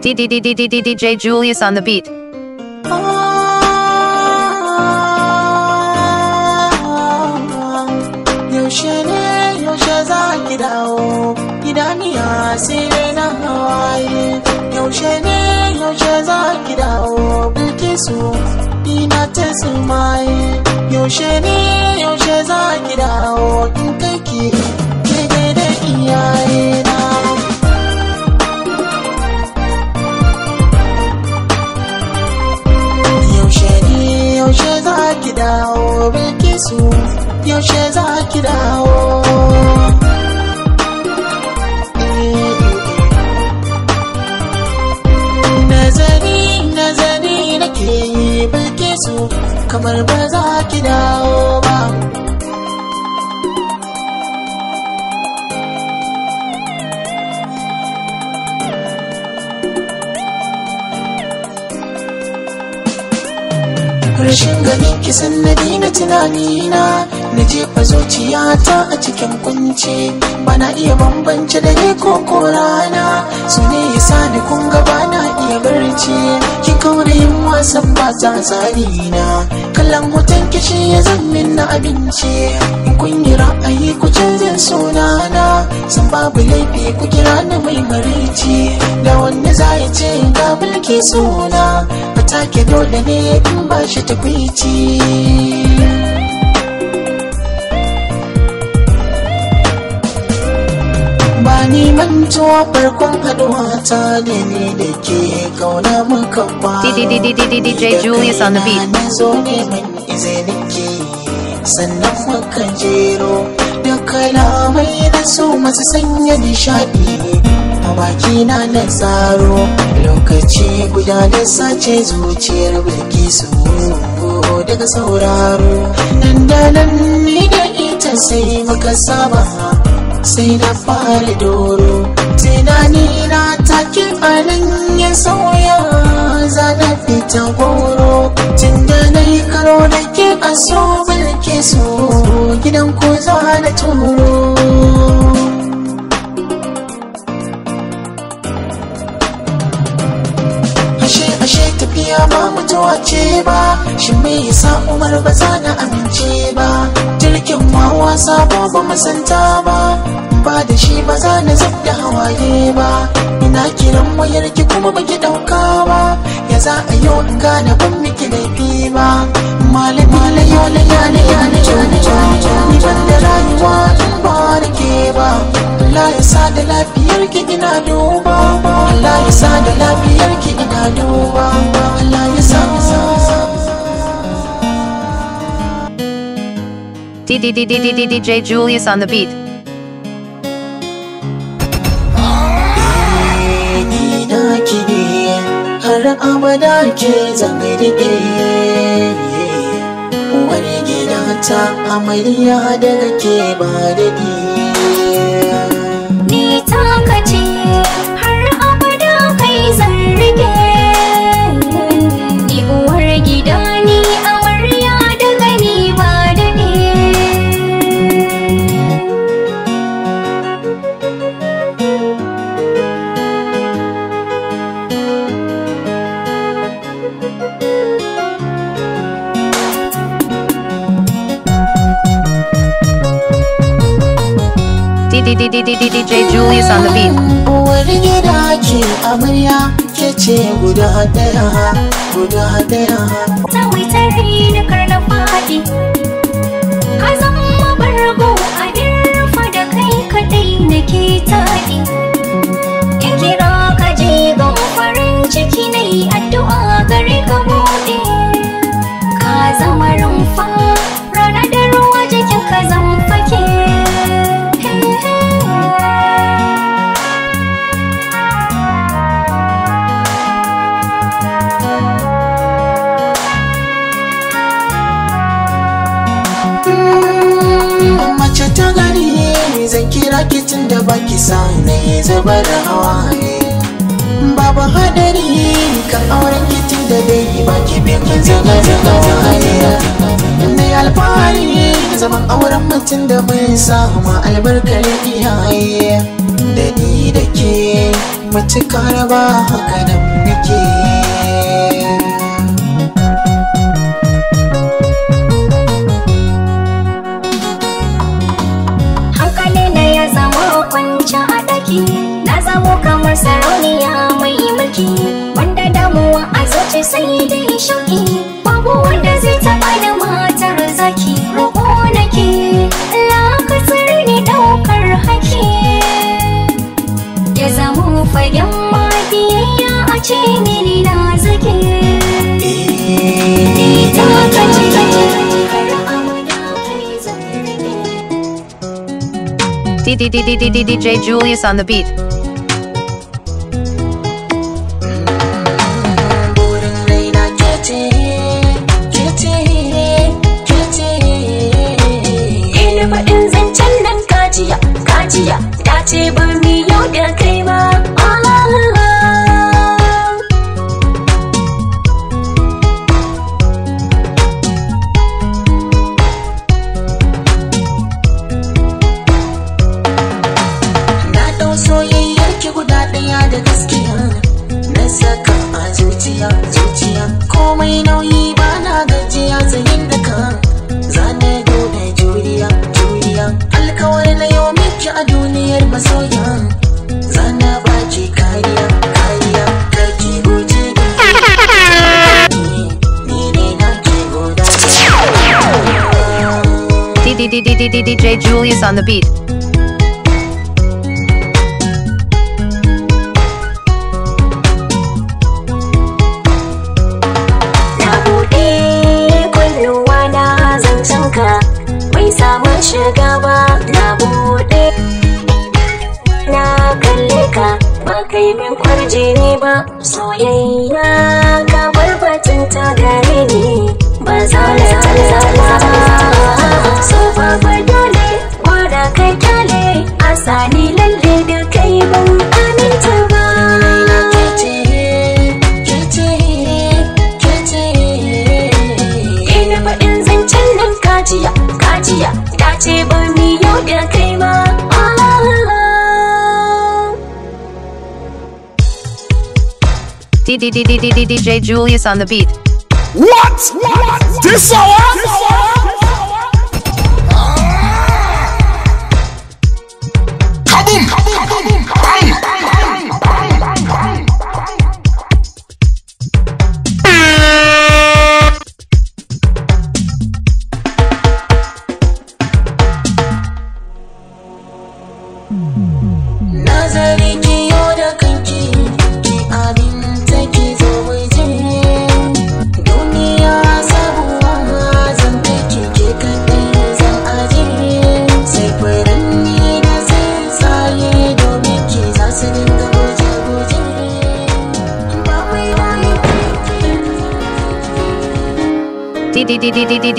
D D D D D D D J Julius on the beat. Yaushe ne yaushe za ki dawo idaniya sai na hawaye yaushe ne ina ne dawo su yaushe za ki dawo nazari nazari nake su kamar ba za ki dawo ba rashin gani kisan nadi na tunanina na jefa zuciyata a cikin kunci bana iya bambance da ko ko rana su ne ya ni kun ga bana iya barci ki kaure yin wasan ba tsari na kallon hoton kishi ya zammin na abinci in kun yi ra'ayi ku canjin sunana san babu laifi ku kira ni mai marici da wanda za ya ce ga bulki suna take dole ne in ba shi ba ni mantuwa farkon haduwa ta ne ne da ke kauna muka ba DJ Julius on the beat na zo neman izinin ki sannan muka jero da kalamai da su masu sanya nishadi baki na na tsaro lokaci guda da sace zuciyar bilkisu daga sauraro nan da nan ni da ita sai muka saba sai na fara doro tunani na take farin ya sauya za na fita goro tun da na yi karo da ke a so bilkisu gidan ko za na turo lafiya ba mutuwa ce ba shi me yasa umar ba za na amince ba jirgin ma wasa ba ba musanta ba ba da shi ba za na zub da hawaye ba ina kiran wayar ki kuma baki dauka ba ya za a yi in gane ban miki laifi ba malami yau na yana yana jani jani ni ban da rayuwa in ba ke ba Allah ya sa da lafiyar ki ina duba Allah ya sa da lafiyar ana duba Allah ya sa DJ Julius on the beat. har abada ke zanga rike wani gida ta amarya daga ke ba daɗi DJ Julius on the beat. Wani gida ce amarya ke ce guda daya, guda daya. na karna faɗi, ka zama bargo rufa da kai kaɗai na ke taɗi. Ki kira ka je ga farin ciki na rikicin da baki sa na zuba da hawa ne babu hadari kan auren kitin da bai baki zuba zaga zaga ne ne alfahari zaman auren mutum da bai sama albarkar iyaye da ni da ke mace karaba haka nan muke kamar sarauniya mai mulki wanda damuwa a zuci sai dai shauki babu wanda zai taba da matar zaki roƙo nake lakasar ne ɗaukar haki ya zamu fagen ma biyayya a ce mini na zaki ita kace DJ Julius on the beat. Please on the beat. DJ Julius on the beat. What? What? This hour?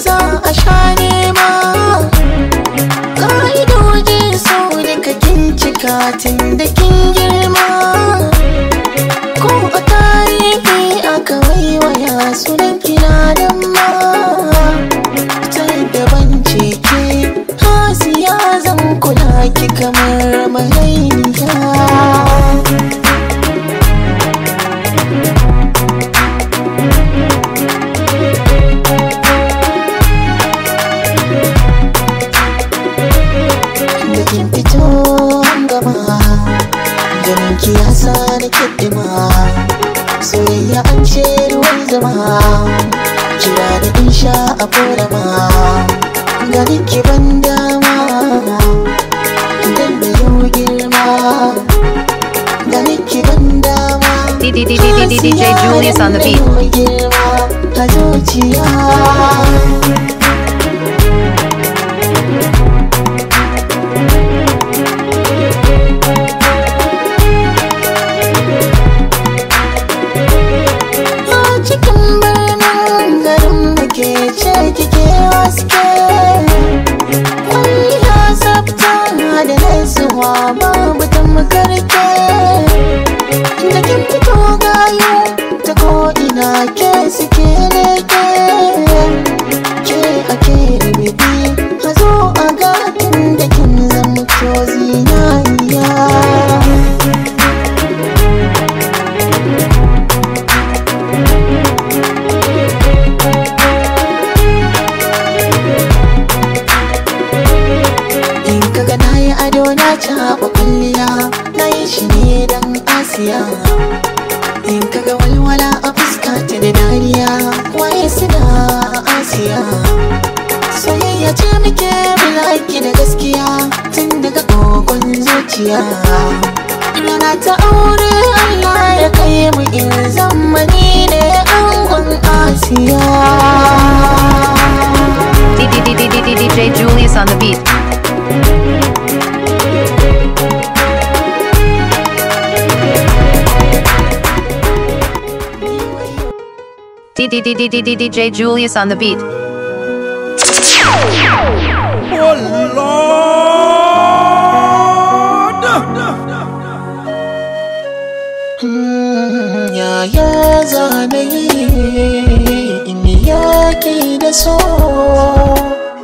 So. a on the beat. DJ Julius on the beat. Oh Lord! Mm, Yaya zanayi da so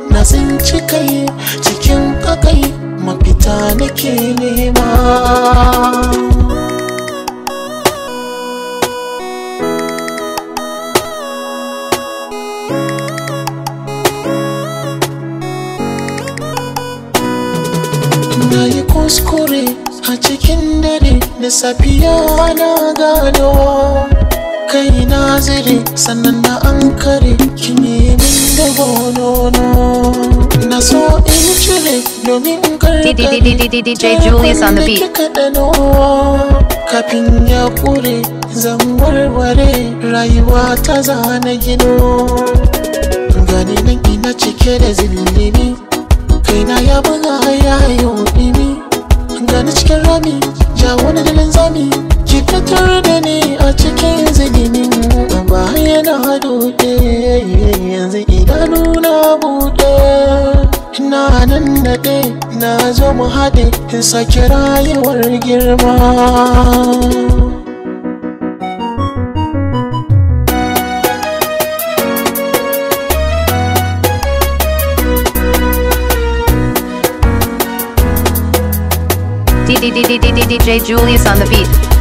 na tsinci kai cikin kakai mafita nake nema. safiya na gado kai na zire sannan na an kare ne min da gonono na so in cire domin DJ Julius on the beat kafin ya kure zan warware rayuwa ta zana gino gani nan ina cike da zillimi kaina ya buga ya yi gani cikin rami ta wani dalin zami ki da ni a cikin ziginin ba yana haduɗe yanzu idanu na buɗe na nan naɗe na zo mu haɗe sake rayuwar girma DJ Julius on the beat.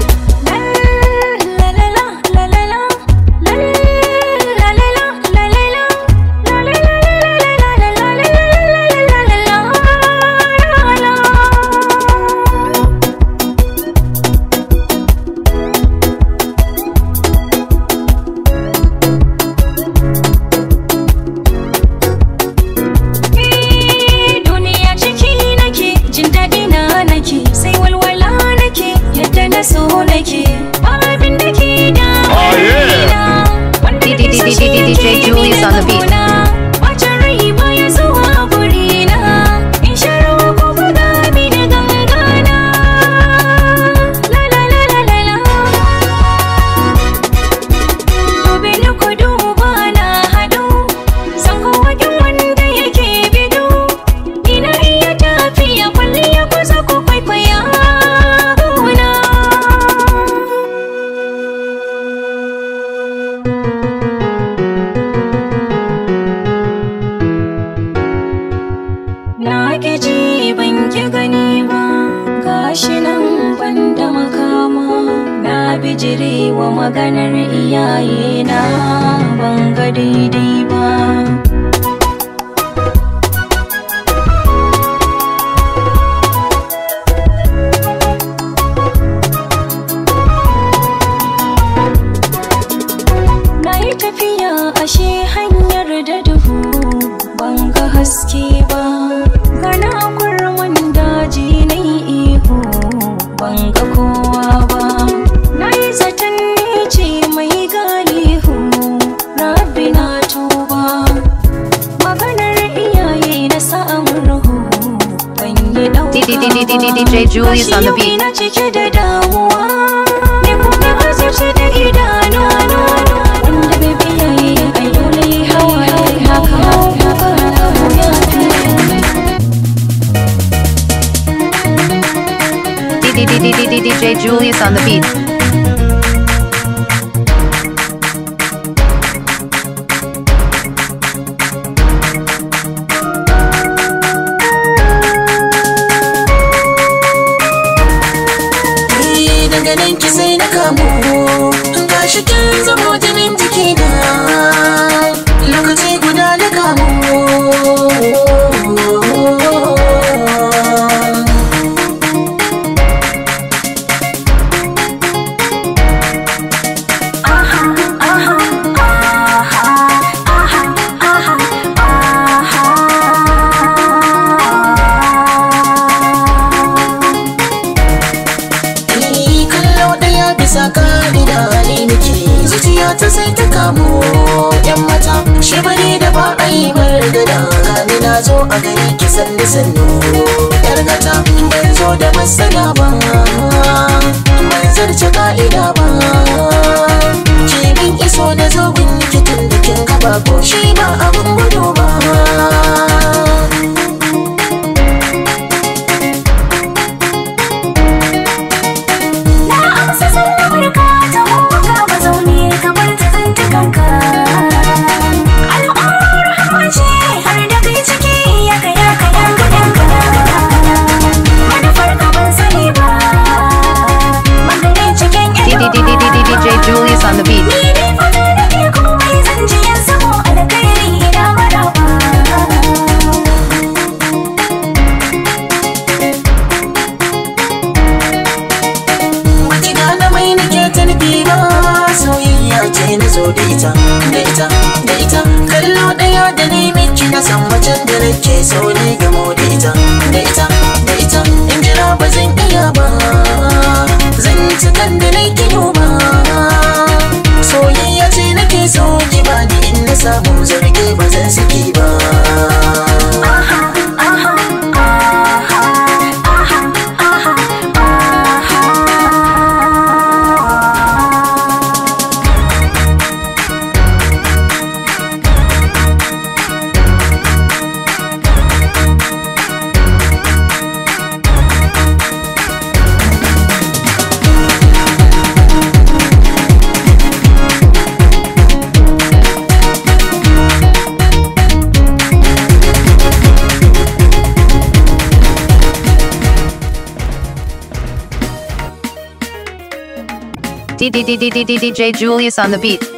DJ Julius on the beat.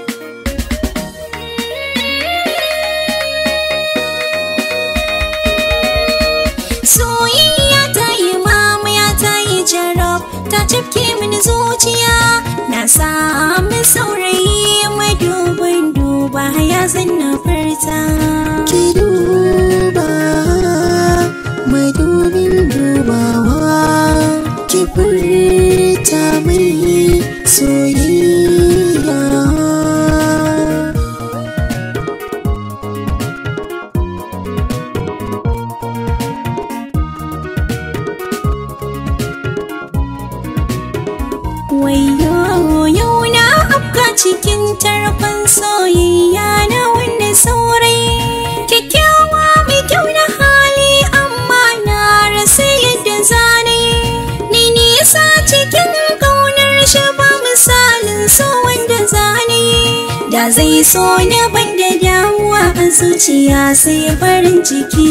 zuciya sai farin ciki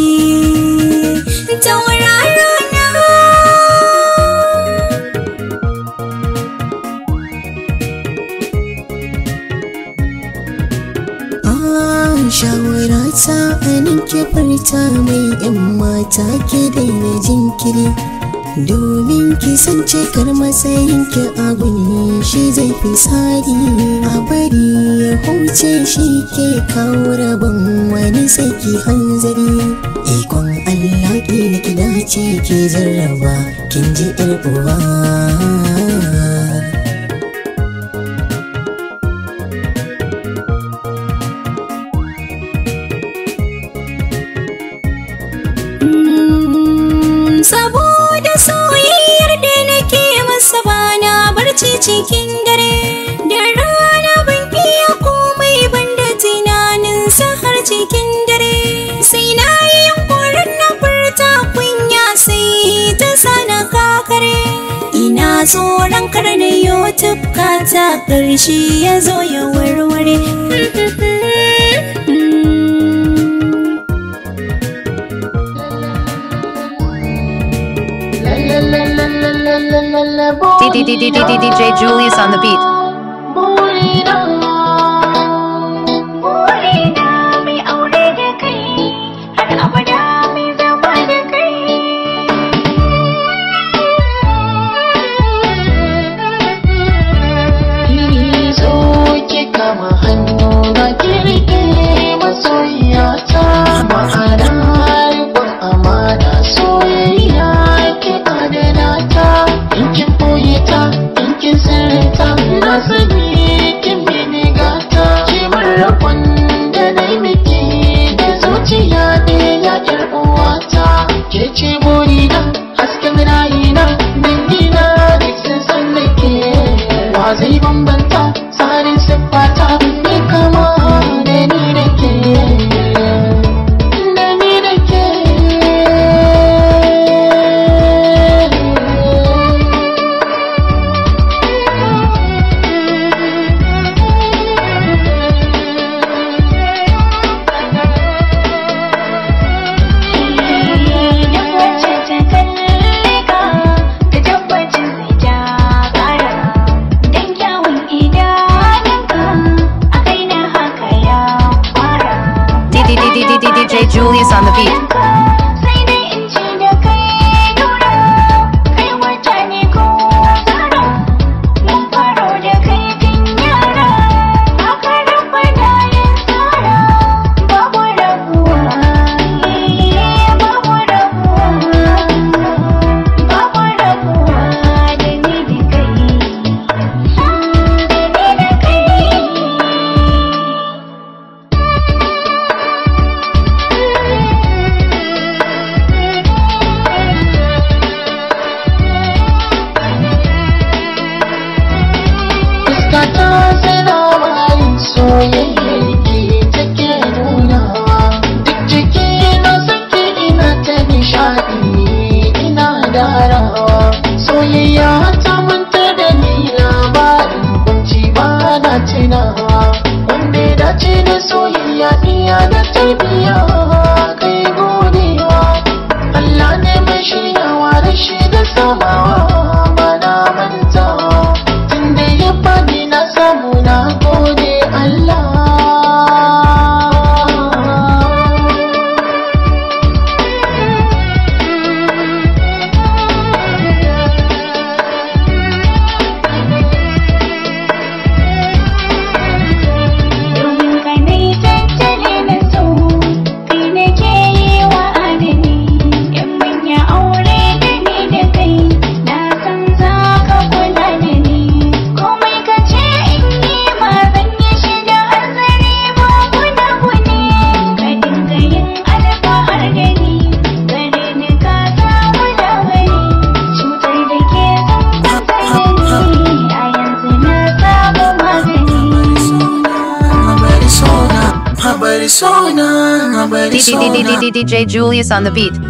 tauraro ah, shawara ta anin kifarta mai yan mata ke daina jinkiri domin ki san cikar matsayin ki abun shi zai fi tsari bari ya huce shi ke kawo rabon wani saki hanzari ikon Allah ki dace ke jarraba kin ji 'yar uwa She shi ya zo ya warware DJ Julius on the beat. Julius on the beat.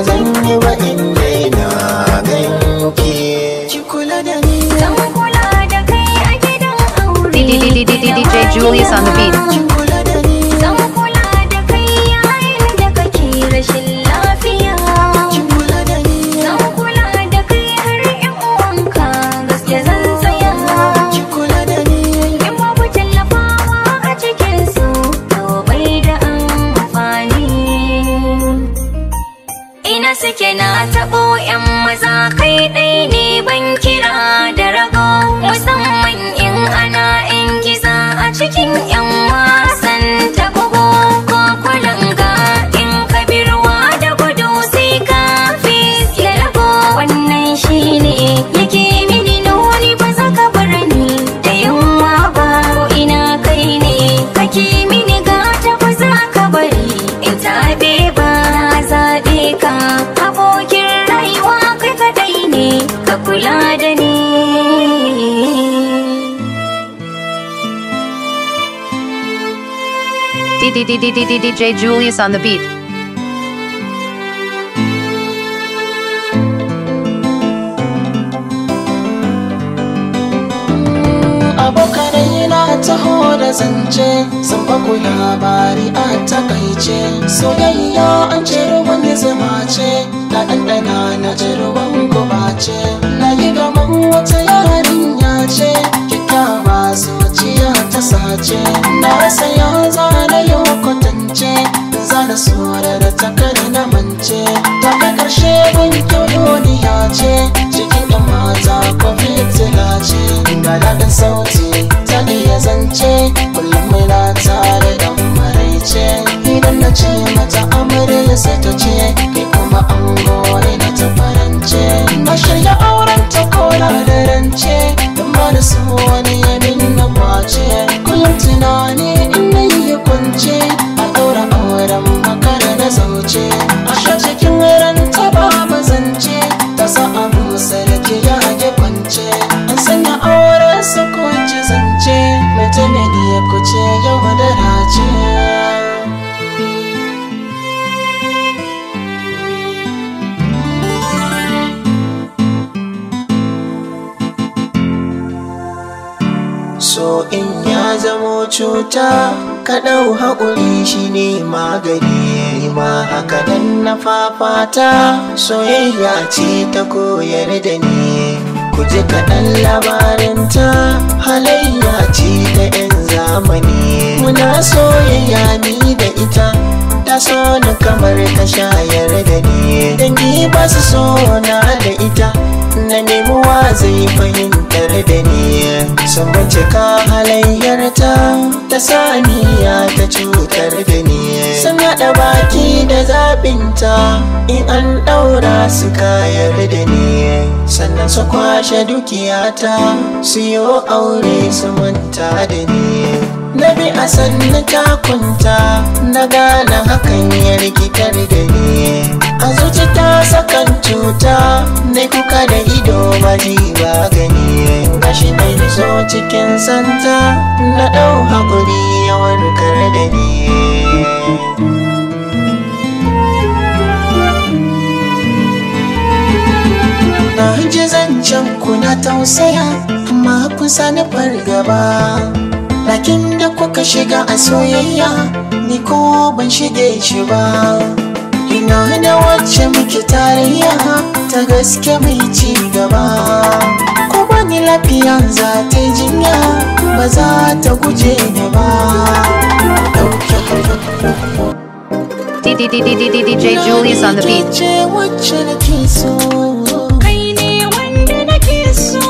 ba yi ba in na kula da da kai a aure DJ Julius on the beat DJ Julius on the beat. Abokanai na taho da zance sun baku labari a takaice soyayya an ce ruwan zama ce na na ji ruwan guba ce na yi gaman wata yarinya ce kyakkyawa zuciya ta sace na sayo zana yau kwatance zana sura da takarda na mance daga ƙarshe ban kyau ce cikin ɗan mata ko fitila ce da daɗin sauti ta iya zance kullum mai na tare da maraice idan na ce mata amarya sai ta ce angore na ta farance na shirya auren ta da rance amma da su na mace kullum tunani in na yi kwance cuta ka ɗau haƙuri shi ne magani ma haka nan na fafata soyayya ce ta koyar da ni ku ji kaɗan labarinta halayya ce ta 'yan zamani muna soyayya ni da ita ta so ni kamar ta shayar da ni dangi ba su so na da ita na wa zai fahimtar da ni sun ka halayyar ta ta saniya ta cutar da ni sun haɗa baki da zaɓinta in an ɗaura su kayar da ni sannan su kwashe dukiyata su yi aure su manta da ni na bi a sannu takunta na gane hakan ya rikitar da ni a zuci ta sakan cuta Ne kuka da ido baji ba gani gashi na so cikin santa na ɗau haƙuri yawan kare da ni na ji zancen ku na tausaya amma kusa na fargaba lakin da kuka shiga a soyayya ni ko ban shige shi ba ina da wacce muke tarayya ta gaske mai ci gaba ko bani lafiyan za ta jinya ba za ta guje ni ba DJ Julius on the beat. wanda nake so.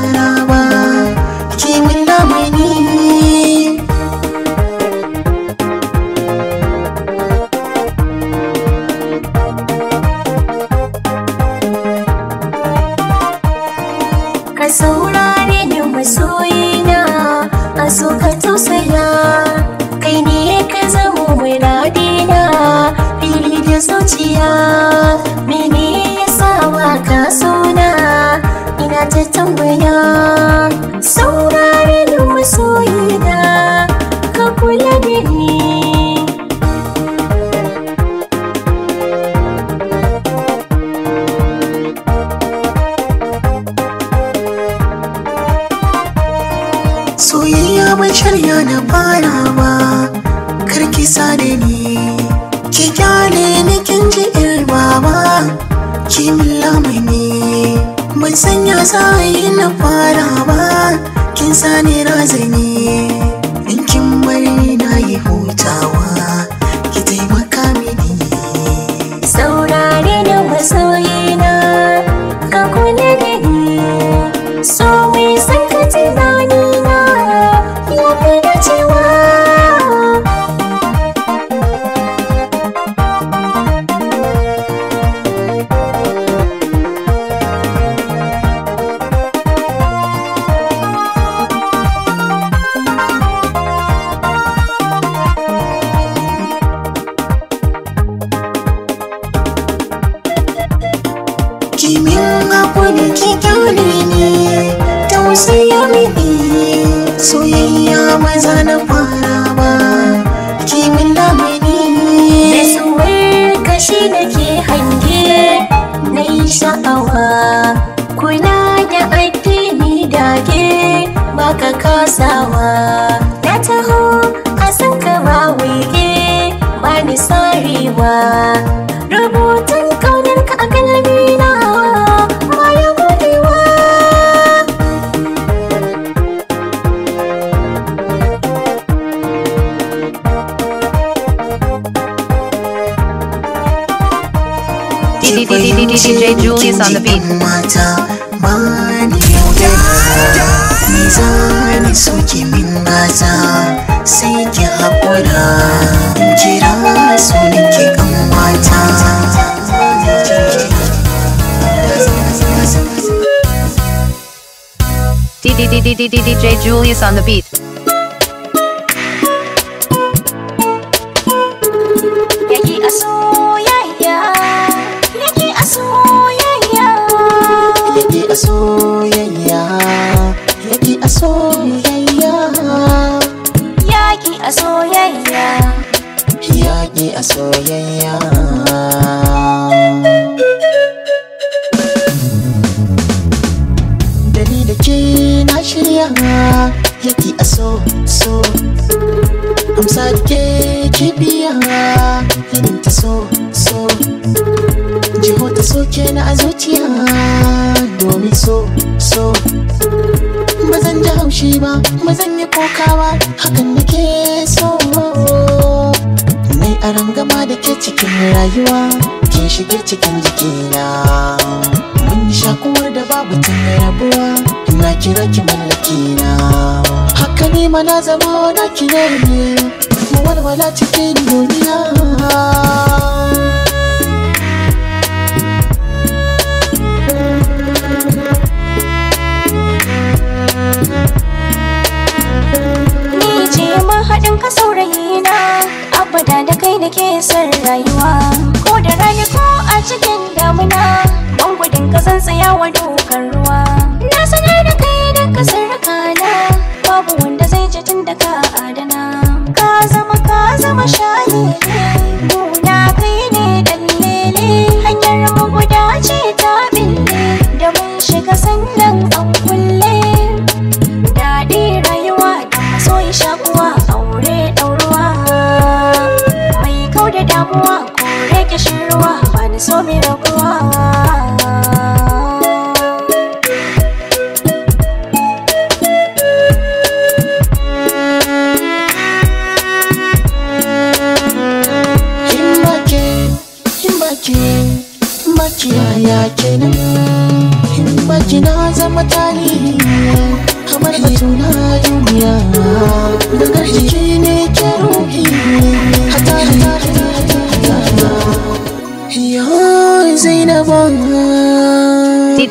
Focus on the beat. a soyayya yaki a soyayya yaki a soyayya yaki da ke na shirya yake a so so amsa da ke kibiya yanin ta so so jiho ta so ke na a zuciya domin so so ba zan ji haushi ba ba zan yi kokawa hakan ke so nai aran gama da ke cikin rayuwa ke shige cikin jikina mun shakuwar da babu tun rabuwa na kira ki mallaki na haka ni ma na zama na ki ne mu walwala cikin duniya haɗin ka saurayi abada da kai nake son rayuwa ko da rani ko a cikin damuna don gudun ka zan tsaya wa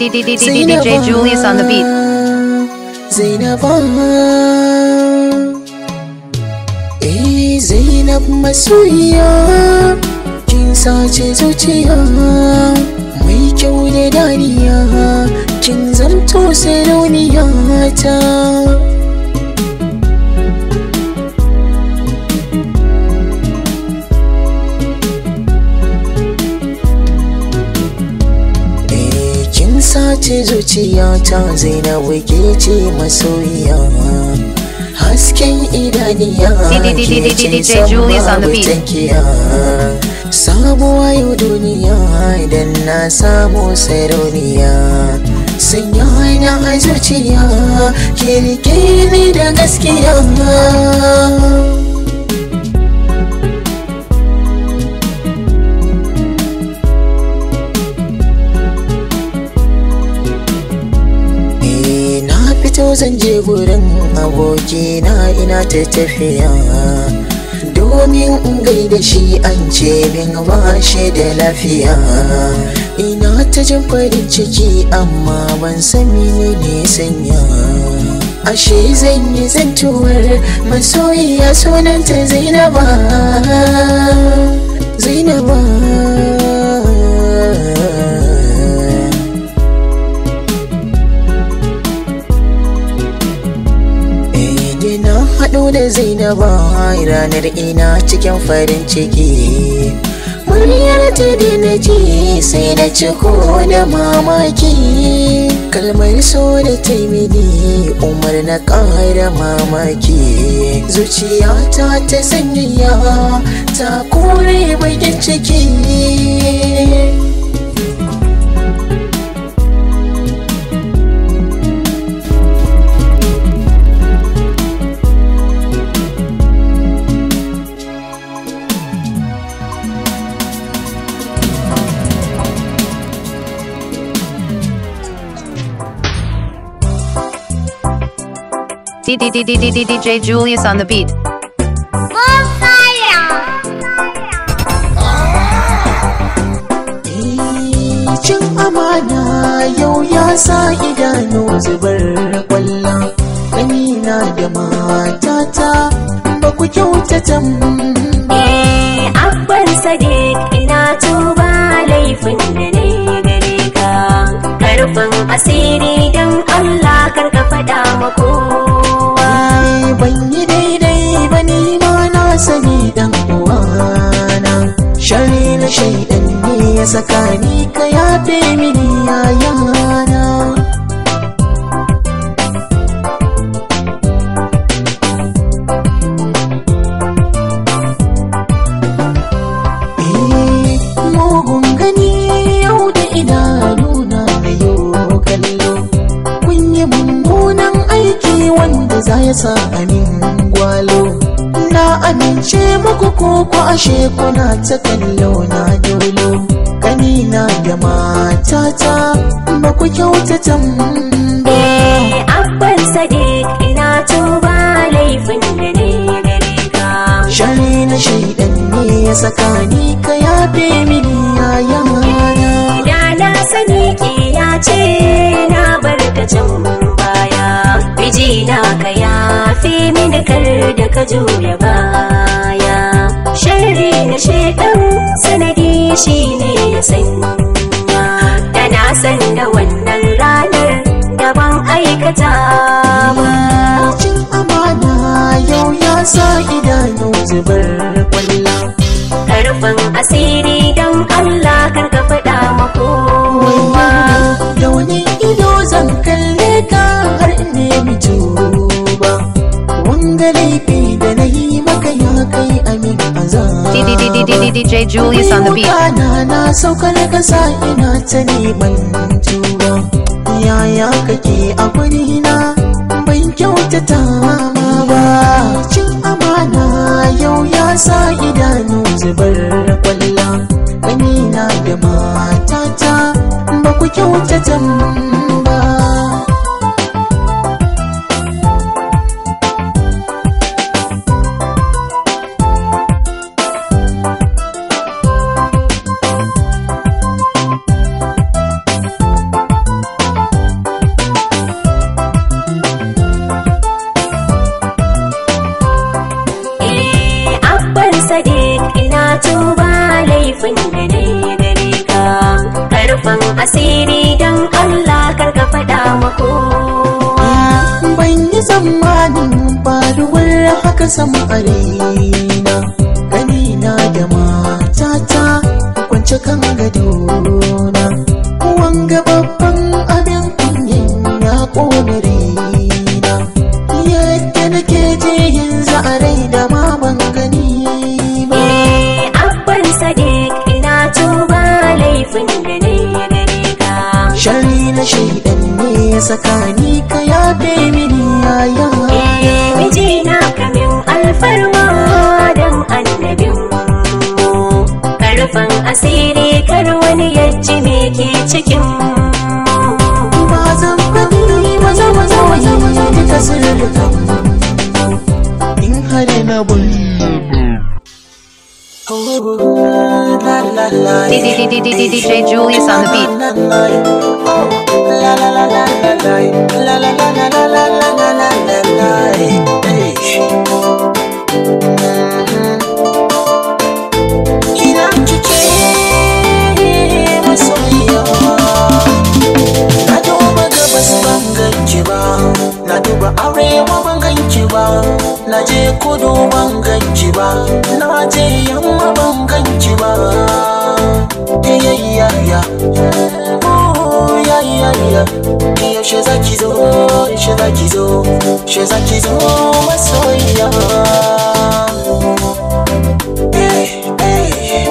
DJ Julius on the beat. Zainaba Eh Zainab masoyiya Kin sace zuciya ta zainabu ke ce masoyiya hasken idaniya ke ce sama tankiya sabuwa yau duniya idan na samu Saroniya. sanya na zuciya kirke da gaskiya yau zan je gurin abokina ina ta tafiya domin in gaida shi an ce min washe da lafiya ina ta jin farin ciki amma ban san ne sanya ashe zan yi zantuwar masoyiya sunanta zainaba zainaba zainaba ranar ina cikin farin ciki muryar ta da na ji sai na ciko na mamaki kalmar so da ta mini umar na ƙara mamaki zuciyata ta sanyaya ta kore bakin ciki DJ Julius on the beat. Cin amana yau ya sa idanu zubar kwallon ƙanina da matata ba ku kyautata ba. Eh, abban sadiq ina tuba laifin da ne gare ka, karfin asiri don makoma ban yi daidai ba ni ma na sani dan uwana shari na shaidan ne ya saka ni ka yafe mini yayana yasa amin gwalo na amince muku ko kwashe kuna ta kallo na dolo kanina da matata ba ku kyautata ba eh, abban sadiq ina tuba laifin da ne shari na shaidan ne ya saka ni ka yafe mini yayan da na sani ki ya ce na barkacin na ka yafe mini kar da ka juya baya sharri na shekaru sanadi shi shine ya sanya na san da wannan ranar da ban aikata ba cin amana yau ya sa idanu zubar kwalla karfin asiri don Allah kar ka faɗa makowa da wani ido zan kalli ka har nemi tuba wanga laifi da na yi maka ya kai amin azaba DJ Julius on the beat Kana na sauka na kasa ina ta neman tuba Yaya kake a na ban kyautata ma ba Cin amana yau ya sa idanu zubar kwalla Kanina da matata ba ku kyautata DJ Julius on the beat. naje kudu ban ganki ba naje yamma ban ganki ba yayya ya yayya ya yaushe zaki zo yaushe zaki zo yaushe zaki zo masoyiya eh, eh,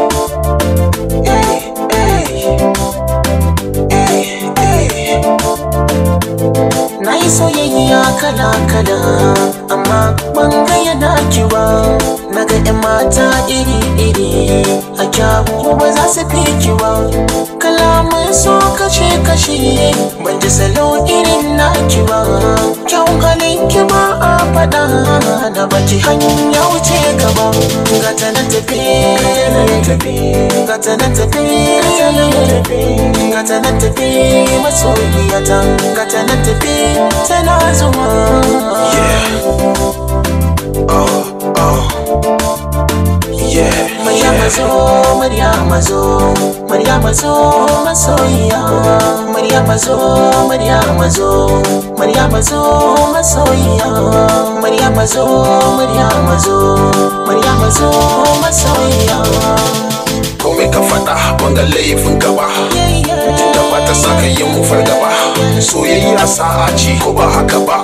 eh, Na yi soyayya kala-kala ya dace ba na ga yan mata iri-iri a kyawu ba za su fi kiba kalamun so kashe-kashe ban ji salo irin na kiba kyau halin ki ba a faɗa da baki hanyar ya wuce gaba gata na tafi gata na tafi ta na tafi masoyiyata ta na tafi tana zuwa oh oh yeah mazo mazo mazo mazo komai ka faɗa banga laifin gaba tunda ba ta saka yin mu fargaba soyayya sa'a ce ko ba haka ba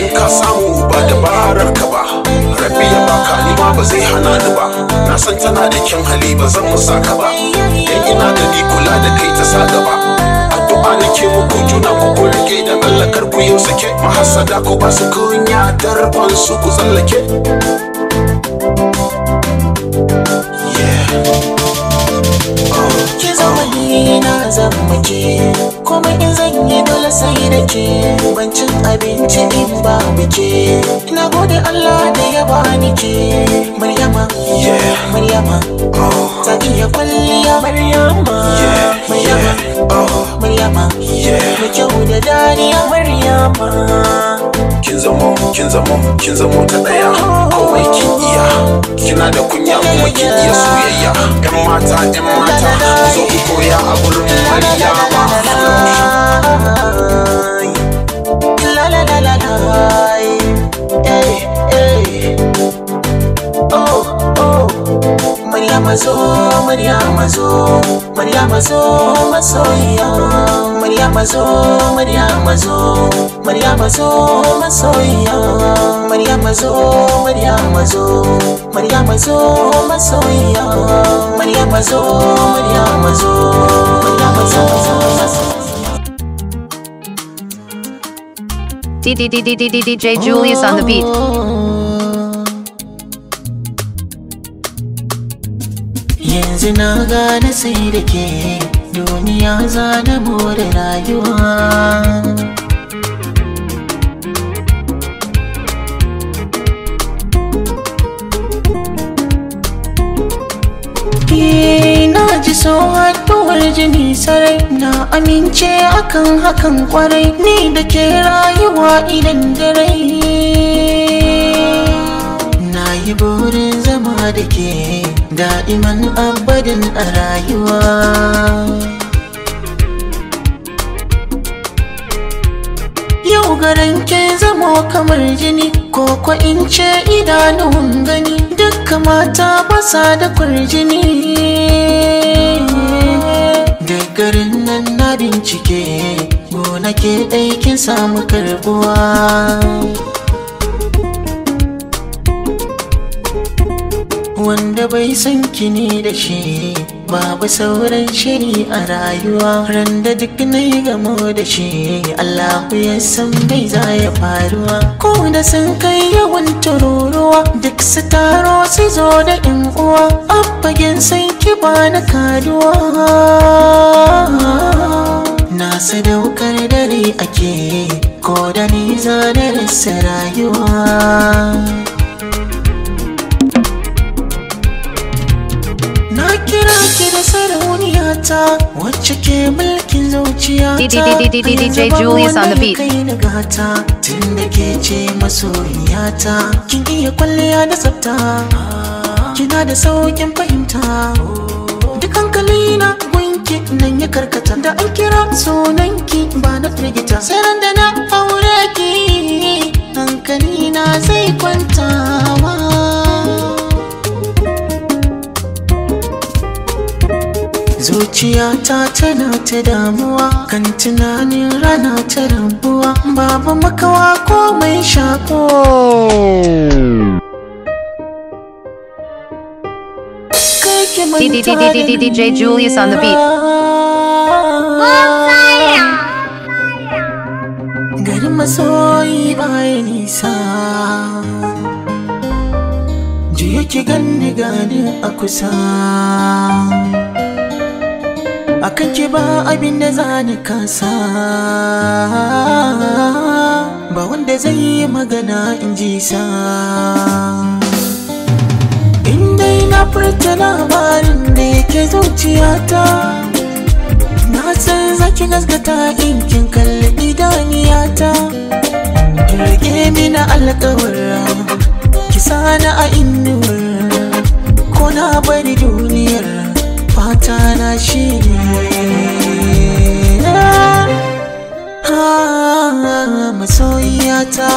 in ka samu ba dabarar ka ba Rabbi ya baka ni ba zai hana ni ba na san tana da kyan hali ba zan musa ka ba dan ina da ni kula da kai ta sa gaba addu'a nake muku juna ku ku rike da mallakar ku yau sake mahassada ku ba su kunya tarban su ku tsallake zan muke kuma in zan yi dole sai da ke ban cin abinci in ba muke ina gode Allah da ya bani ke Maryama Maryama ta oh. iya kwalliya Maryama Maryama oh. Maryama mai kyau da dariya Maryama kin zamo kin zamo kin zamo ta daya komai kin iya kina da kunya kuma kin iya soyayya yan mata yan mata zo ku koya a gurin maryama ba. Maryama so, Maryama so, Maryama so, masoyiya. Maryama so, Maryama so, Maryama so, masoyiya. Maryama so, Maryama so, Maryama so, masoyiya. Maryama so, Maryama so, Maryama so, masoyiya. DJ Julius on the beat. yanzu na gane sai da ke duniya za eh, na more rayuwa ji tsohon tuwar jini sarai na amince akan hakan kwarai ni da ke rayuwa idan da rai na yi burin zama da ke da'iman abadin a rayuwa yau garin ke zamo kamar jini ko in ce idanun gani dukka mata basa da kurjini da garin nan na bincike gona ke aikin samu karbuwa wanda bai san kini da shi babu sauran shiri a rayuwa ran da duk na yi gamo da shi Allahu ya san bai za ya faruwa ko da sun kai yawan tururuwa duk su taro su zo da in uwa abbagen ki ba na kaduwa na sadaukar dare ake ko da ni za da rasa rayuwa ke da sarauniya ta wacce ke mulkin zuciya ta DJ Julius on the beat gata tun da ke ce masoyiya ta kin iya kwalliya da tsafta kina da saukin fahimta duk hankali na gunki nan ya karkata da an kira sunanki ba na firgita sai ran da na aure ki hankali na zai kwantawa ta tana ta damuwa kan tunanin rana ta rabuwa babu makawa ko mai shako DJ Julius on the beat. Garin masoyi baya nisa Ji yake gani a kusa akan ki ba abin da zani kasa ba wanda zai yi magana in ji sa dai na furta labarin da yake zuciyata na san zaki gasgata in kin kalli idaniyata rage mina alƙawura, ki sana a innuwar ko na bari duniyar fata na shi ne ah, masoyiyata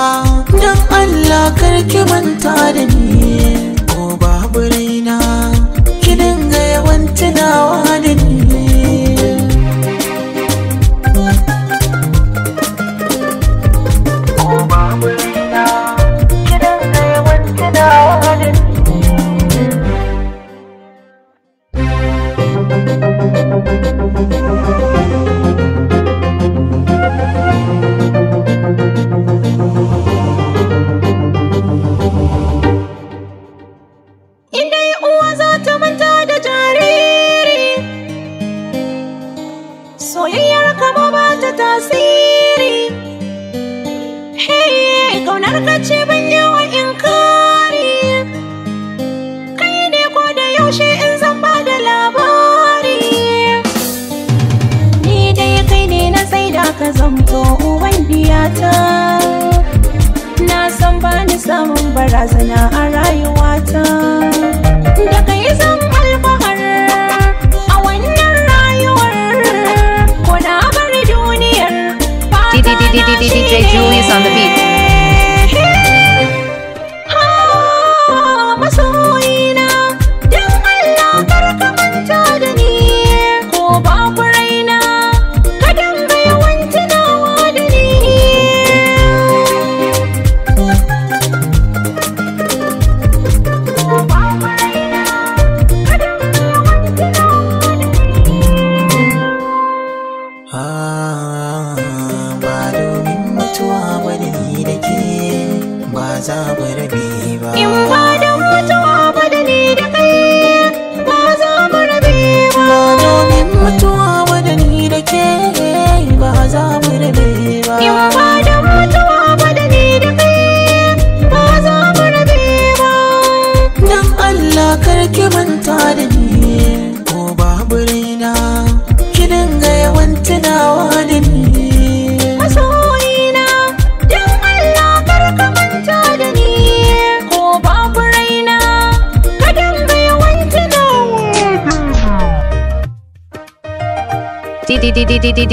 don Allah karki manta da ni ko babu rai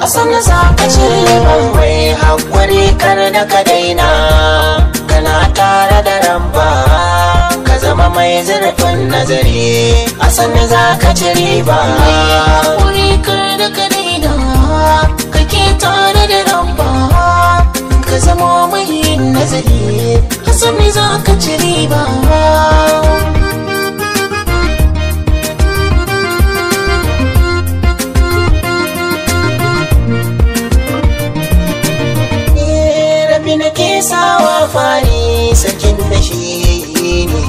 a za ka ci wai haƙuri kar da ka daina kana tare da ramba ka zama mai zurfin nazari a za ka ci riba haƙuri kar da ka daina ke tare da ramba ka zama mai nazari a za ka riba sawa fari sarkin da shi ne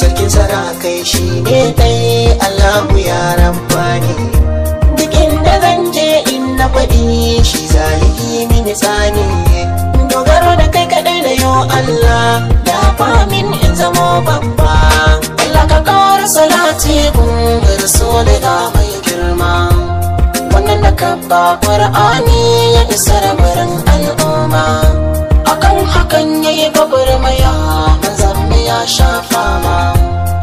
sarkin sarakai shi ne dai allahu yaran fani duk inda zan je in na faɗi shi zalihi mini tsani dogaro da kai kadai da yau allah da famin in zamo babba allah ka ƙara salati gun rasulina mai kakaba ƙwar'ani ya isar barin al'umma akan hakan ya yi maya zambe ya sha fama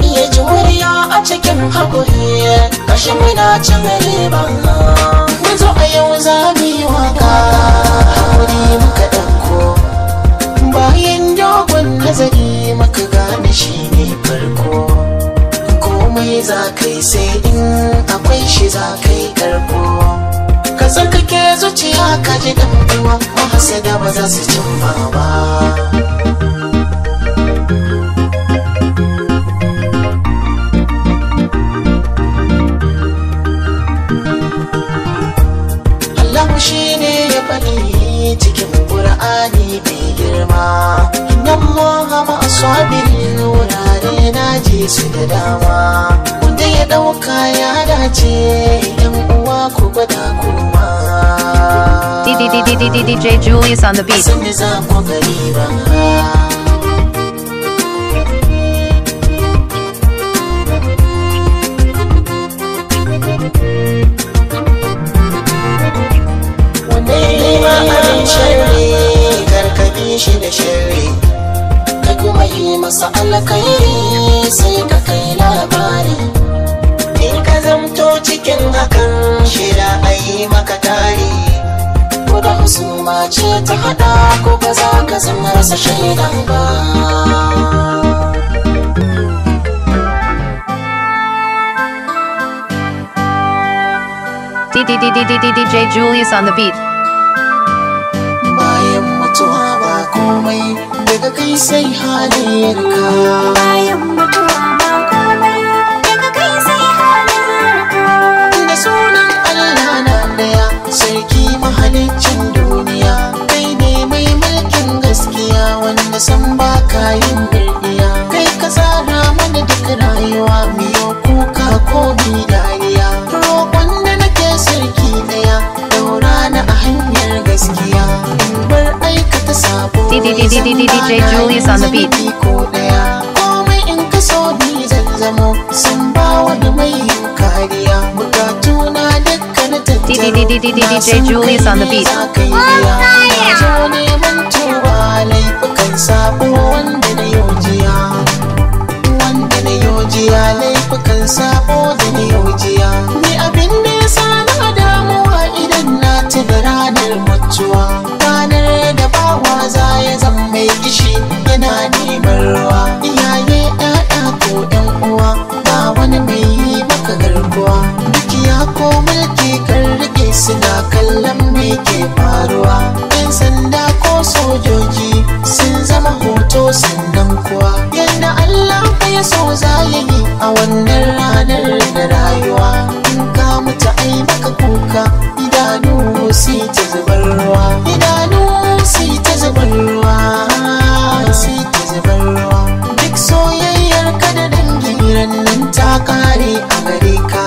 iya ji murya a cikin haƙuri ƙashin muna cin Mun zo a yau za mu yi waka haƙuri muka danko bayan dogon nazari muka gane shi ne farko komai za kai sai in akwai shi za kai karko ka tsarkake zuciya ka ji damuwa mahasada ba za su cin ba Allahu shi ne ya faɗi cikin ƙur'ani mai girma nan mu gama wurare na ji su da dama ya ɗauka ya dace yan uwa ku gwada kowa DJ Julius gari the beat. Sun za ku shi da shirri ka kuma yi masa alkairi sai ka kai labari zamto cikin hakan shira a yi maka tari ko da ce ta haɗa ko ba za ka zama rasa shaidan ba DJ Julius on the beat. Bayan mutuwa ba komai daga kai sai ka. Bayan rawa miyo kuka ko mi dariya roƙon da nake sarki ɗaya daura na a hanyar gaskiya bar aikata sabo DJ Julius on the beat ko ɗaya komai in kaso so bi zan zamo sun ba wani mai kariya bukatu na dukkan tattaro DJ Julius on the beat Oh fire! Zo neman tuba laifukan sabo wanda na yau gaskiya laifukan sabo da ni wujiya ni abin da ya sa na damuwa idan na tuna ranar mutuwa ranar da bawa za ya zama mai gishi yana neman ruwa iyaye ɗaya ko ƴan uwa ba wani mai yi maka garkuwa dukiya ko mulki kan rike suna kallon me ke faruwa 'yan sanda ko sojoji sun zama hoto sun so zalimi a wannan ranar da rayuwa in ka mutu ai maka kuka idanu si ta zubar ruwa idanu si ta zubar ruwa si ta zubar ruwa duk soyayyar ka da dangi rannan ta kare a gare ka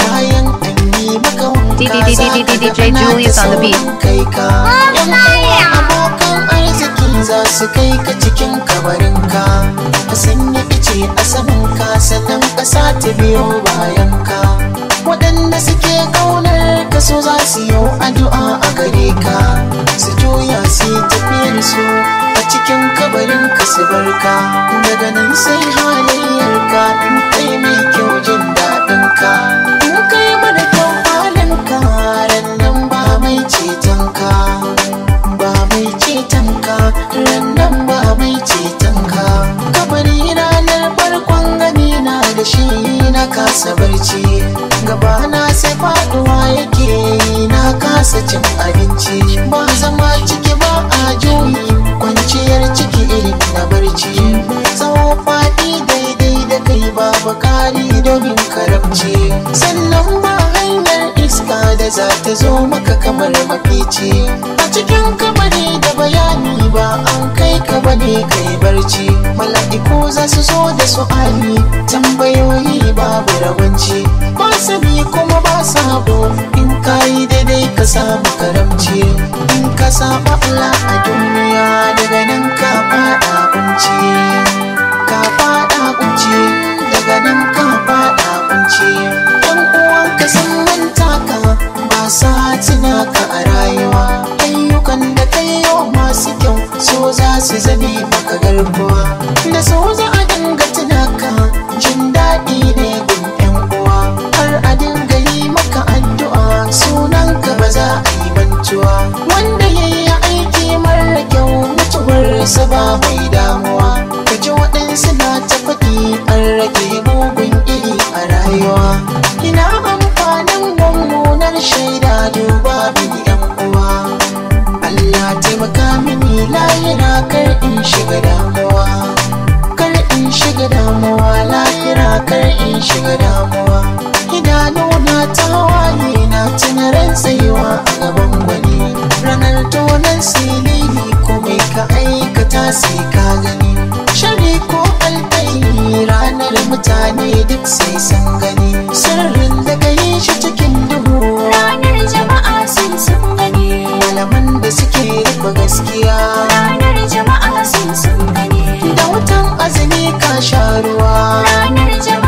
bayan an yi maka wanka za ka gana ta kai ka. Oh, za su kai ka cikin kabarinka ka sanya ice a ka sannan ƙasa ta biyo bayanka waɗanda suke ƙaunar ka so za su yi addu'a a gare ka su juya su tafiyar su a cikin kabarin ka su barka daga nan sai halayya kasa barci gaba na sai faduwa yake na kasa cin abinci ba zama ciki ba a juyi kwanciyar ciki irin na barci tsawo faɗi daidai da kai ba bakari domin karamci sannan ba hanyar iska da za ta zo maka kamar mafici a cikin kamari da bayani ba an gaba ne kai barci mala'iku za su zo da su ali tambayoyi babu rawanci ba sani kuma ba sabo in ka yi daidai ka samu karamci in ka saba Allah a duniya daga nan ka fada kunci ka fada kunci daga nan ka fada kunci Ɗan uwanka sun manta ka ba sa tuna ka a rayuwa su zabi maka garkuwa da sau za a dinga tunaka jin daɗi ne gun yan uwa har a dinga yi maka addu'a sunan ka ba za a yi bantuwa wanda ya yi aiki mara kyau mutuwarsa ba mai damuwa ka ji waɗansu na ta faɗi an rage mugun iri a rayuwa ina amfanin mummunar shaida duba biyu lahira kar in shiga damuwa kar in shiga damuwa lahira kar in shiga damuwa idanuna ta hawaye na tunarin tsayuwa a gaban gwani ranar tonan silili komai ka aikata sai ka gani shari ko alkairi ranar mutane duk sai san gani sirrin da ka yi shi cikin duhu ranar jama'a sun sun malaman da suke rufe gaskiya ranar jama'a sun sun gani da wutan azumi ka sha ruwa ranar jama'a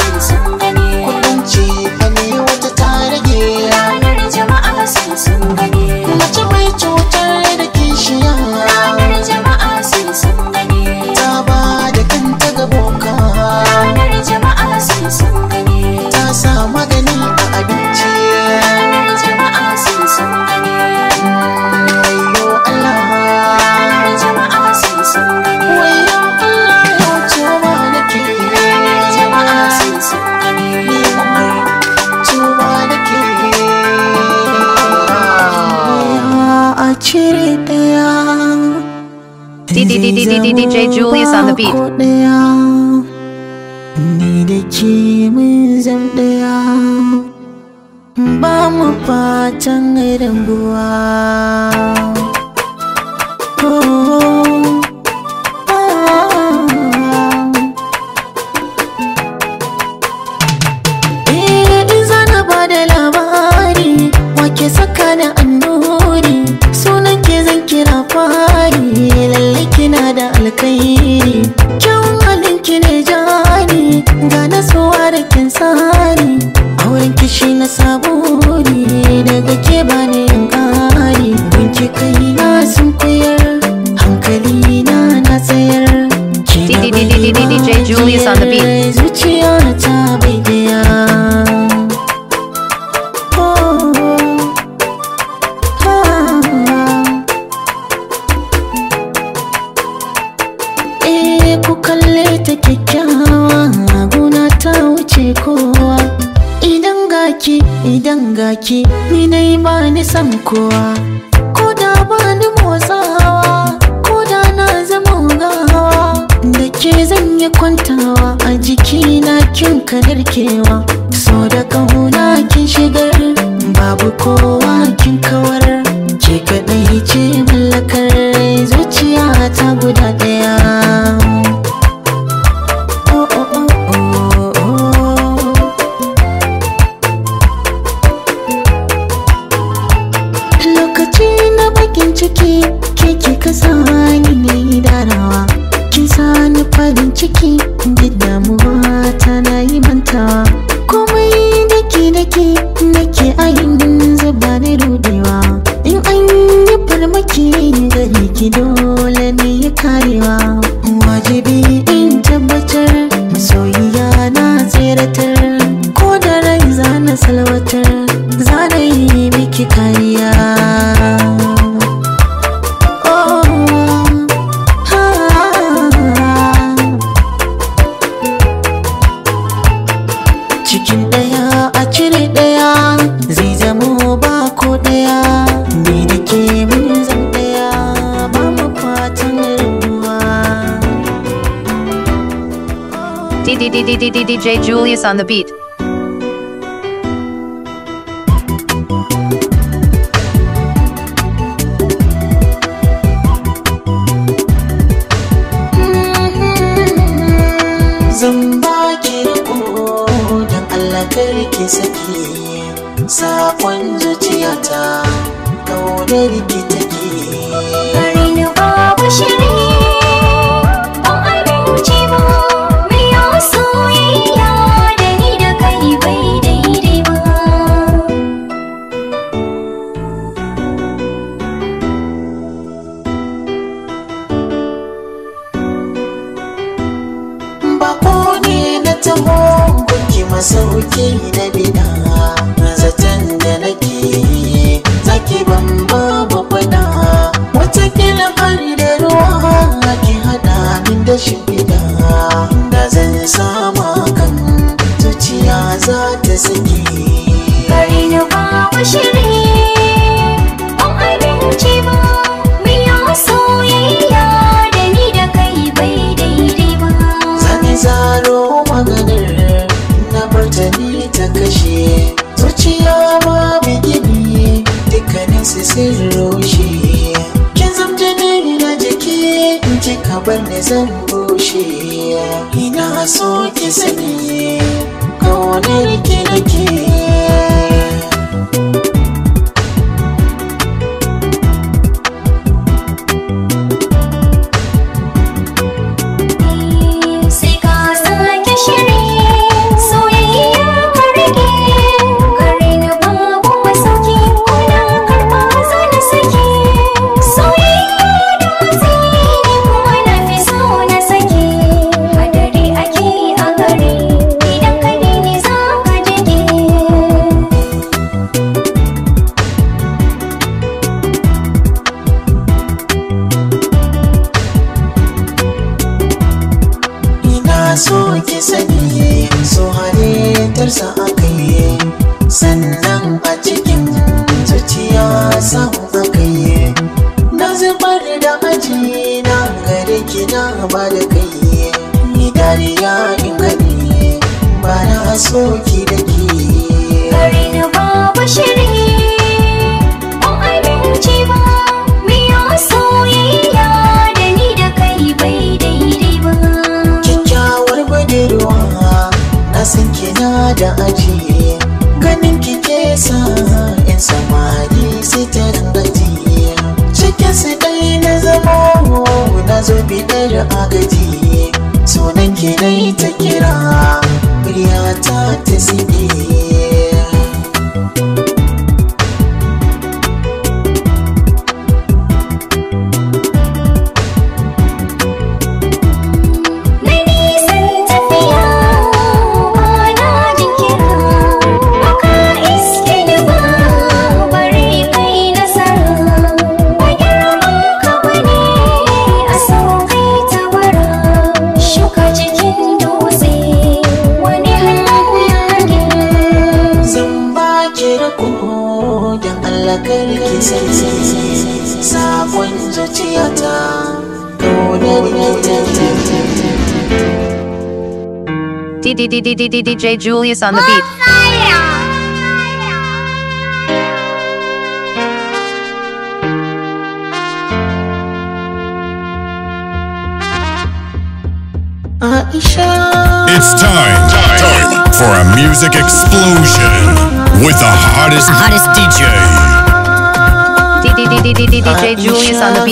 DJ Julius on the beat. on the beat. D D D D J Julius on the beat. It's time, time for a music explosion with the hottest, the hottest DJ. DJ Julius on the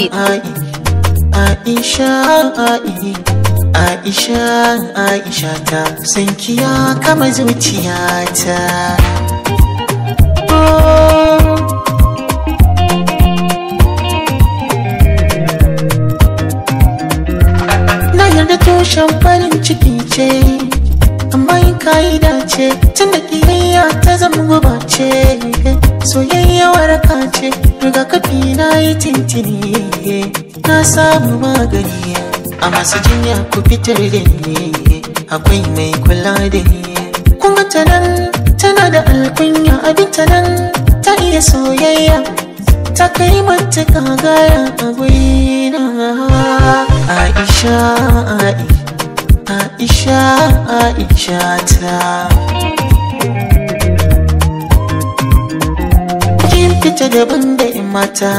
beat. Aisha, Aisha ta san kiya kama ta. Na yarda tushen farin ciki ce, amma yin ka'ida ce, tun da ƙiyayya ta zama guba ce. Soyayya waraka ce, rigakafi na yi tintini, na samu magani. a masu jinya ku fitar da ni akwai mai kula da ni kuma ta tana da alkunya a ta nan ta iya soyayya ta kai mata kagaya a gurina aisha aisha aisha ta kin fita daban da in mata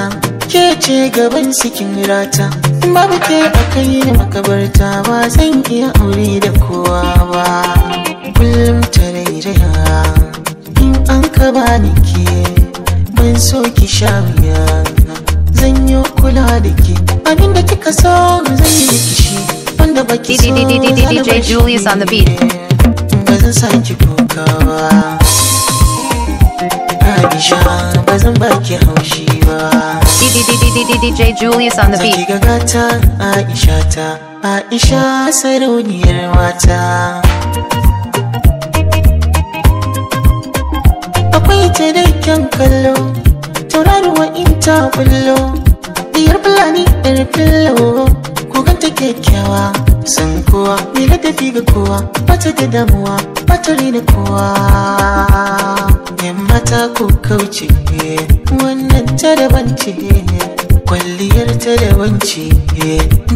ke ce gaban sikin rata in babu ke a makabarta ba zan iya aure da kowa ba kullum tarairaya in an ka bani ke ban so ki sha wuya zan yi kula da ke abinda kika so zan yi miki shi wanda baki so DJ Julius on ba zan sa ki kuka ba Aisha ba zan baki haushi ba DJ Julius on the beat. Zaki gata Aisha ta, Aisha sarauniyar mata. Akwai ta da kyan kallo, tauraruwa in ta bullo, diyar fulani ɗar fillo, ta kyakkyawa. San kowa, mai ladabi ga kowa, bata da damuwa, bata rina kowa. mata ku kauce wannan ta da banci kwalliyar ta da banci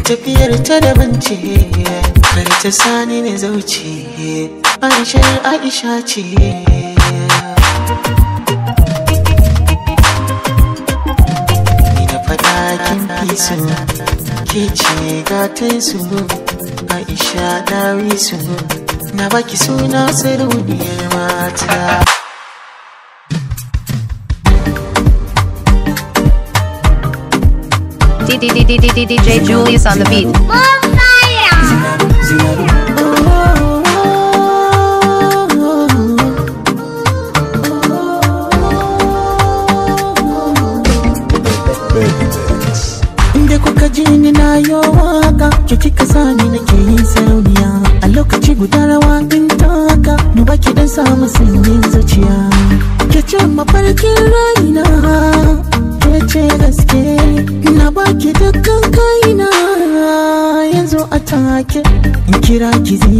tafiyar ta da banci kar ta sani na zauce aishar aisha ce kin su ke ce gatan su aisha dawi su na baki suna sarauniyar mata DJ Julius on the beat. na I kiss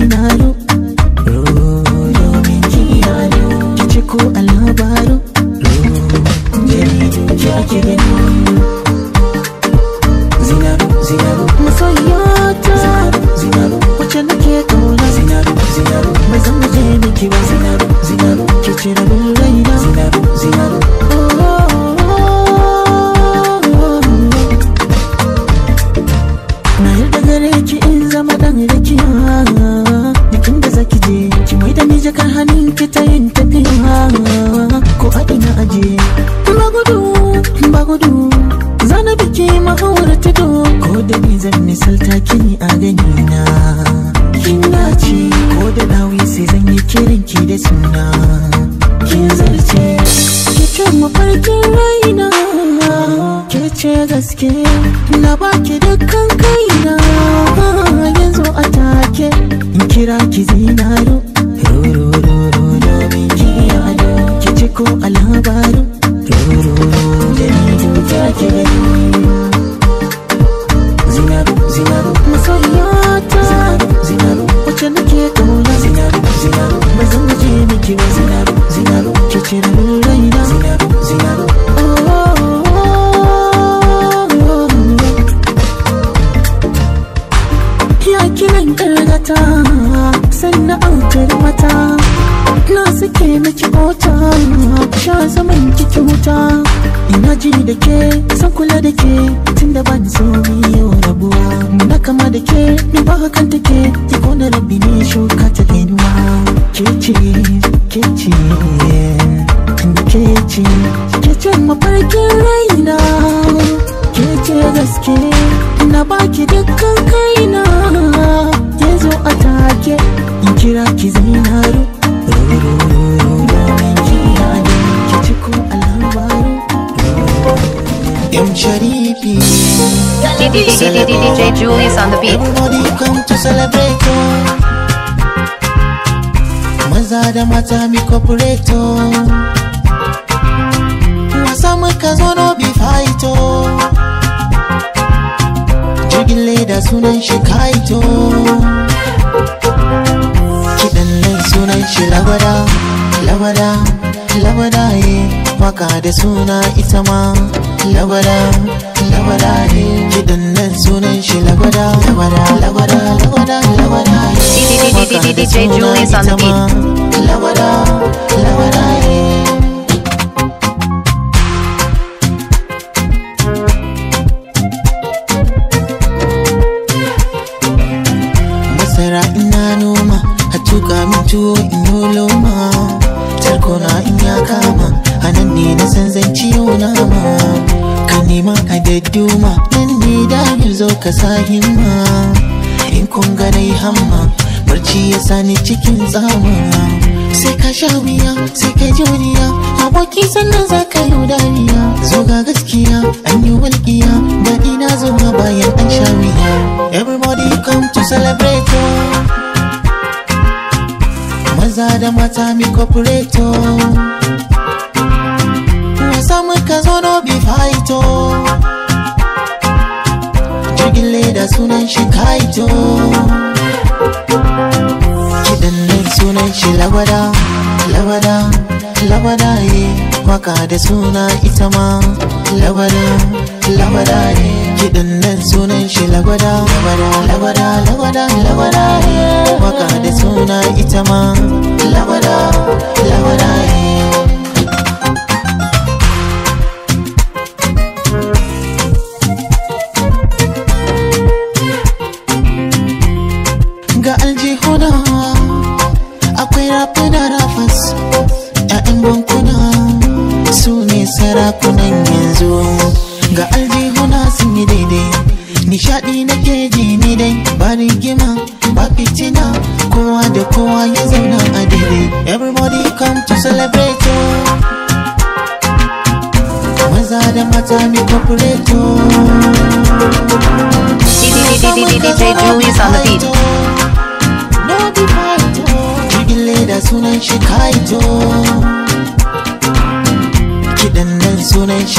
suna ita ma lagwada lagwada ne kidan nan sunan shi lagwada lagwada lagwada lagwada lagwada DJ Julius on the beat lagwada lagwada ka sa himma in kun ga dai hamma barci ya sani cikin tsama sai ka sha wuya sai ka ya aboki sannan za ka yi dariya zo ga gaskiya an yi walƙiya da ina zuwa bayan an sha wuya everybody come to celebrate maza da mata mi corporator wasa muka zo no be fight da sunan shi kaito kidan nan sunan shi lagwada lagwada lagwada ye kwaka da suna ita ma lagwada lagwada ye kidan nan sunan shi lagwada lagwada lagwada lagwada ye kwaka da suna ita ma lagwada lagwada ye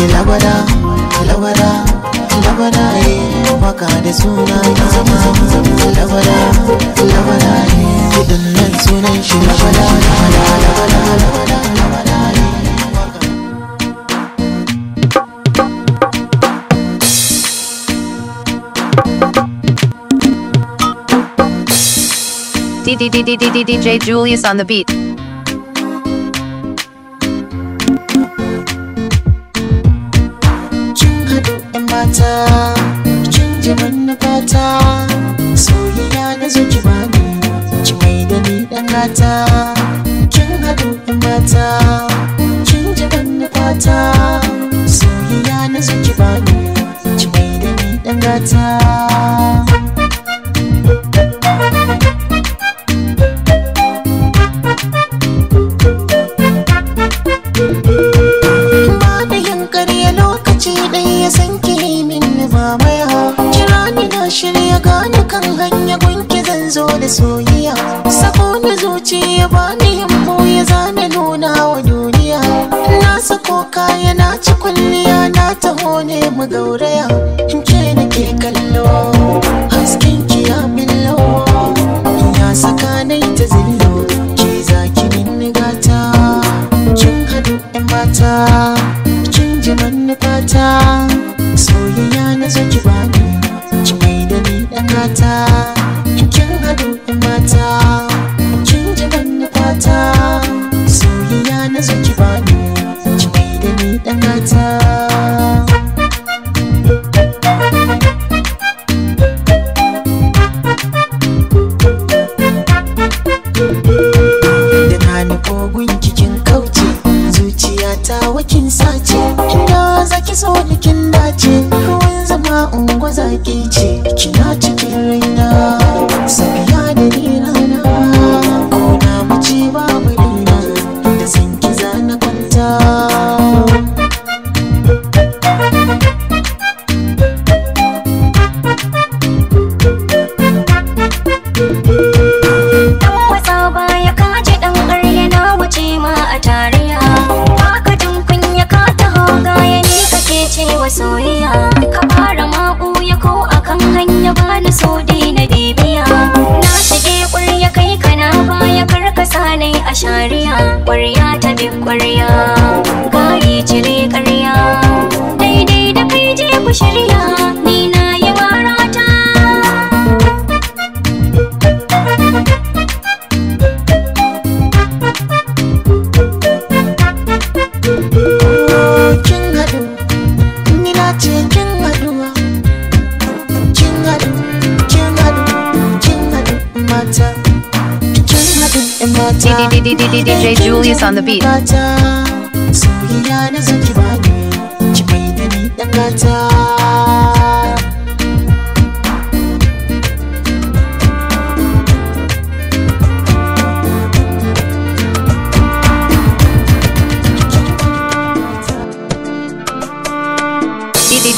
Ilabada, ilabada, ilabada, eh suna ilama Ilabada, ilabada, eh Kudin nan sunan shi labada, labada, labada, DJ Julius on the beat.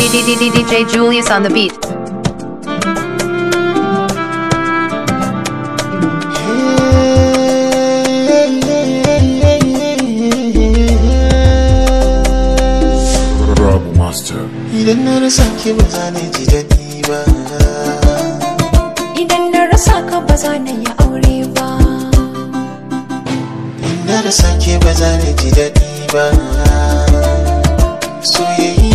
DJ Julius on the beat. Idan na rasa ki bazane za na ji daɗi ba. Idan na rasa ka ba za na yi aure ba. Idan na rasa ki ba za ba. Soyayya.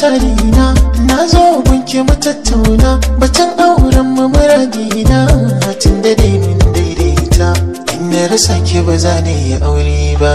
tarina na zo gunki mu tattauna batun auren mu muradina tun da dai min daidaita in na rasa ke ba za ni aure ba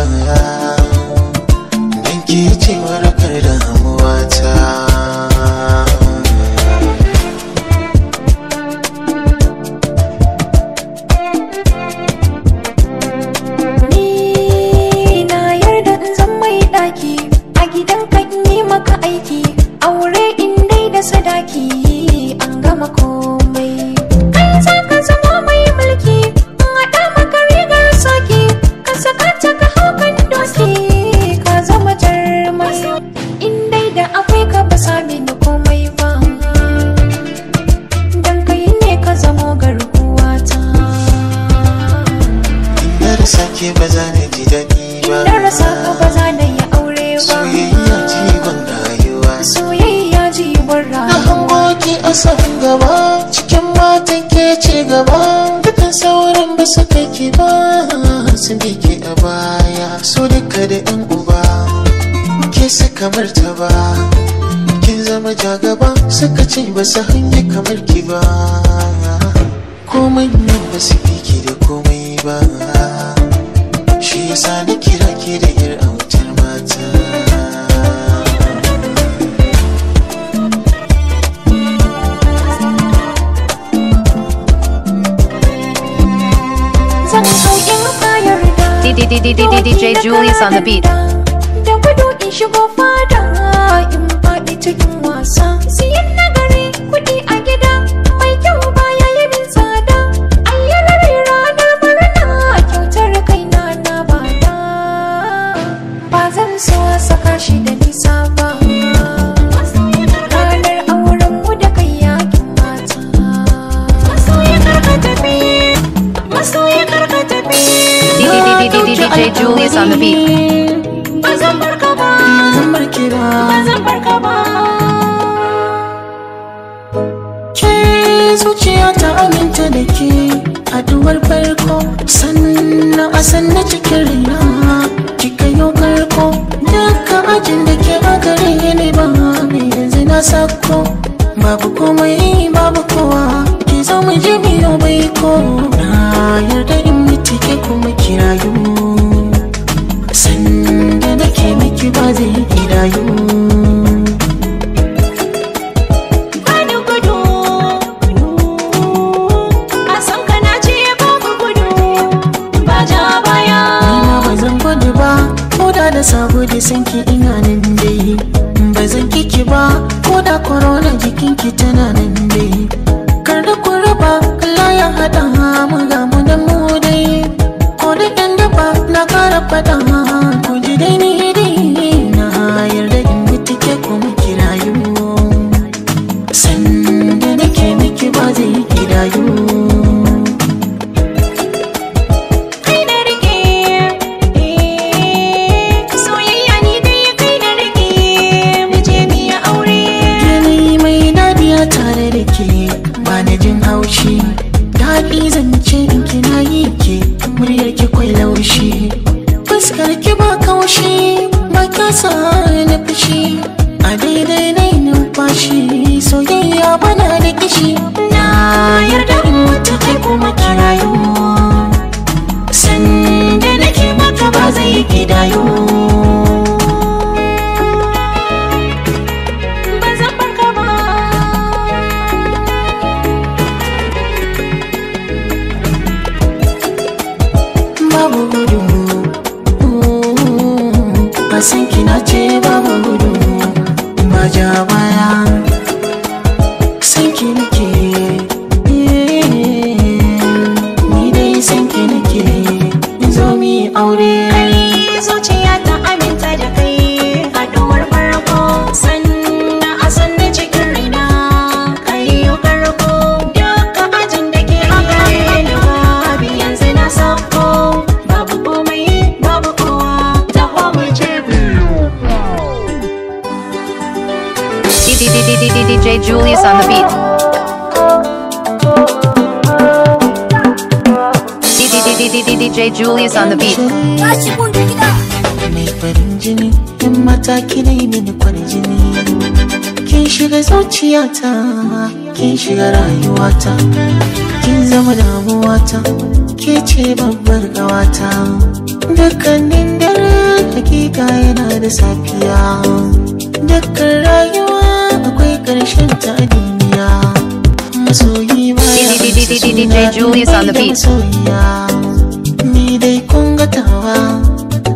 the beat. Ni dai kun gatawa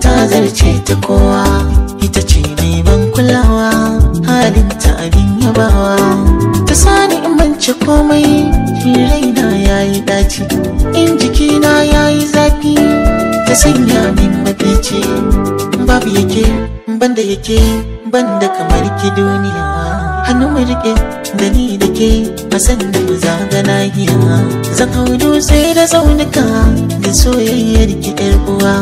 ta zarce ta kowa ita ce mai ban kulawa halin ta abin yabawa ta sani in bance komai raina yayi daci in jiki na yayi zafi ta sanya min mafici babu yake banda yake banda kamar ki duniya hannu mu rike da ni da ke a sanda mu zaga zan hau dutse da tsaunuka da soyayyar ke yar uwa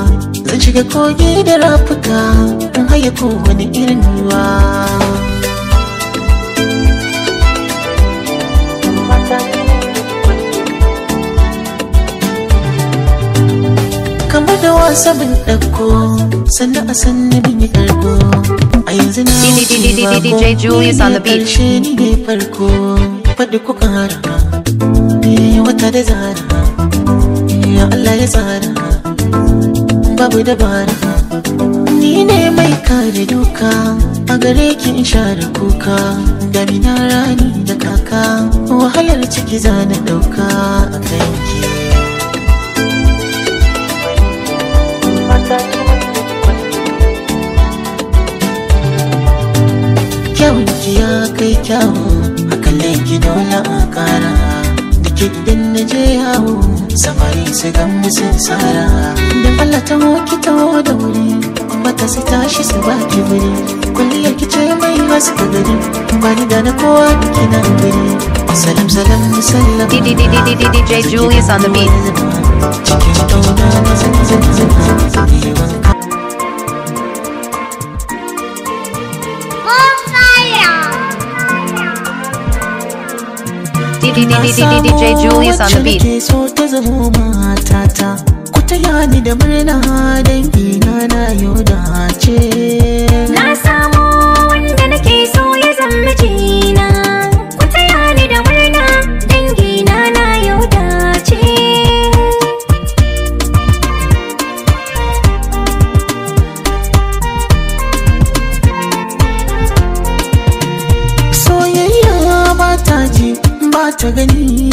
zan shiga kogi da rafuka in haye kowane irin ruwa wasa bin ɗauko sannan a san na bin yi karko a yanzu na wuce Julius on the beach ni ne farko faɗi kuka hara eh, wata da zara ya Allah ya tsara babu dabara ni ne mai kare duka a gare ki in share kuka damina rani da kaka wahalar ciki zana ɗauka a kanki Kyawun ki ya kai kyawu Akalai ki dole a kara Da kiddin na je yawo Samari sai gan musu tsara Da Allah ta ki taho da wuri Kuma ta su tashi su ba ki wuri kulliyar kice mai haska gari bani da na kowa kina gari salam salam salam DJ Julius on the beat cikin kauna na zan zan zan zan DJ Julius on the beat. ta yani da murna dangi na na yau da ce na samu wanda nake so ya zama jina ku ta yani da murna dangi na na yau da ce soyayya ba ta ji ba ta gani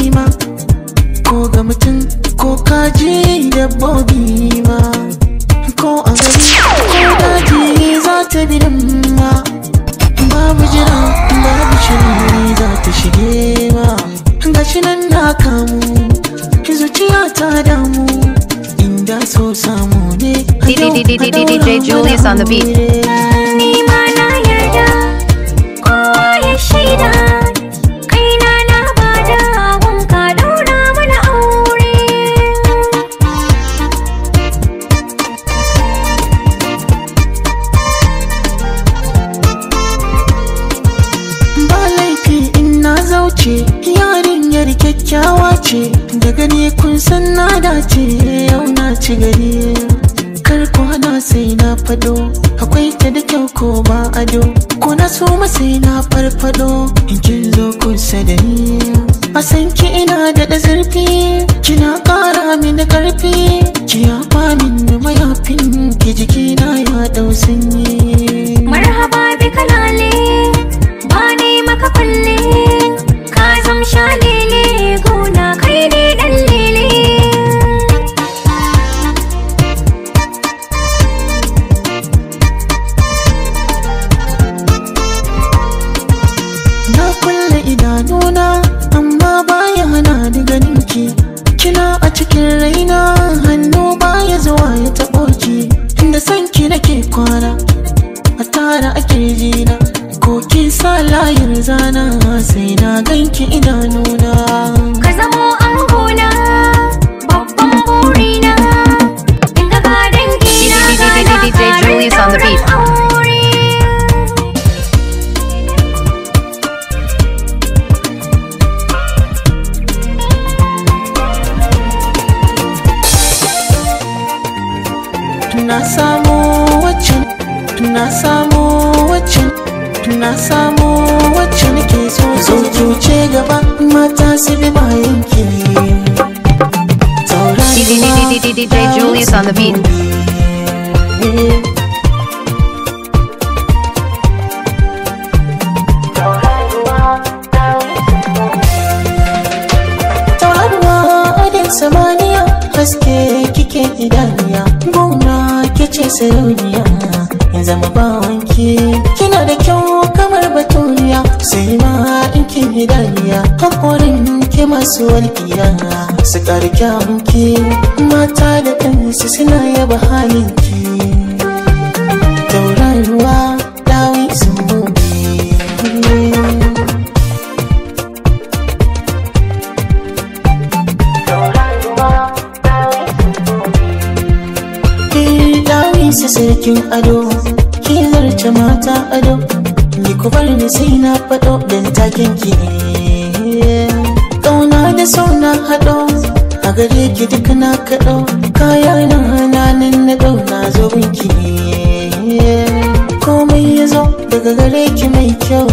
on the beat. ce sarauniya ya zama bawanki kina da kyau kamar batuniya sai ma in kin hidaniya hakorin ke masu walƙiya su ƙara mata da kansu suna yaba halinki cikin ado ki zarce mata ado ni ku bar ni sai na faɗo dan takin ki kauna da sau na a gare ki duk na kado kaya na hananin na dau na zo miki komai ya zo daga gare ki mai kyau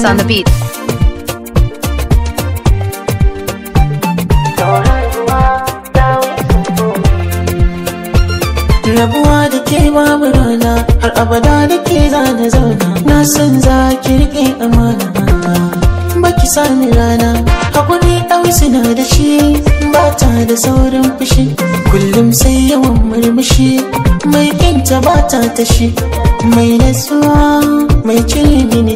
Focus on the beat. rabuwa da ke babu rana har abada da ke zana zauna na san za ki riƙe amana baki sani rana hakuri ɗausi na da shi ba ta da saurin fushi kullum sai yawan murmushi mai kinta ba ta tashi mai nasuwa mai cire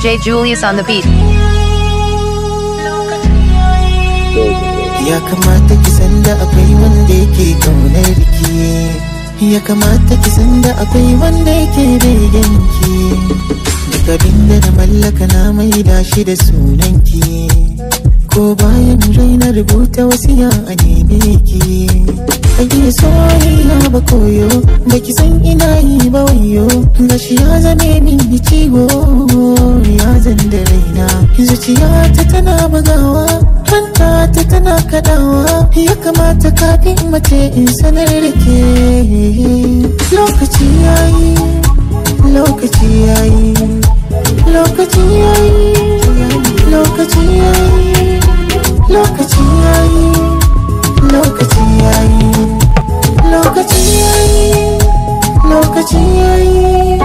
DJ Julius on the beat. Ya kamata ki san da akwai wanda yake kaunar ki. Ya kamata ki san da akwai wanda yake begen ki. Duk da na mallaka na mai da shi da sunan ki. Ko bayan na rubuta wasu ya a neme ki. Baki so na ba koyo Baki san ina yi ba wayo Gashi ya zame min cigo Ya zan da raina Zuciya ta tana bugawa Hanta ta tana kaɗawa Ya kamata kafin mace in sanar da ke Lokaci yayi Lokaci yayi Lokaci yayi Lokaci yayi Lokaci yayi lokaci yayi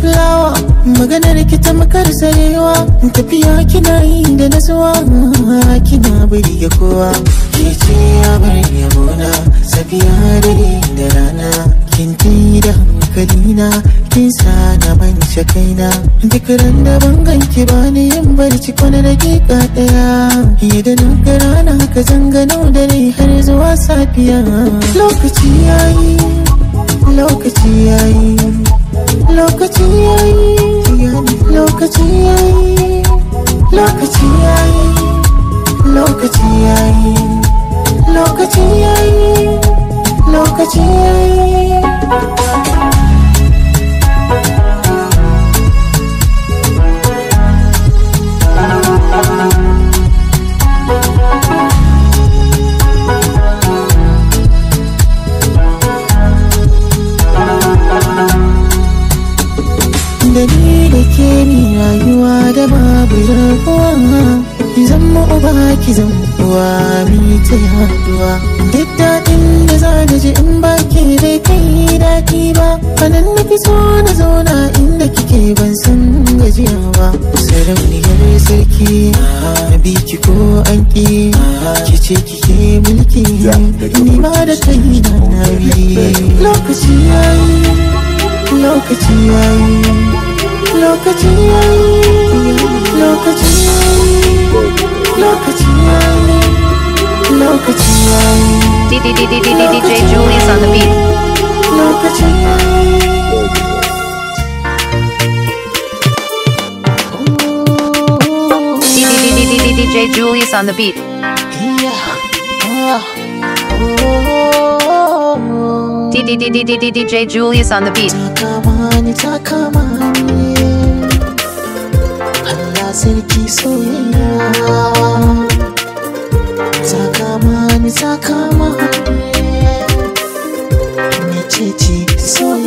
fulawa maganar ki ta makar sarewa tafiya kina yi da nasuwa kina bari kowa ke ce ya bar yabona safiya dare da rana kin da hankalina kin sa na mance kaina duk ran da ban ganki ba ni yin barci kwana dakika daya da na ga rana ka zanganau da ni har zuwa safiya lokaci yayi lokaci lokaci lokaci lokaci lokaci yayi lokaci yayi lokaci yayi DJ Julius on the beat. DJ Julius on the beat. DJ Julius on the beat. Takamani, takamani. Allah so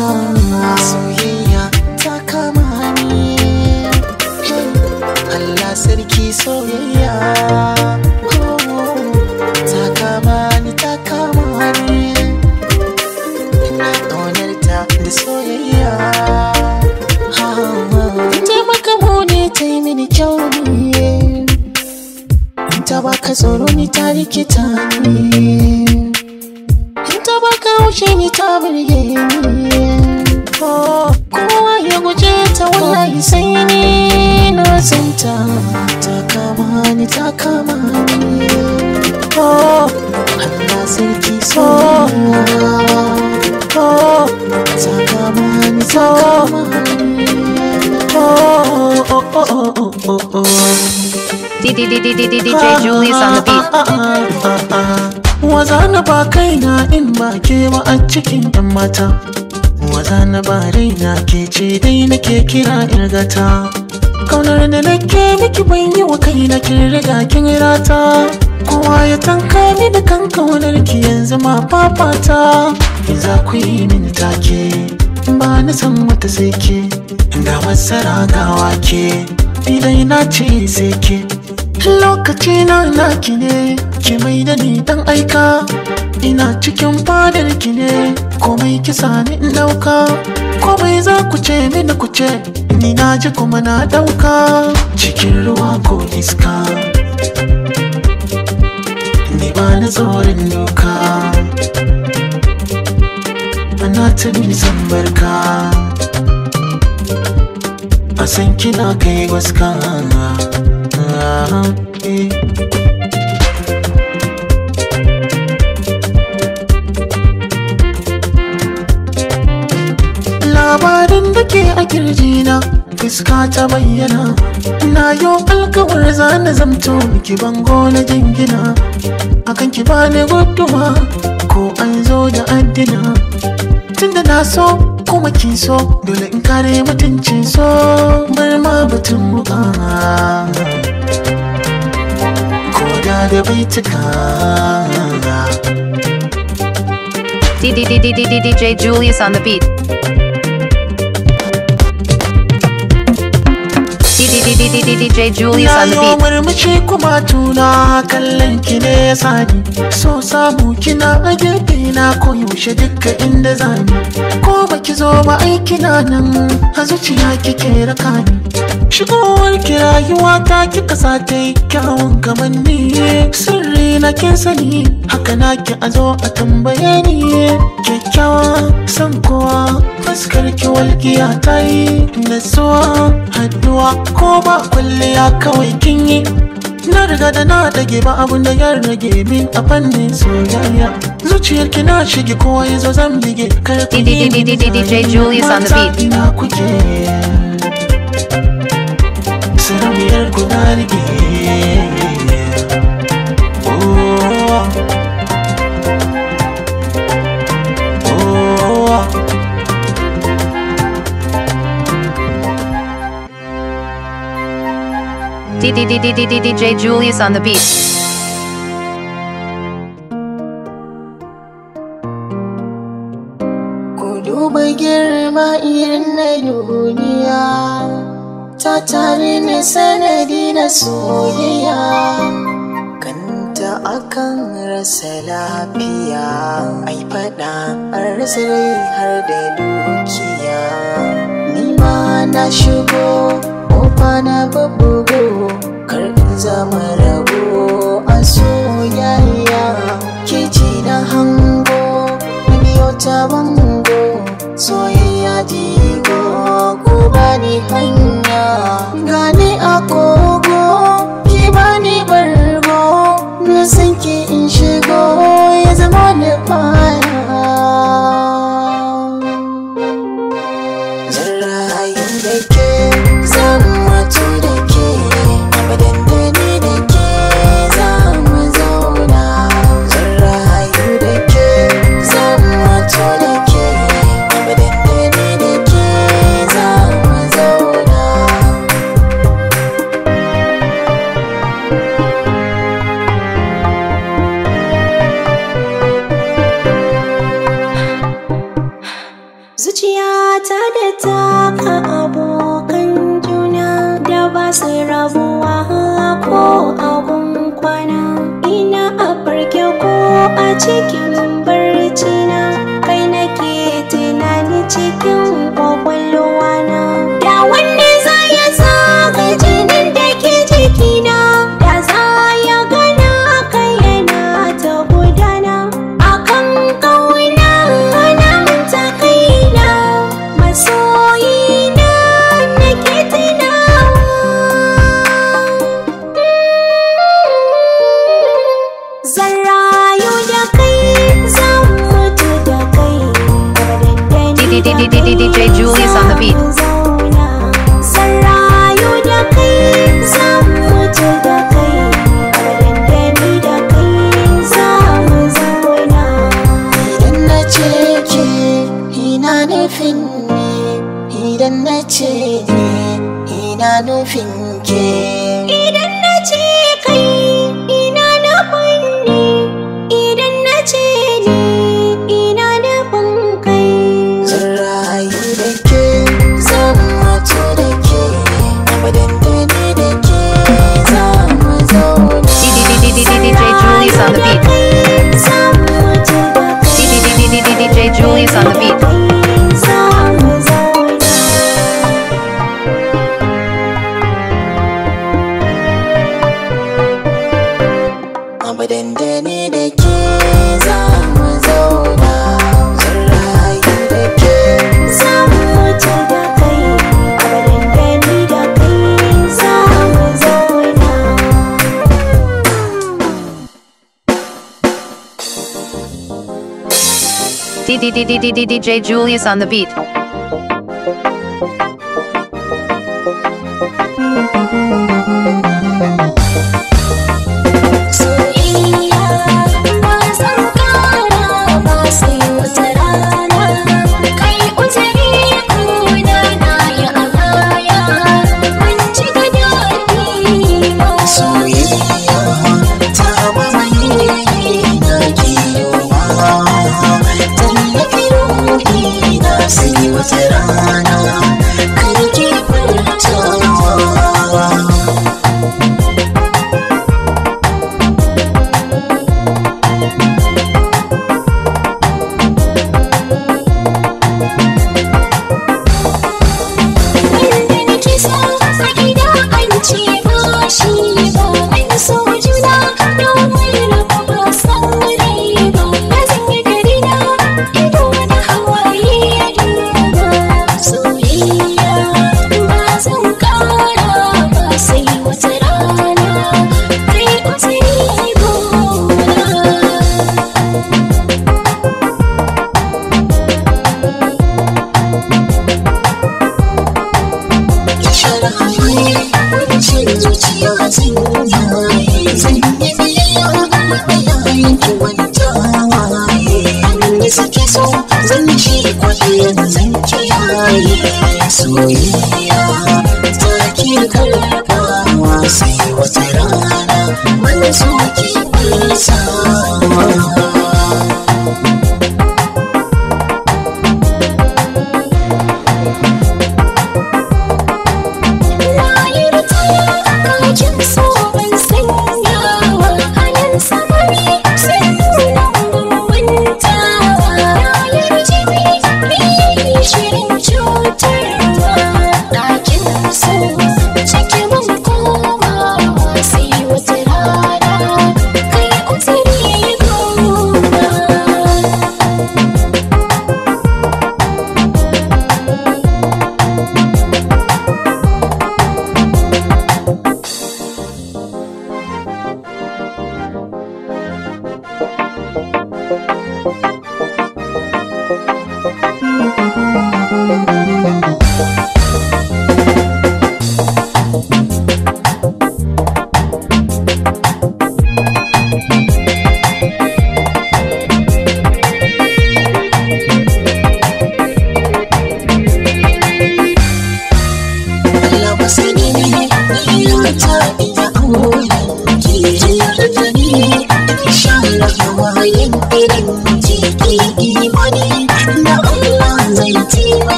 song cikin 'yan mata waza na bare na ke ce dai nake kira irgata kaunar da nake miki ban yi wa kaina kin riga kin rata kowa ya tanka ni da kan kaunar ki yanzu ma fafata ki za ku yi min take ba na san wata sai ke da masara gawa ke idan na ce sai ke lokaci na naki ne ki mai da ni dan aika ina cikin fadar ki ne komai kisa ni in dauka komai za ku ce na ku ce ni na ji kuma na dauka cikin ruwa ko iska ni ba na tsoron doka ana ta nisan barka a san kina kai waska kirjina fuska ta bayyana na yo alkawar zana zamto miki bango na jingina akan ki bani gudduwa ko an zo da addina tunda na so kuma kin so dole in kare mutuncin so bar ma batun muka ko da da baituka DJ Julius on the beat. DJ Julius on the beat. Na murmushi kuma tuna kallon ki ne ya sani. So samu kina a gefe na koyaushe duka inda zani. Ko baki zo ba aiki na nan a zuciya kike raka ni. Shigowar ki rayuwa ta kika sa ta yi kyawun kamar ni. Sirri na kin sani haka na ki a zo a tambaye ni. Kyakkyawa san kowa fuskarki kiya ta yi zuwa haduwa ko ba kwalliya kawai kin yi na riga da na dage ba abun da ya rage min a fannin soyayya zuciyar ki na shige kowa ya zo zan bige kar ku yi Julius on the beat kuke sarauniyar gudanar na DJ Julius on the beat. duba girma irin na duniya ta tari ni sanadi na soyayya kanta akan rasa lafiya ai fada an rasa har da dukiya ni ma na shigo kwana babbugo karɓin zama rago a soyayya ke na hango na bango soyayya jigo ko ni hanya gane a kogo ki ni bargo na san in shigo ya zama da take you beats. DJ Julius on the beat.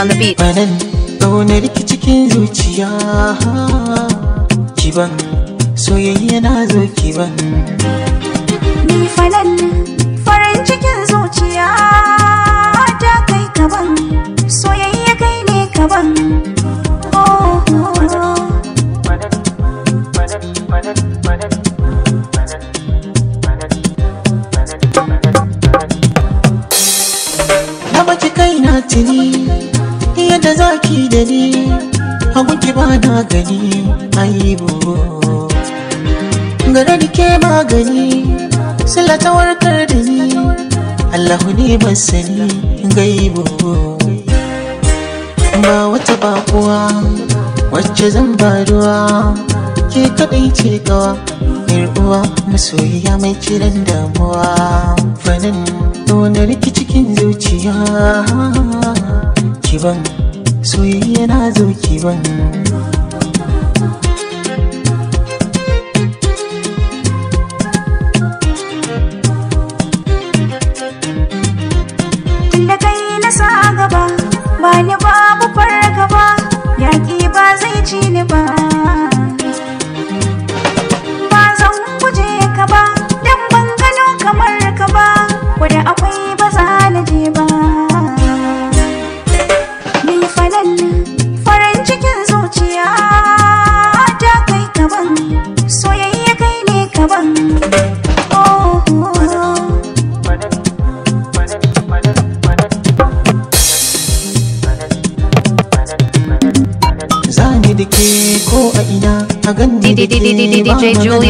on the beat.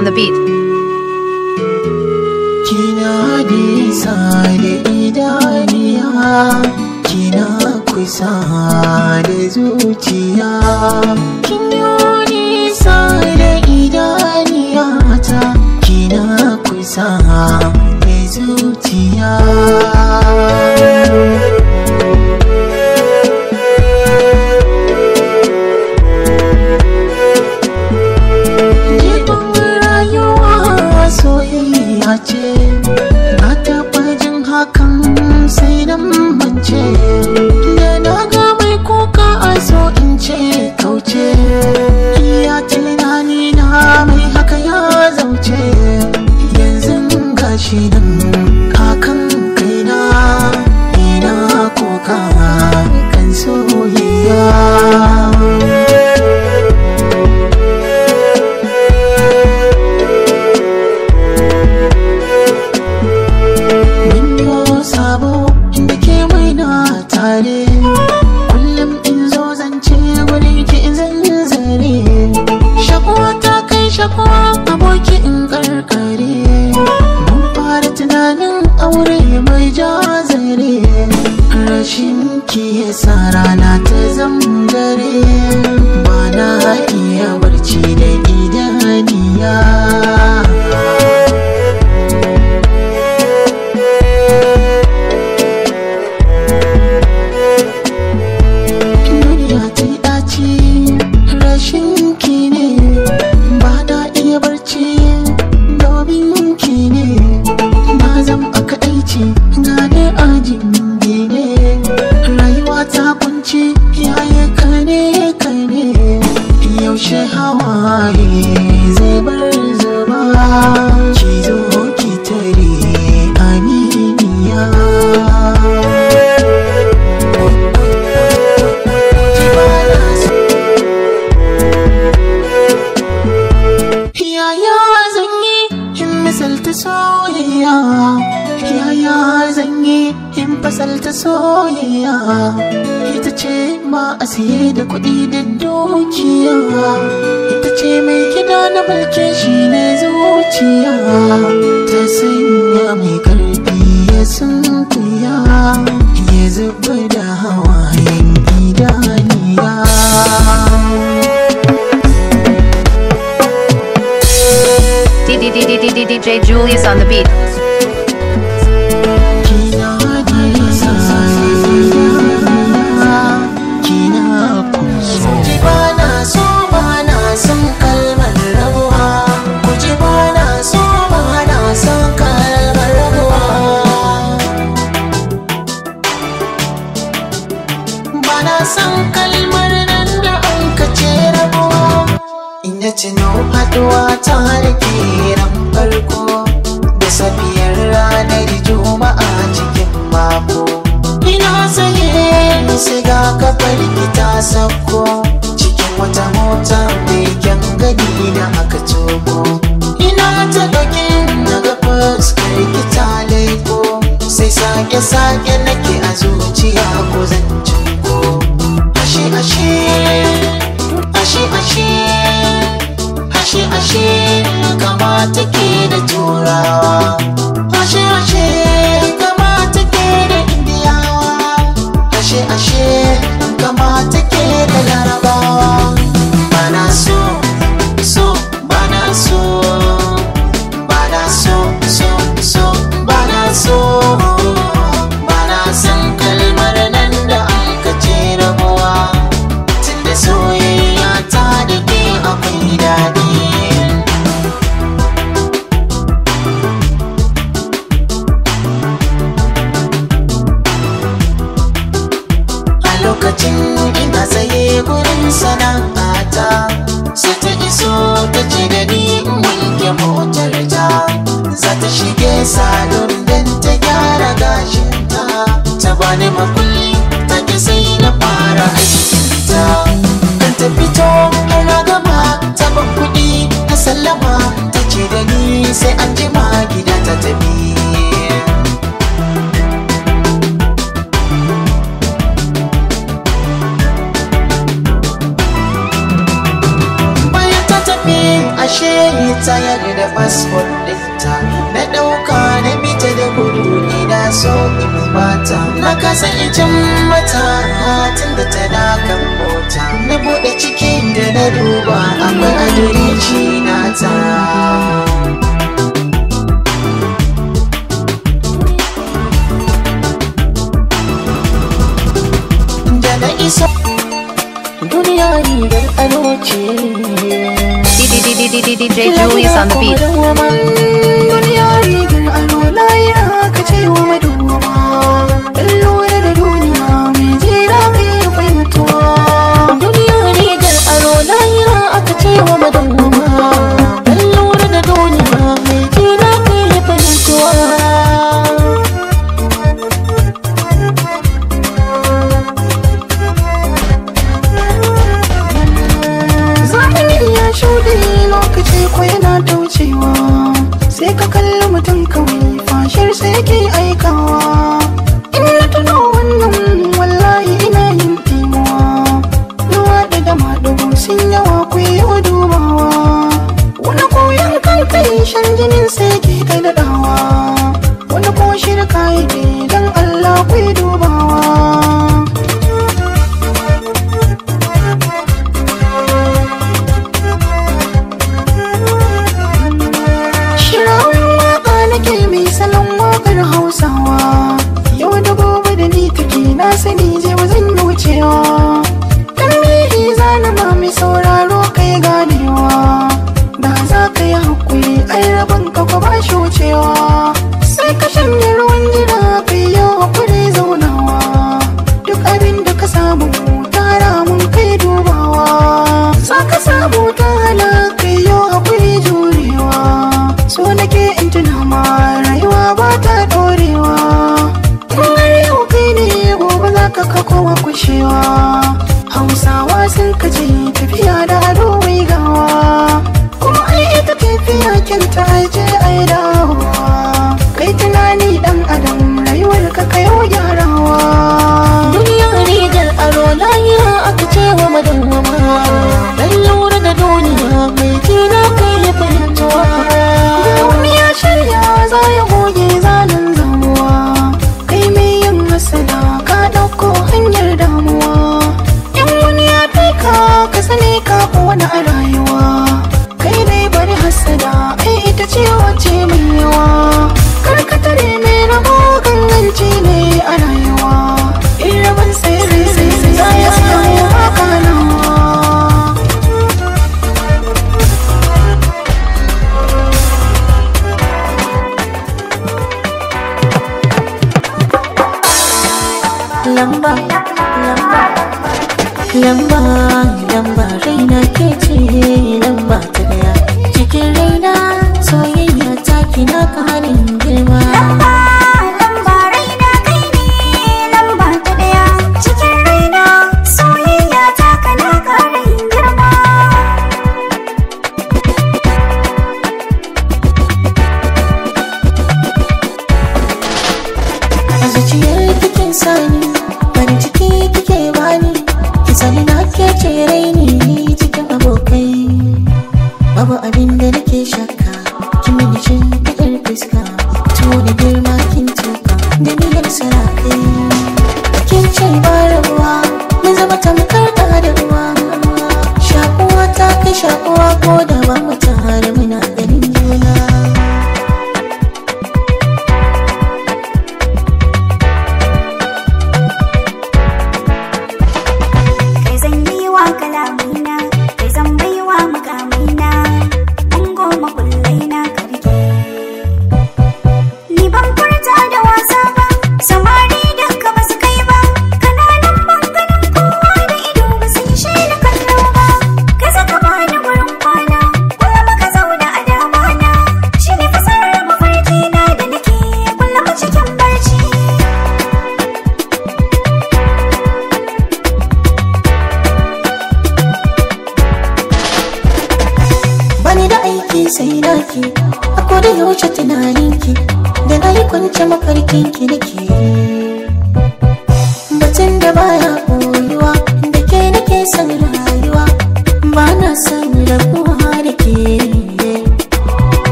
on the beach.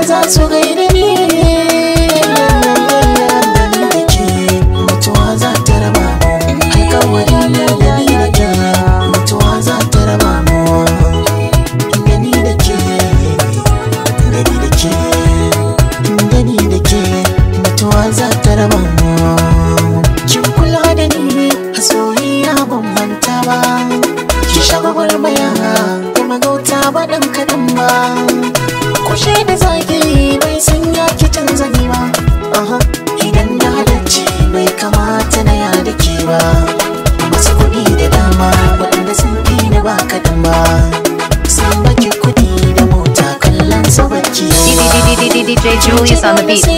maza su on the beat.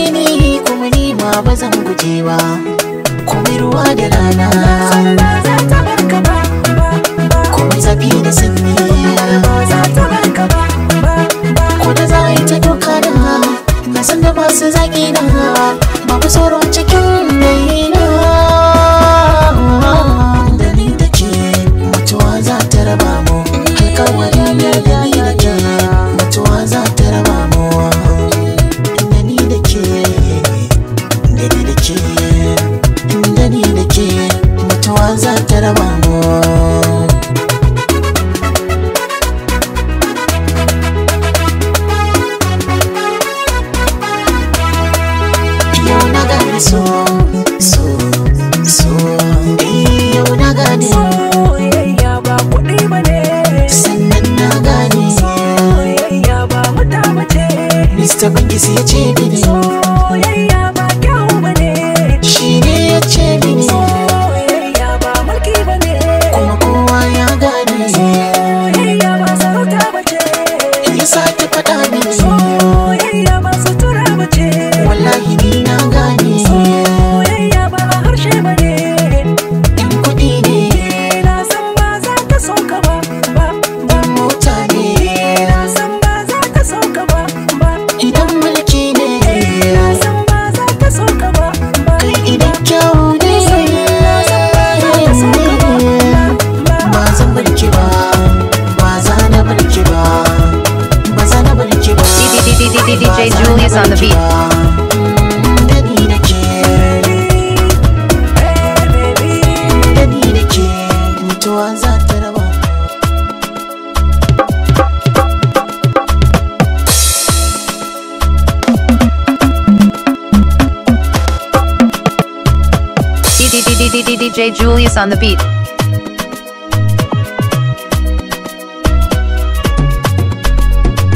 Chris on the beat.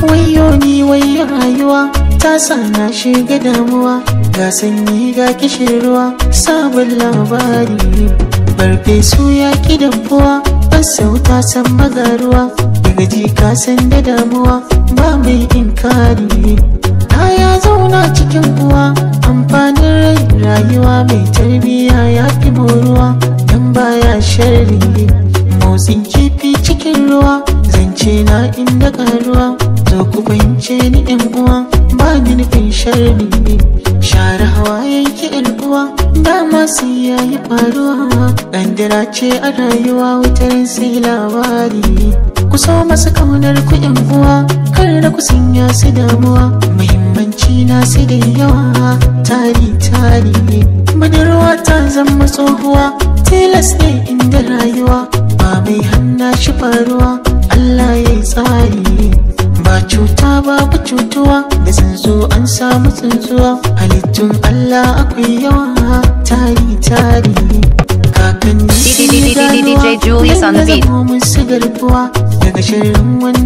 Wayo ni wayo rayuwa ta sana shiga damuwa ga sanyi ga kishirwa, sabon labari farfesu ya ki damfuwa basau ta san magaruwa daga ji ka san da damuwa ba mai inkari ya zauna cikin kuwa amfanin rayuwa mai tarbiya ya fi boruwa sharri motsin kifi cikin ruwa zance na inda ruwa zo ku kwance ni yan uwa ba ni nufin sharri share hawa yanki uwa dama sai yayi yi faruwa ɗandira ce a rayuwa wutar sai labari ku so masu kaunar ku yan uwa kar da ku sanya su damuwa muhimmanci na su da yawa tari tari budurwa ta zama tsohuwa tilas ne da rayuwa ba mai hanna shi faruwa Allah ya yi tsari ba cuta babu cutuwa da tsinzo an samu tsinzuwa halittun Allah akwai yawa tari tari kakanni zama mun su garbuwa daga shirin wani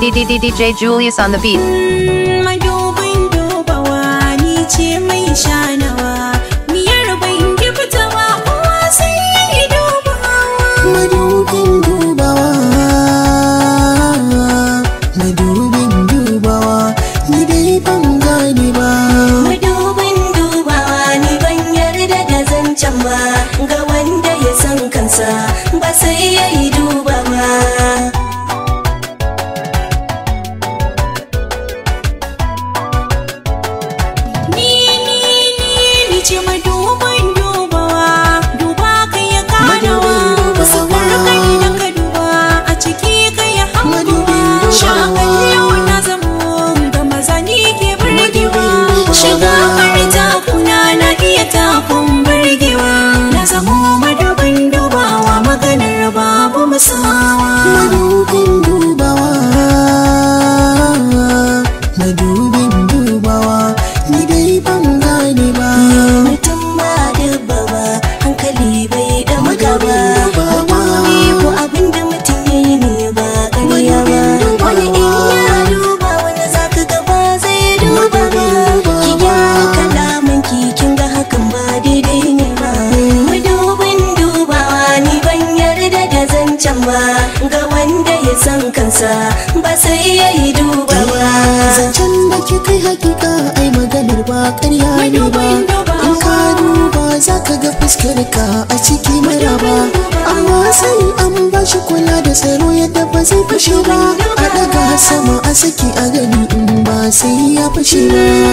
DJ Julius on the beat. Madubin mm, dubawa ni ce mai shani. 是呢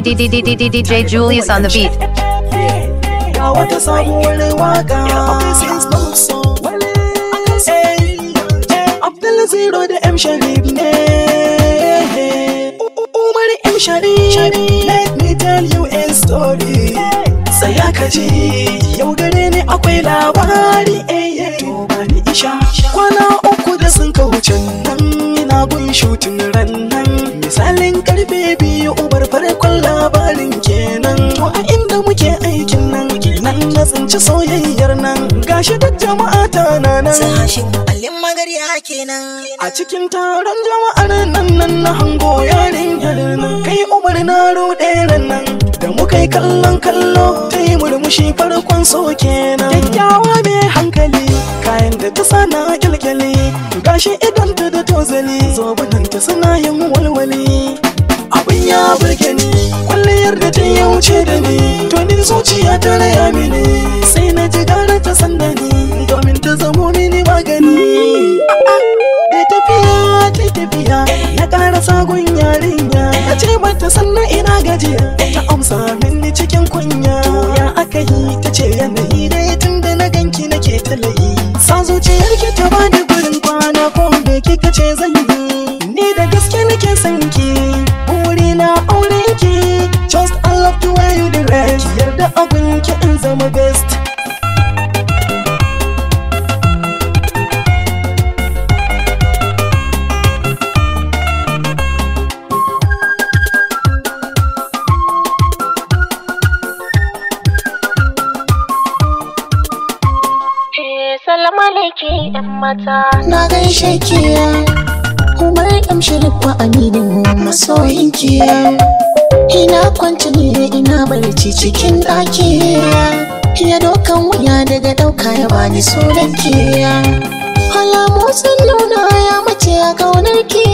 DJ Julius on the beat. Ga wata sabuwar waka Abdul Zero da Umar M Sharif Let me tell you a story Saya ka ji yau dare ne akwai labari To bani isha kwana uku da sun kaucin nan ina gun shutin ran nan misalin karfe biyu ubar farko labarin kenan ko a inda muke aikin nan kenan na tsinci soyayyar nan gashi duk jama'a ta na nan sashin allin magarya kenan a cikin taron jama'ar nan nan na hango yarin nan kai umar na rude nan da muka yi kallon kallo ta yi murmushi farkon so kenan kyakkyawa mai hankali kayan da ta sana kyalkyali gashi idan ta da tozali zobunan ta suna yin tafiyar da ta ya wuce da ni to ni zuciya ta raya mini sai na ji gara ta sanda ni domin ta zamo mini magani da tafiya ta tafiya na kara sagon yarinya na ce mata sannan ina gajiya ta amsa mini cikin kunya ya aka yi ta ce yanayi da tun da na ganki nake talayi sa zuciyar ki ya ba ni sunan ki alamu launa ya mace a kaunar ki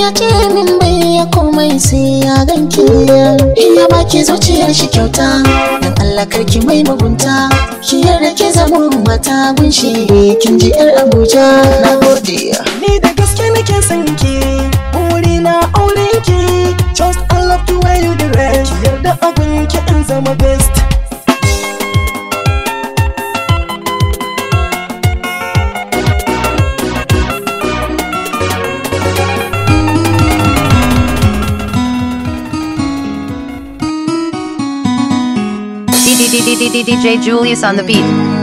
ya ce min bai ya komai sai ya ganki ya baki zuciyar shi kyauta dan Allah ki mai mugunta ki yarda ki zama mata gunshi kin ji yar Abuja na gode ni da gaske nake son ki DJ Julius on the beat.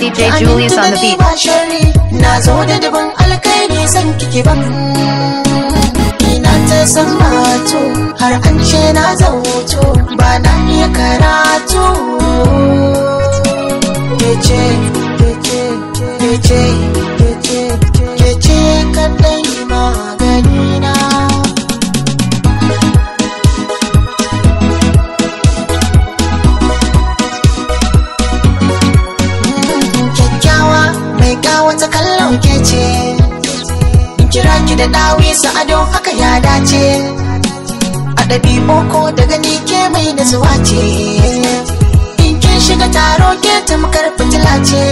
DJ Julius on the beat. Na zo da daban ne san kike ban. Ina ta san mato har an ce na zauto ba na iya karatu. Kece, kece, kece. ɗabi'u ko da gani ke mai da zuwa ce in kin shiga taro ke tamkar fitila ce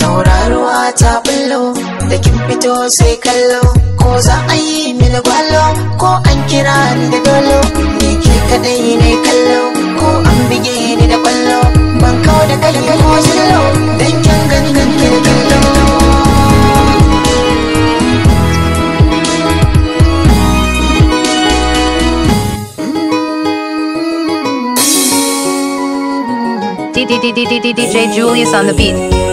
tauraruwa ta bullo da kin fito sai kallo ko za a yi mini gwalo ko an kira ni da dolo ni ke kadai ne kallo ko an bige ni da kwallo ban kawo da kai ko zillo dan kin gangan ke kallo DJ Julius on the beat.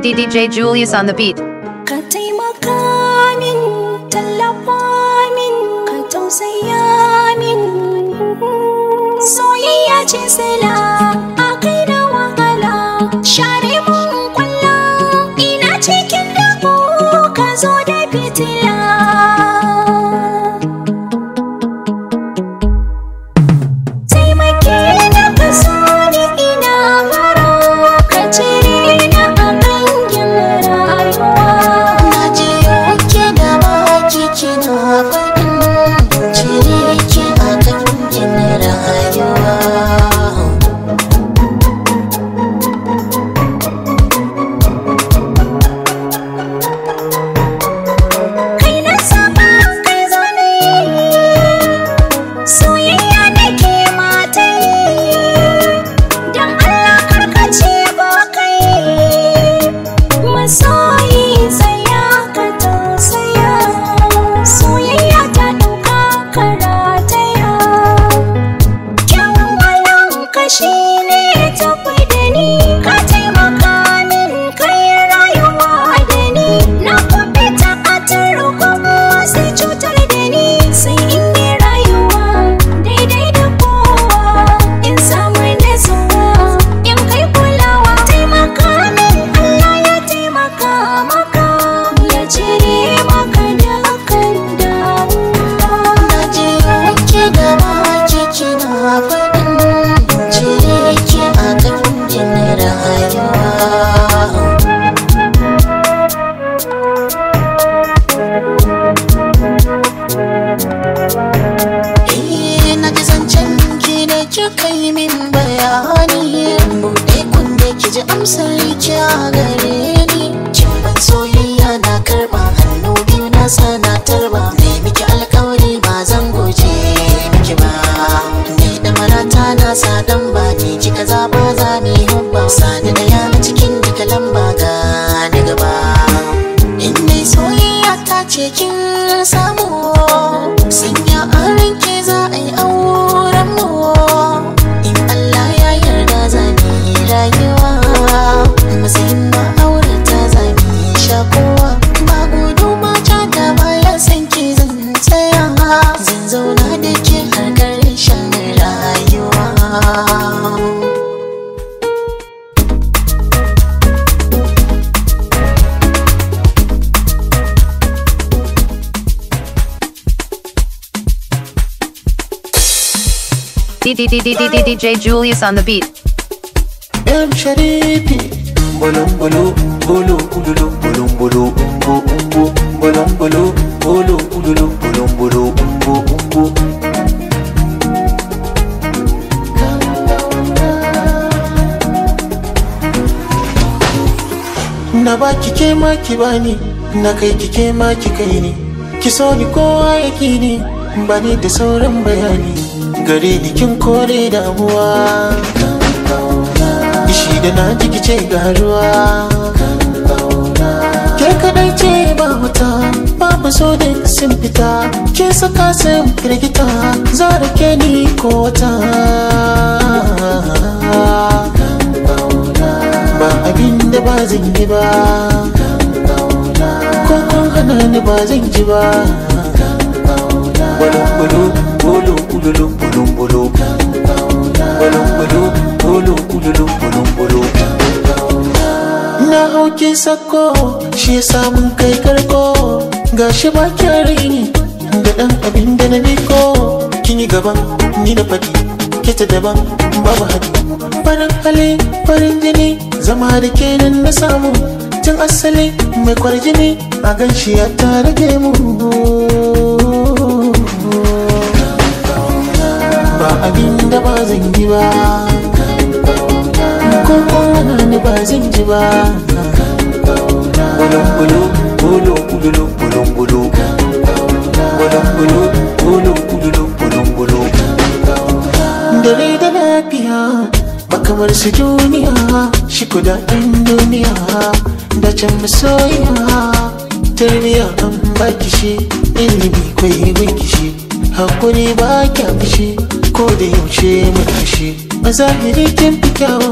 DJ Julius on the beat. DJ Julius on the beat. M Sharipi, bolom bolo, bolo ululu, bolom bolom bolom kowa ya ki ni, bayani. gari ni kin kore damuwa ishi da na jiki ce garuwa ke kadai ce ba wuta babu so da sun fita ke saka sun firgita da ke ni ko wata ba abin da ba zan yi ba ko kun hana ni ba zan ji ba Bolo, bolo na hauki sako shi samun kai karko gashi ba kyari ne da ɗan abin da na biko kini gaban ni na fadi kita daban babu hadi farin hali farin jini zama da kenan na samu tun asali mai kwarjini a gan shi ya tare mu ba abinda ba zan yi ba ko na ni ba zan ji ba bulungulu bulu bulungulu bulungulu bulungulu bulu bulungulu bulungulu dare da lafiya makamar su duniya shi kudaden duniya da can masoyiya tarbiya an baki shi ilimi kwai gwiki shi hakuri ba kya fushi ko da yaushe mu tashi a zahiri kin fi kyau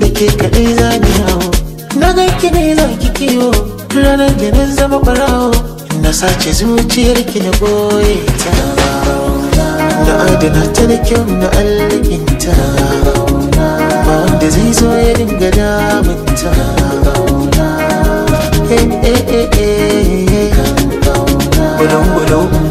da ke kaɗai za ni hau na ga ki ne za ki kiwo ranar da na zama ɓarawo na sace zuciyar ki na boye ta na adana ta da kyau na ta ba wanda zai zo ya dinga damun ta. Hey, hey, hey, hey, hey. hey, hey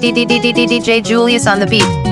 DJ Julius on the beat.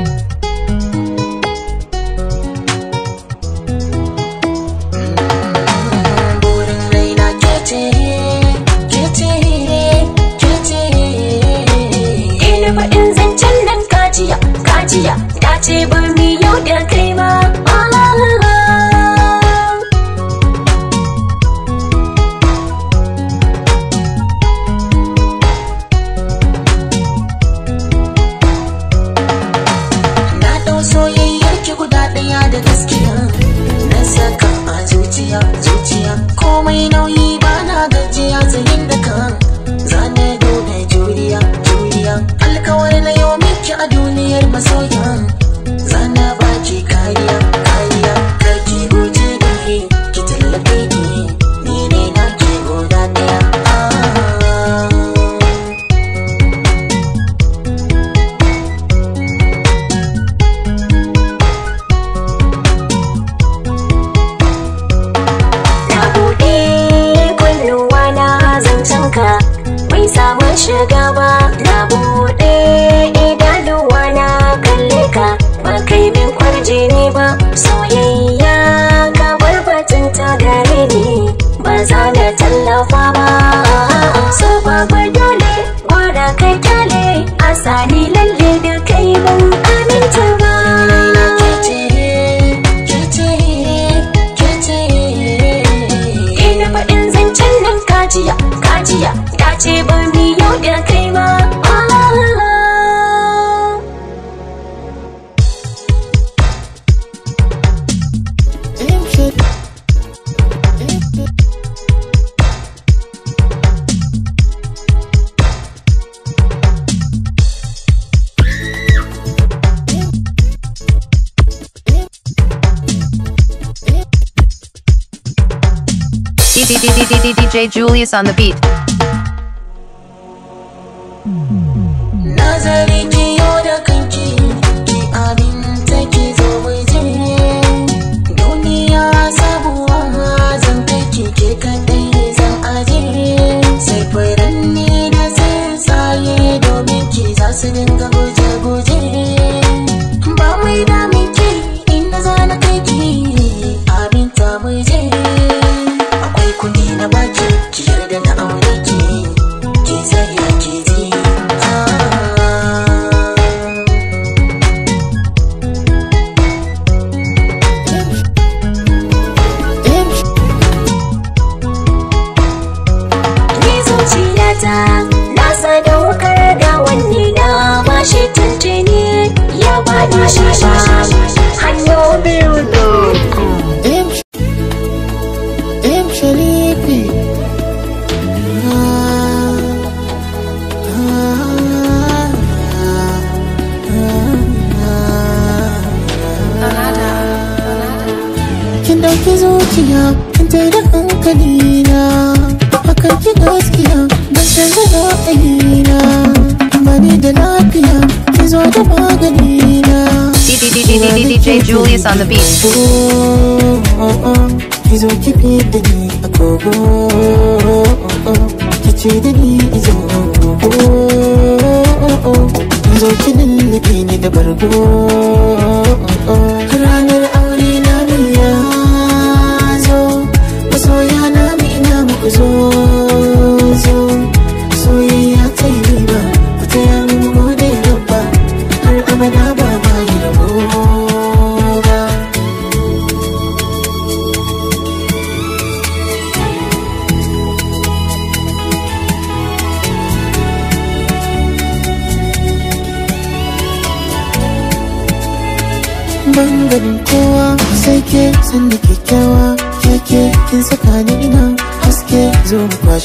Julius on the beat.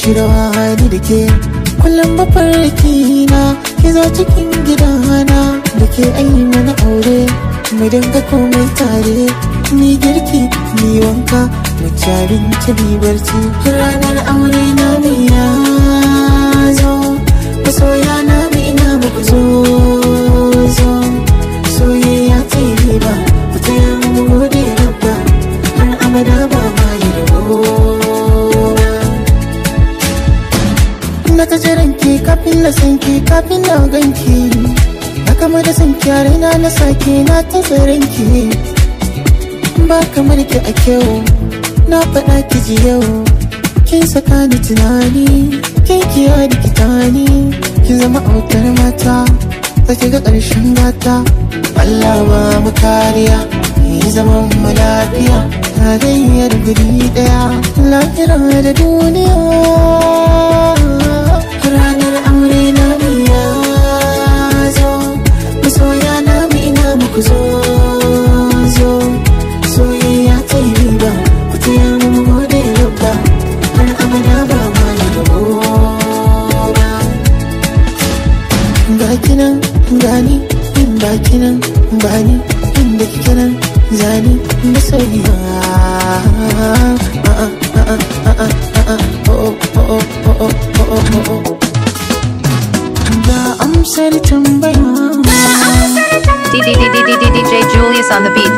shirwa hali da ke kullum mafarki na ki zo cikin gidana da ke ayi mana aure mu dinga komai tare ni girki ni wanka mu ci abinci ni barci ranar aure na mu ya zo soya na mu ina muku zo na ta jiran ki kafin na san ki kafin na ganki na kama da san ki na sake na ta ki ba kamar ki a kyau na faɗa ki ji yau kin saka ni tunani kin kiya da ni kin zama autar mata sake ga ƙarshen gata Allah ba mu kariya yi zama mu lafiya ta tarayyar guri ɗaya lafiya da duniya nan bani inda kike zani DJ Julius on the beat.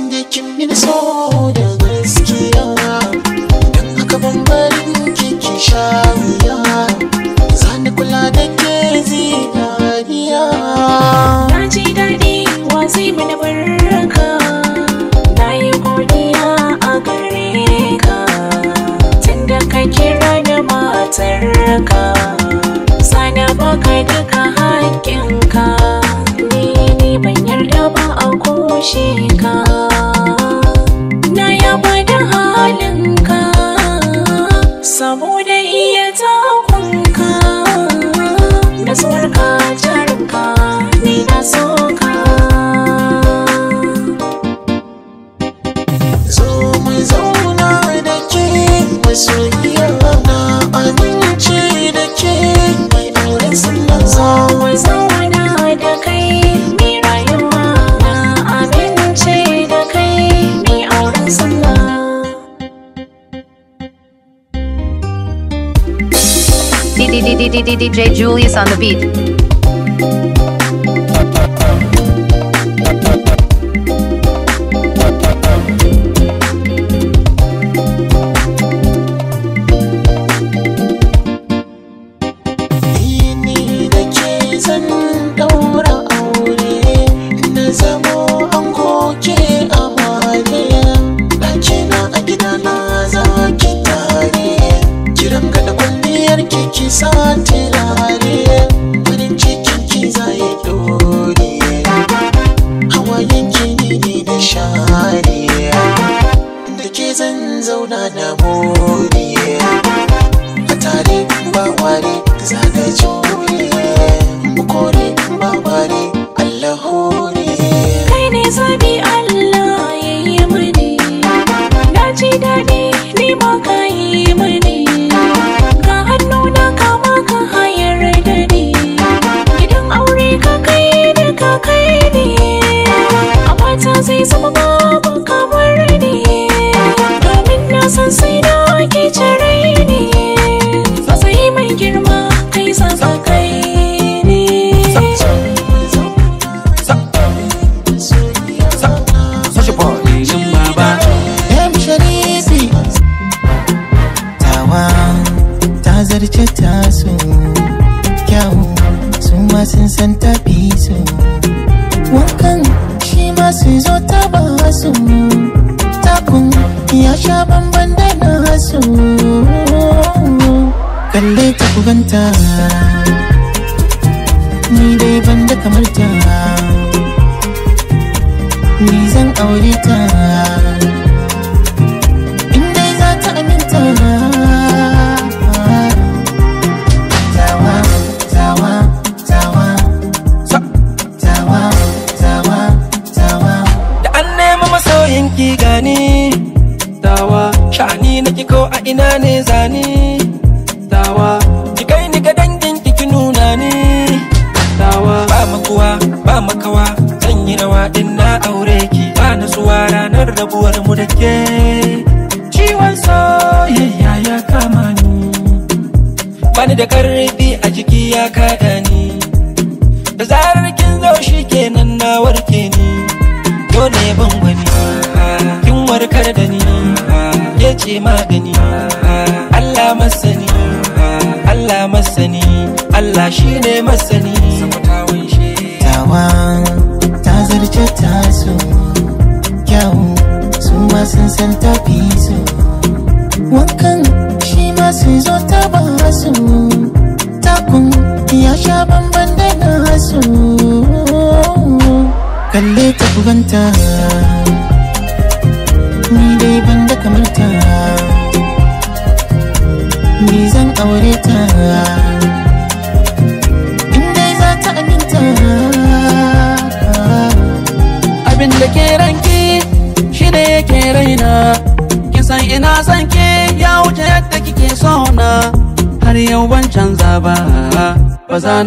baraka sada baka duka haƙƙinka ni ne ban yarda ba a kushe ka na yaba da halinka saboda DJ Julius on the beat.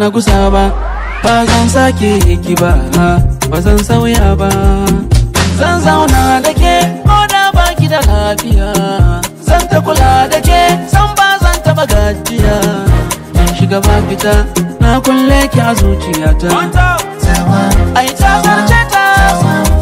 na gusa ba ba zan sake ki ba ba zan sauya ba zan zauna da ke ko da baki da lafiya zan ta kula da ke san ba zan taɓa gajiya ban shiga ba fita na kulle ki a zuciyata ai ta zarce ta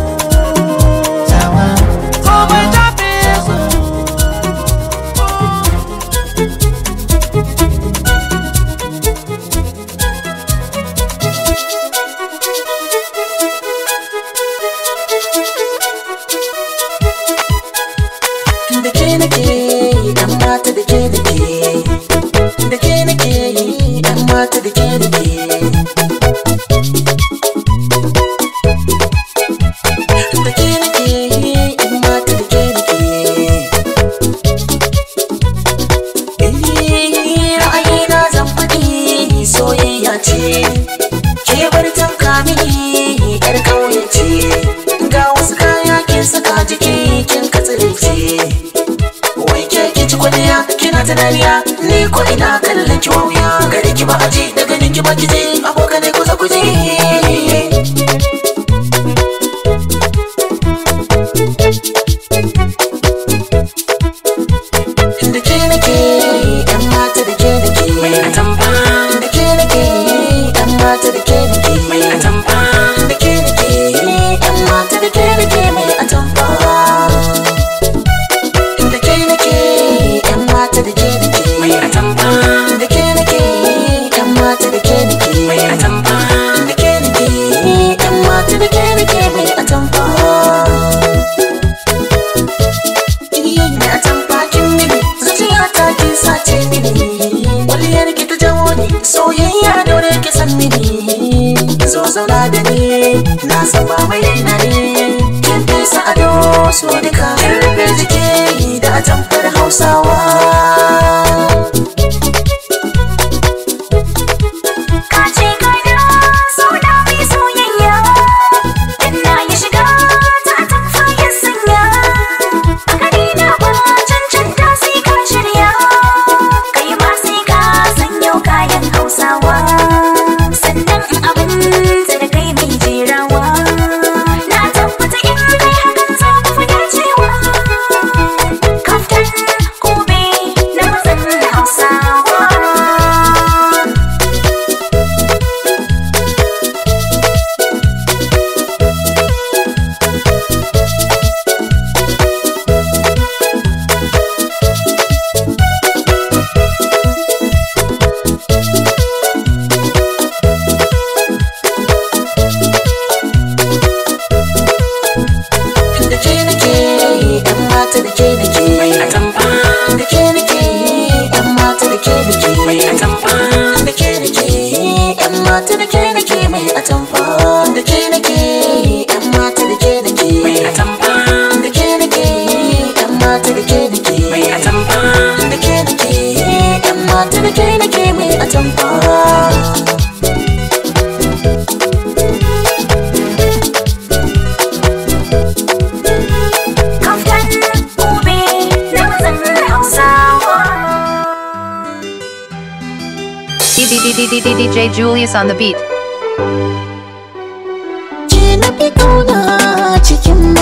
Rock it So. DJ Julius on the beat. Ke na fi ƙauna cikin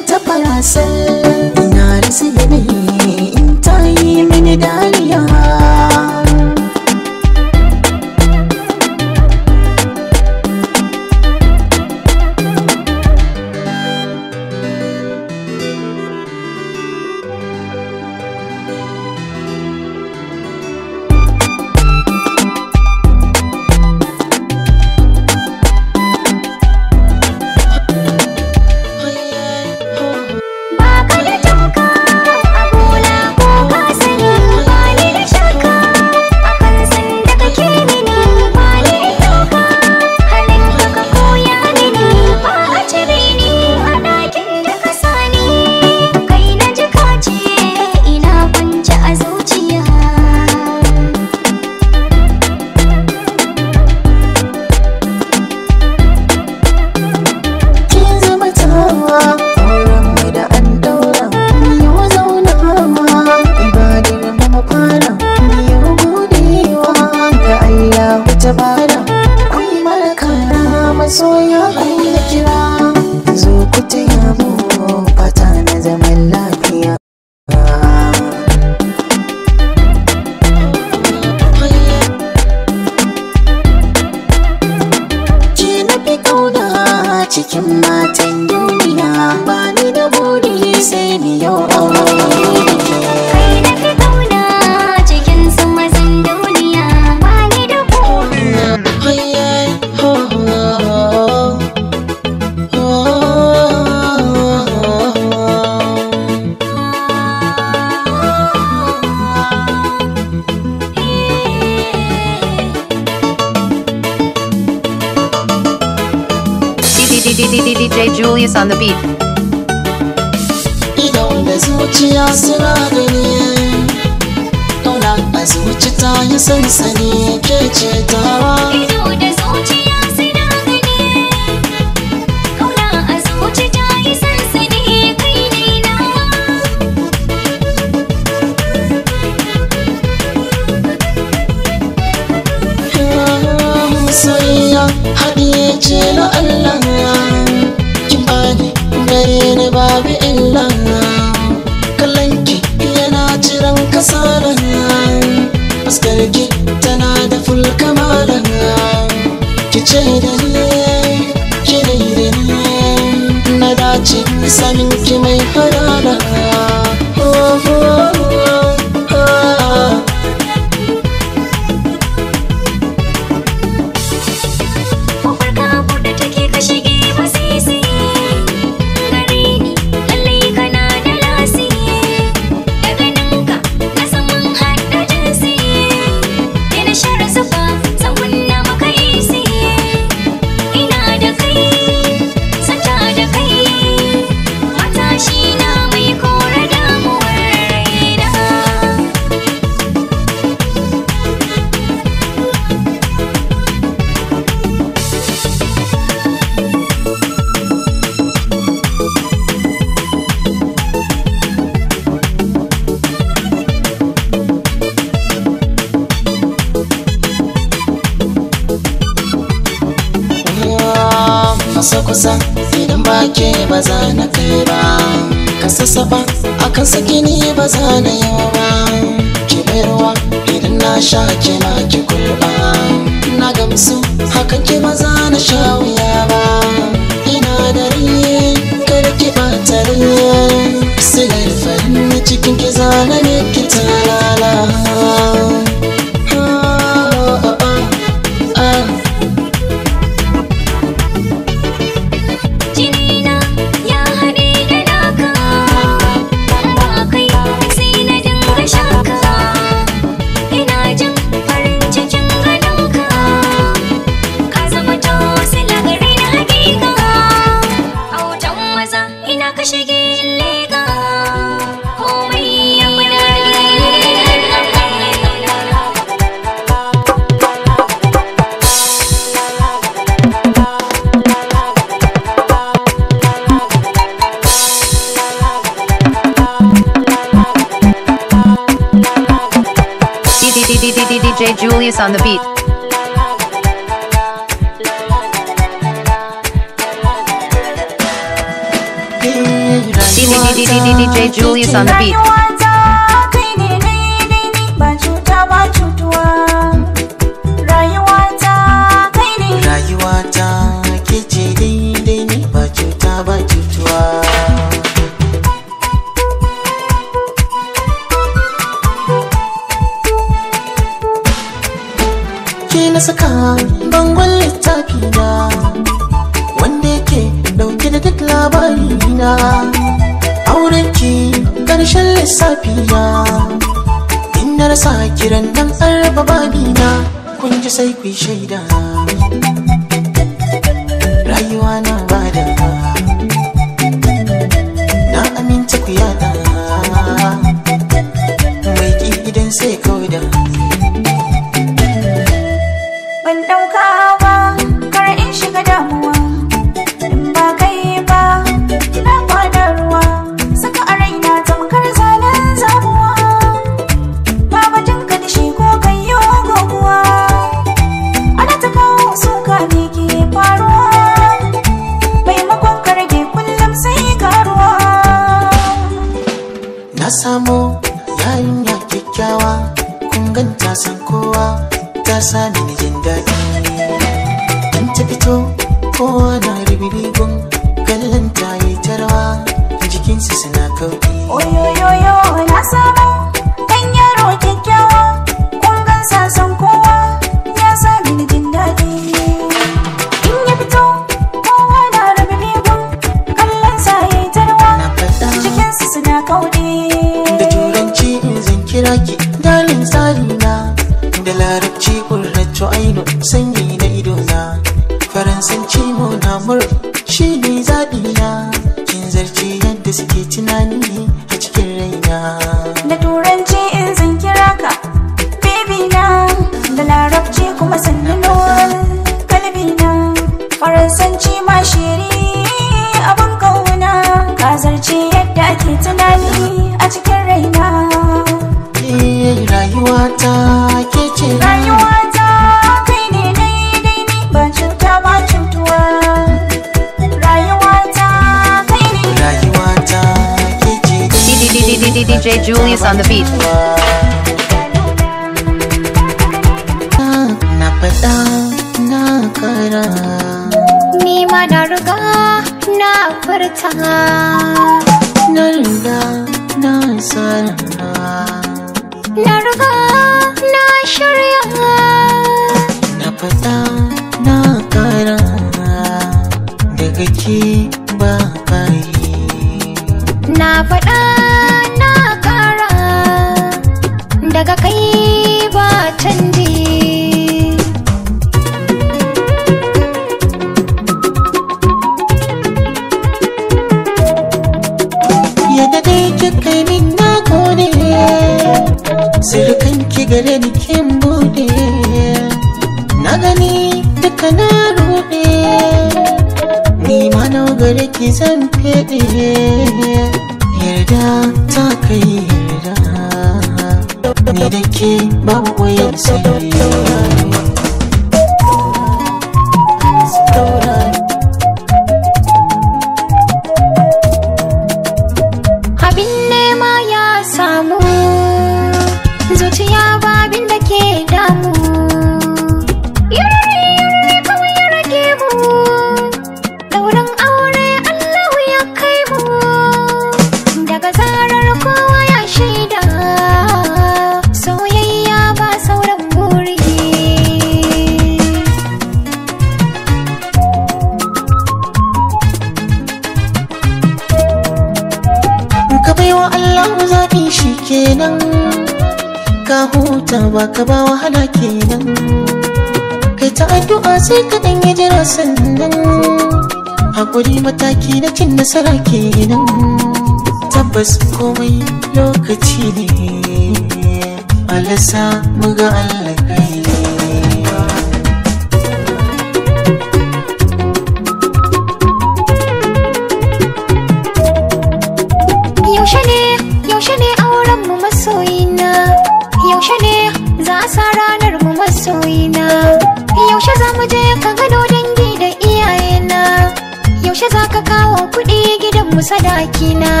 aikina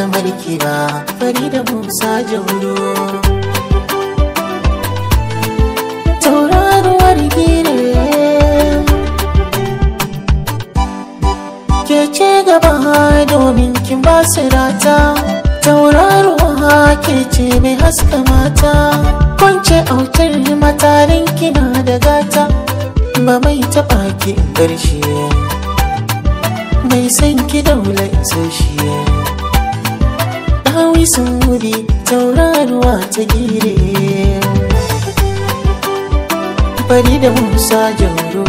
kamar kira fari da musa jauro tauraruwar gire ke ce gaba domin kin ba su rata tauraruwa ke ce mai haska mata kwance autar matarin kina da gata ba mai taɓa ki ƙarshe mai san ki daula isashiya kai sun gudu tauraruwa ta gire fari da musa jauro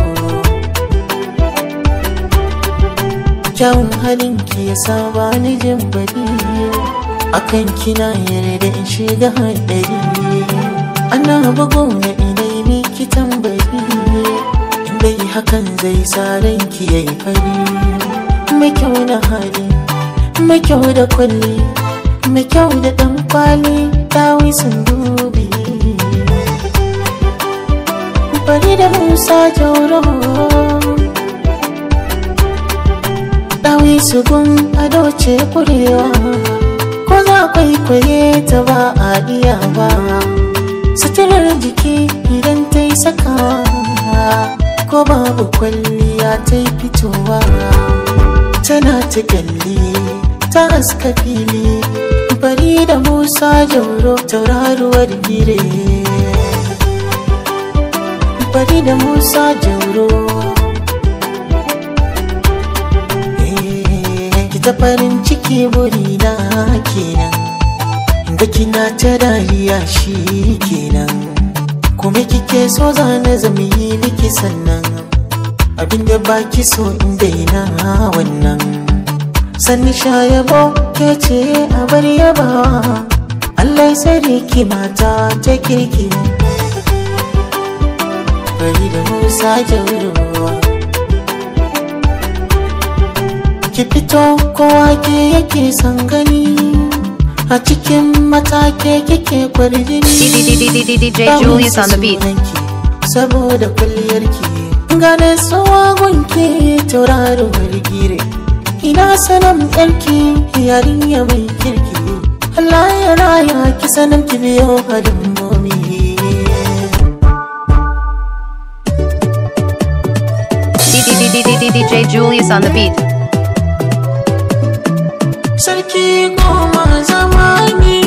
kyawun halinki ya saba ni jin bari akan kina yarda in shiga haɗari ana bugu na idai miki tambari dai hakan zai sa ranki yayi fari mai kyau na hali mai kyau da kwalli mai kyau da dan kwali dawi sun dube bari da musa jauro dawi su gun ado ce kurewa ko za kwaikwaye ta ba a iya ba suturar jiki idan ta yi sakawa ko babu kwalliya ta yi fitowa tana ta galli ta aska fili bari da musa jauro tauraruwar gire bari da musa jauro eh, ta farin ciki burina kenan ga kina ta dariya shi kenan kuma kike so za na zama yi miki sannan abinda baki so in daina wannan sani shayabo ke ce a bar yabawa Allah ki mata ta kirki bari da musa jaurowa ki fito kowa ke yake san gani a cikin matake kike kwarjini Julius on the beat saboda kulliyarki gane tsawagonki tauraruwarki ina sanan yarki yarinya mai kirki Allah ya raya ki sanan ki biyo hadin momi DJ Julius on the beat Sarki goma zamani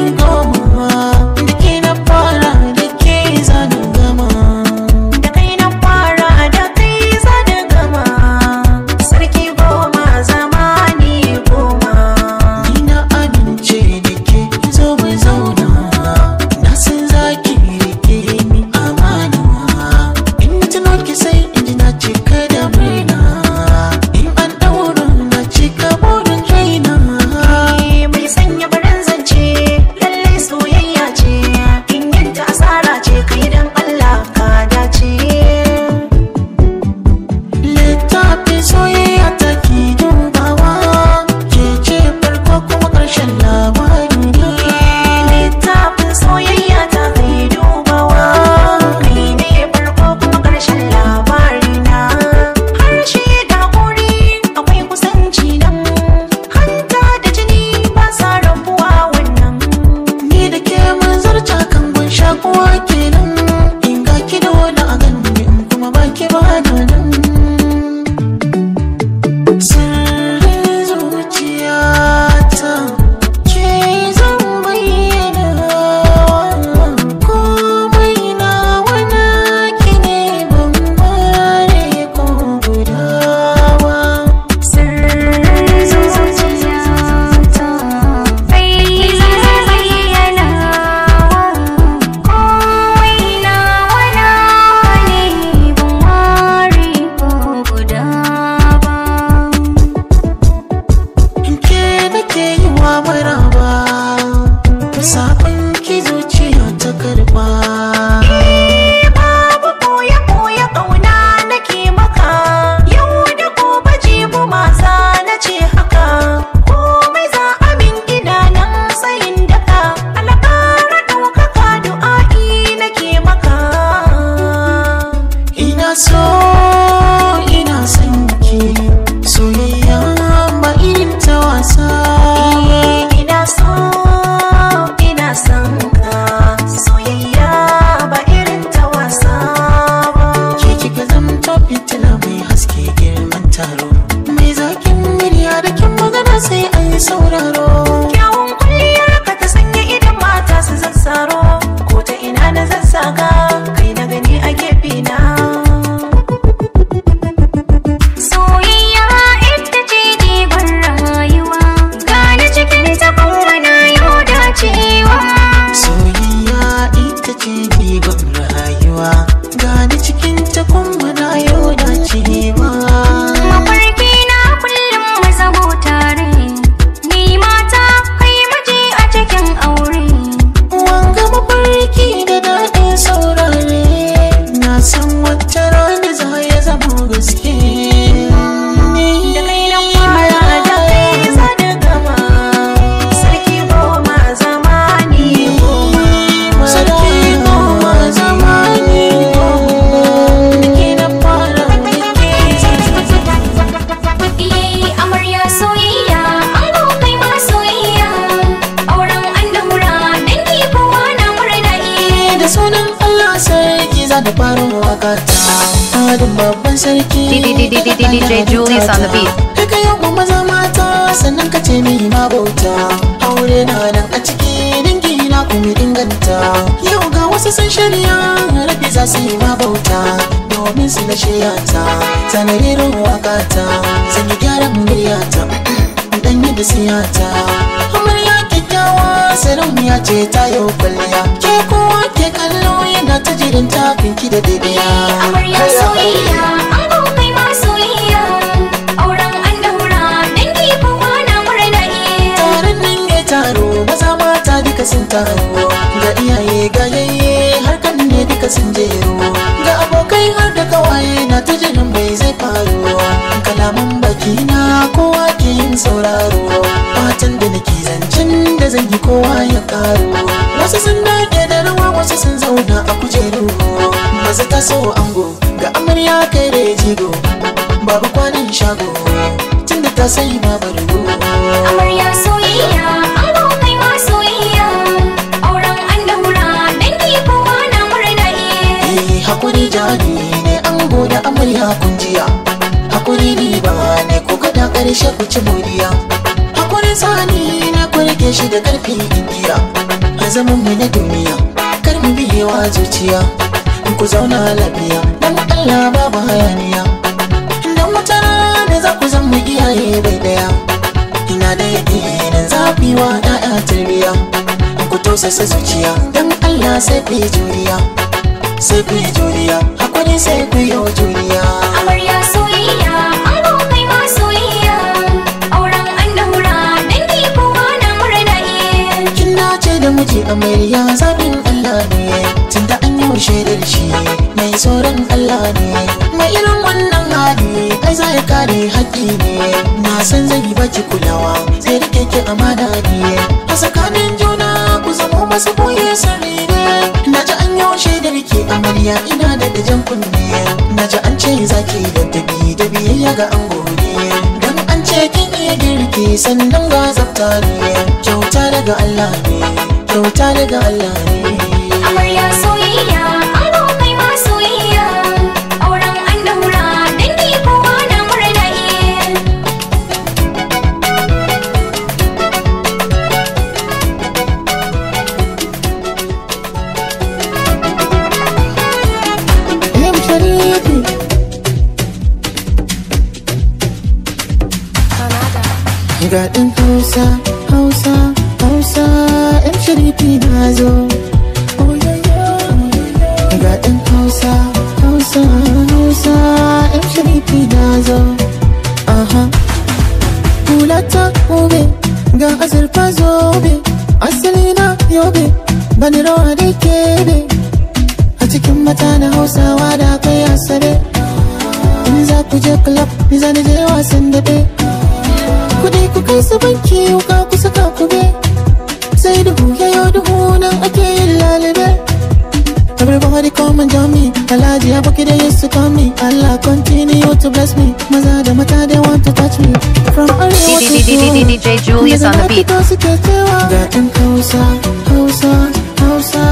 ko suke cewa ga hausa hausa hausa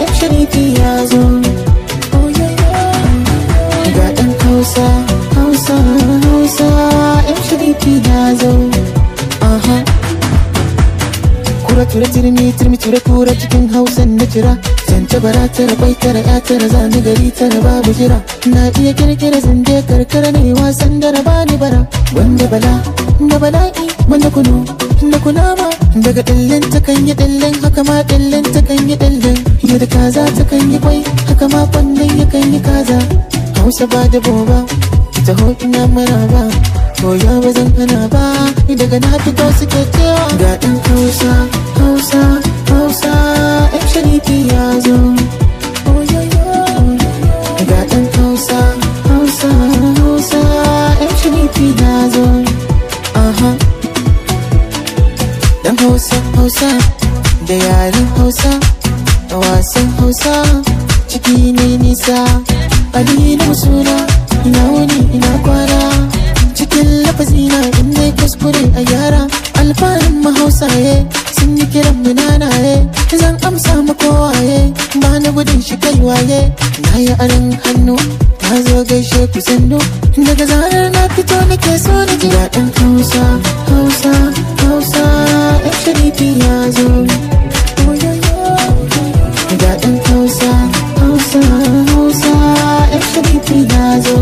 yan shariti ya zo oh, hausa hausa hausa yan shariti ya zo kura tura turmi turmi tura kura cikin hausan na jira zance bara tara bai tara ya tara zani gari tara babu jira na iya kirkira zinde karkara ne wasan da raba ni bara wanda bala da bala'i wanda kunu na kunama daga dillin ta kan yi dillin haka ma dillin ta kan yi dillin yadda kaza ta kan yi kwai haka ma kwallon ya kan yi kaza hausa ba da boba ta taho ina maraba koya ba zan hana ba daga na fito suke cewa ga ɗan hausa hausa hausa ɗan sharifi ya zo ga ɗan hausa hausa hausa ɗan sharifi ya zo hausa da yaren hausa da wasan hausa ciki ne nisa ƙalilan suna ina wuni ina kwana cikin lafazina inda na kuskure a yara alfanin mahausaye sun yi kiran mu nanaye zan amsa makowa kowaye ba na gudun shi kai waye na yi aran hannu na zo gaishe ku sannu daga zarar na fito nake so na ji daɗin hausa hausa hausa sharifi ya zo daɗin hausa hausa hausa sharifi ya zo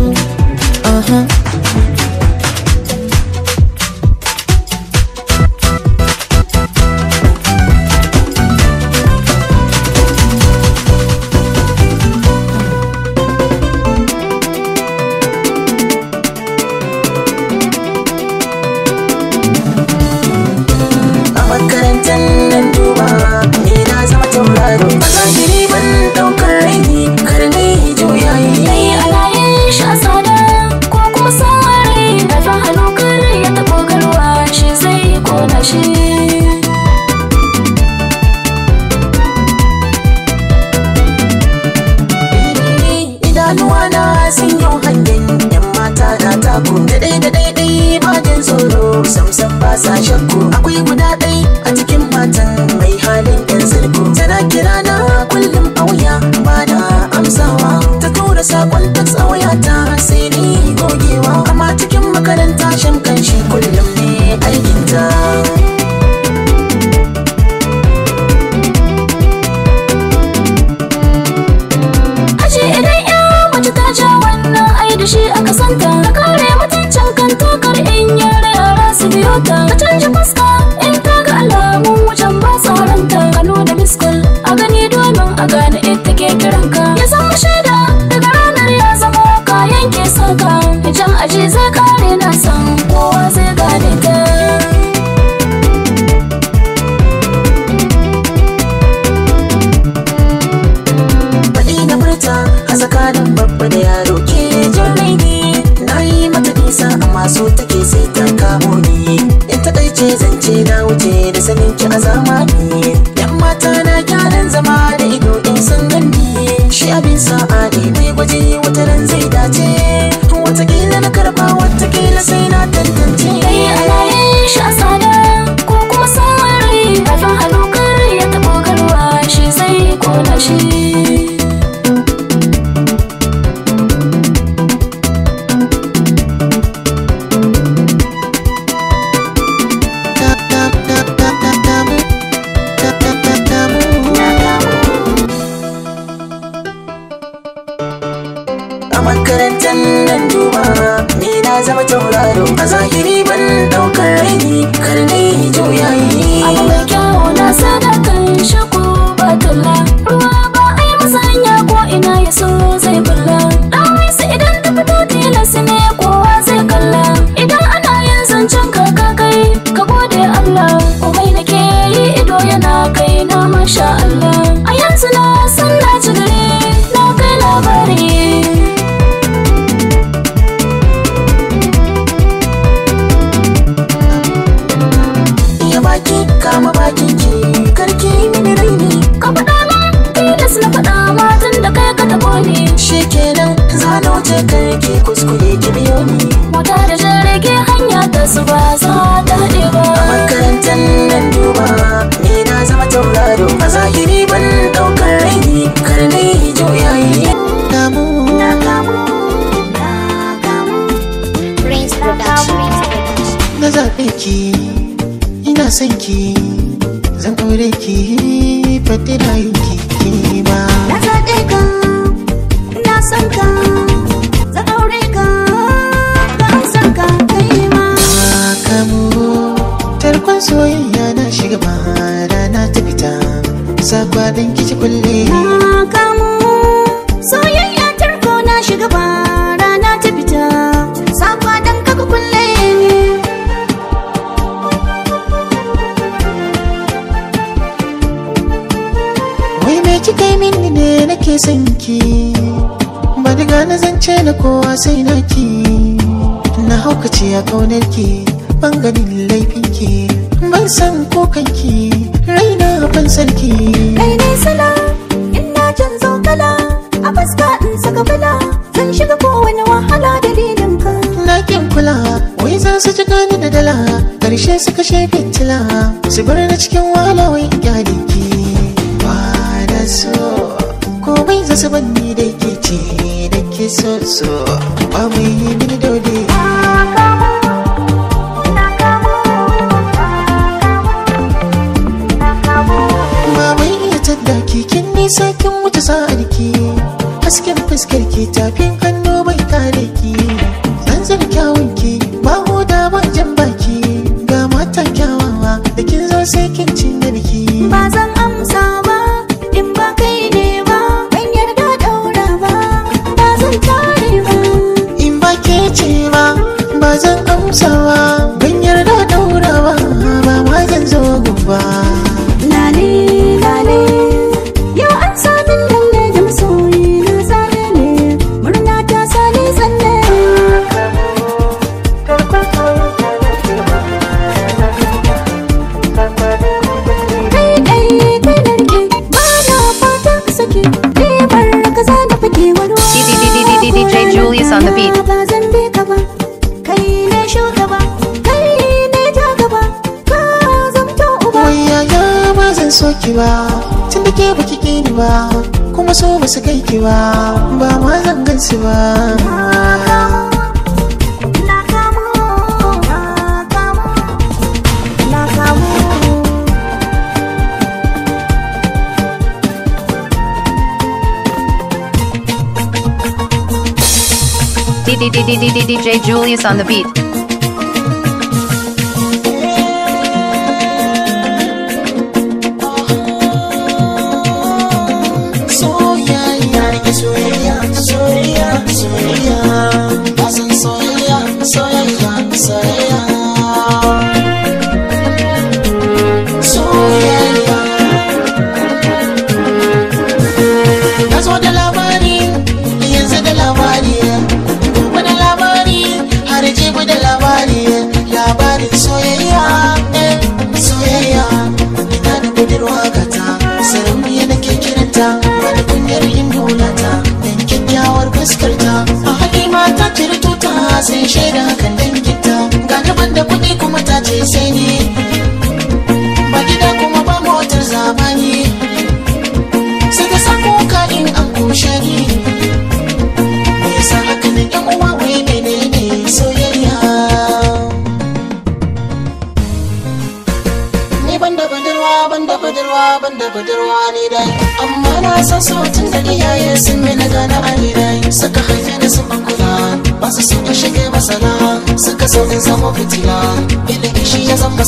on the beat.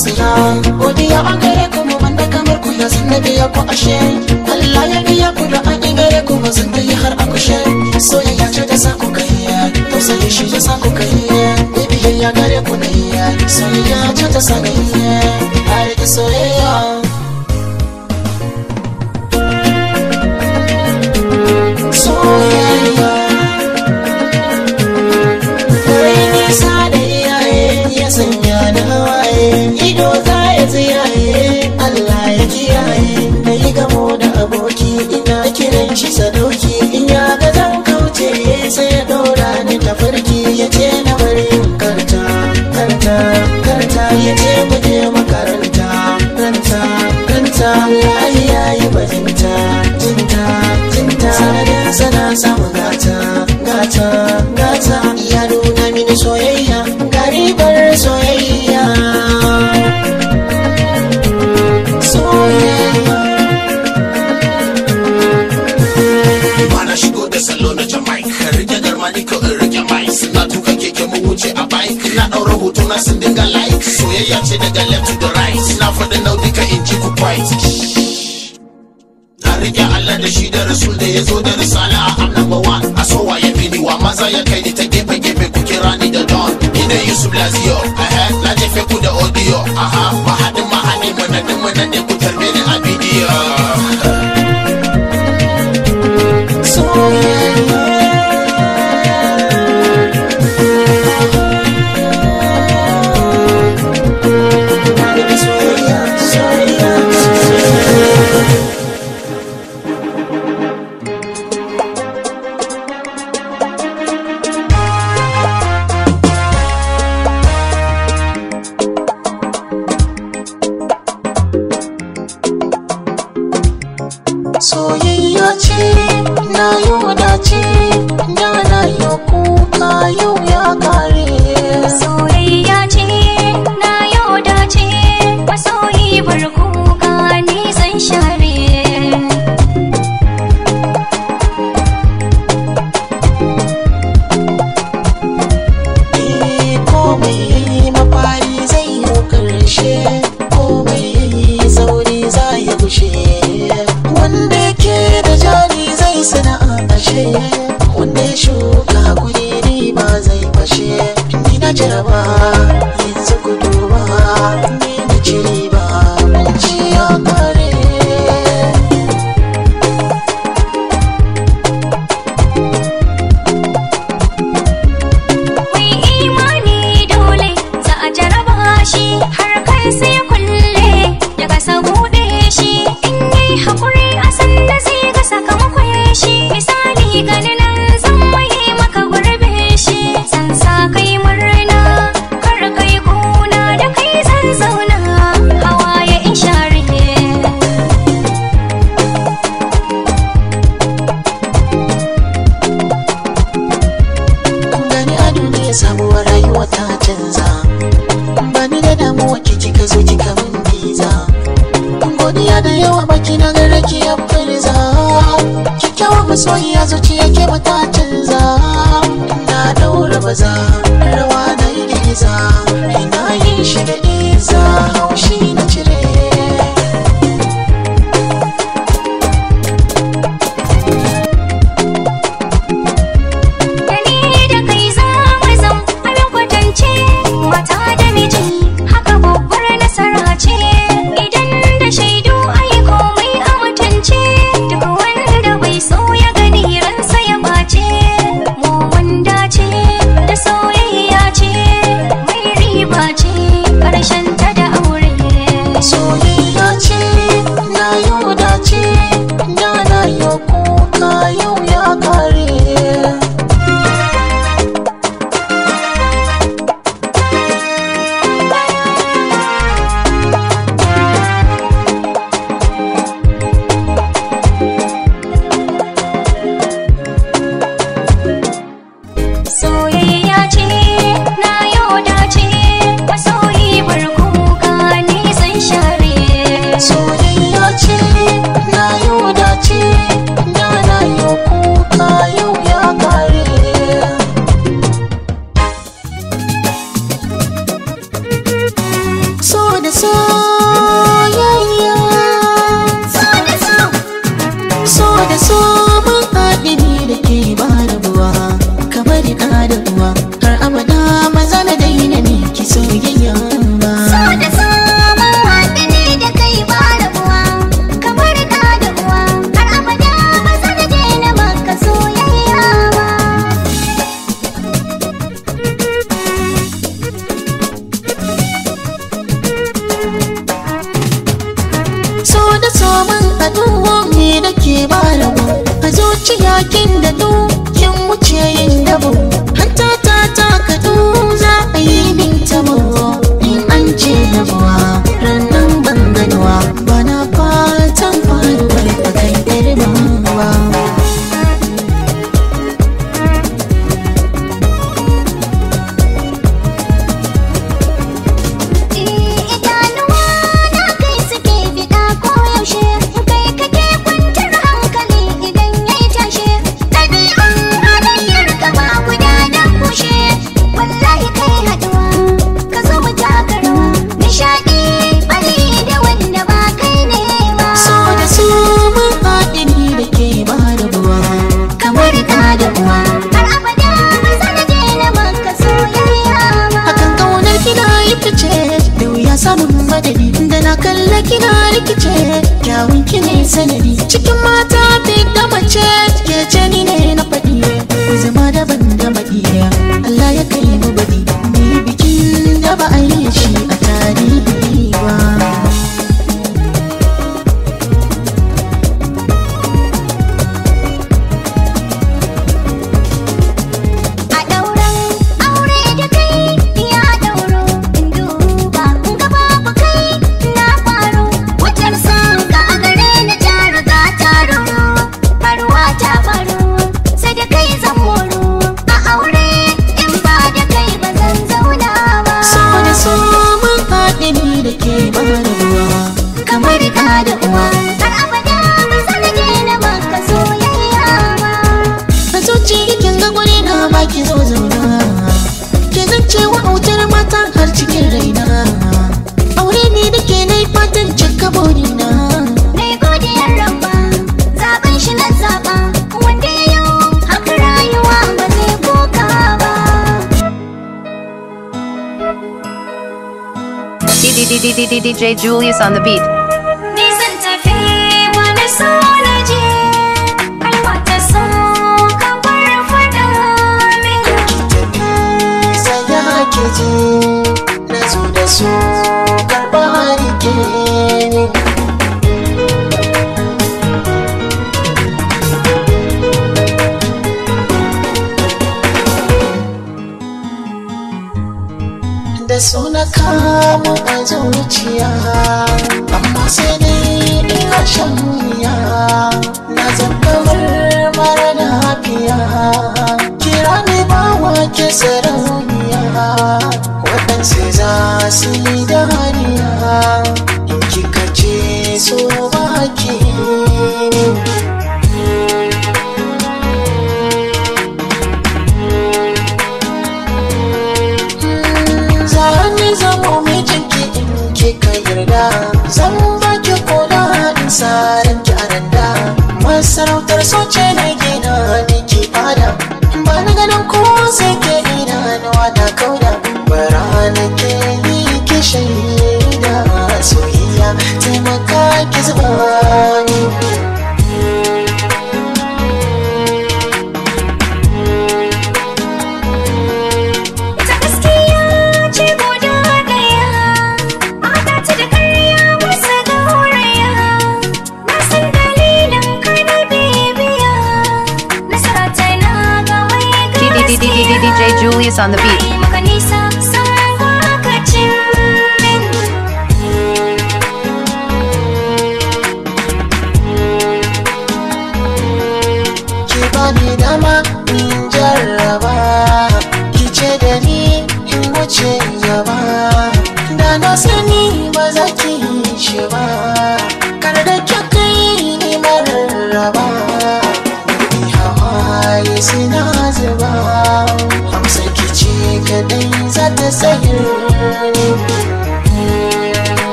siya godiya a gare ku mu banda kamar ku ya san biya ku ashe Allah ya biya ku da an gare ku ba zan yi har a kushe soyayya ce ta sa ku kai tausayi shi ya sa ku kai bibiyayya gare ku ne soyayya ce ta sa kai mafarki ya ce na bari karta karta karta ya ce mu makaranta ranta ranta Allah ya yi bajinta jinta jinta sana sana juna su dinga like soyayya ce daga left to the right na faɗi nau'ika in ji ku fight na riƙe Allah da shi da rasul da ya zo da risala a am number one a sowa ya fi niwa wa maza ya kai ni ta gefe gefe ku kira ni da don ni Yusuf Lazio I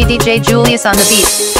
DJ Julius on the beat.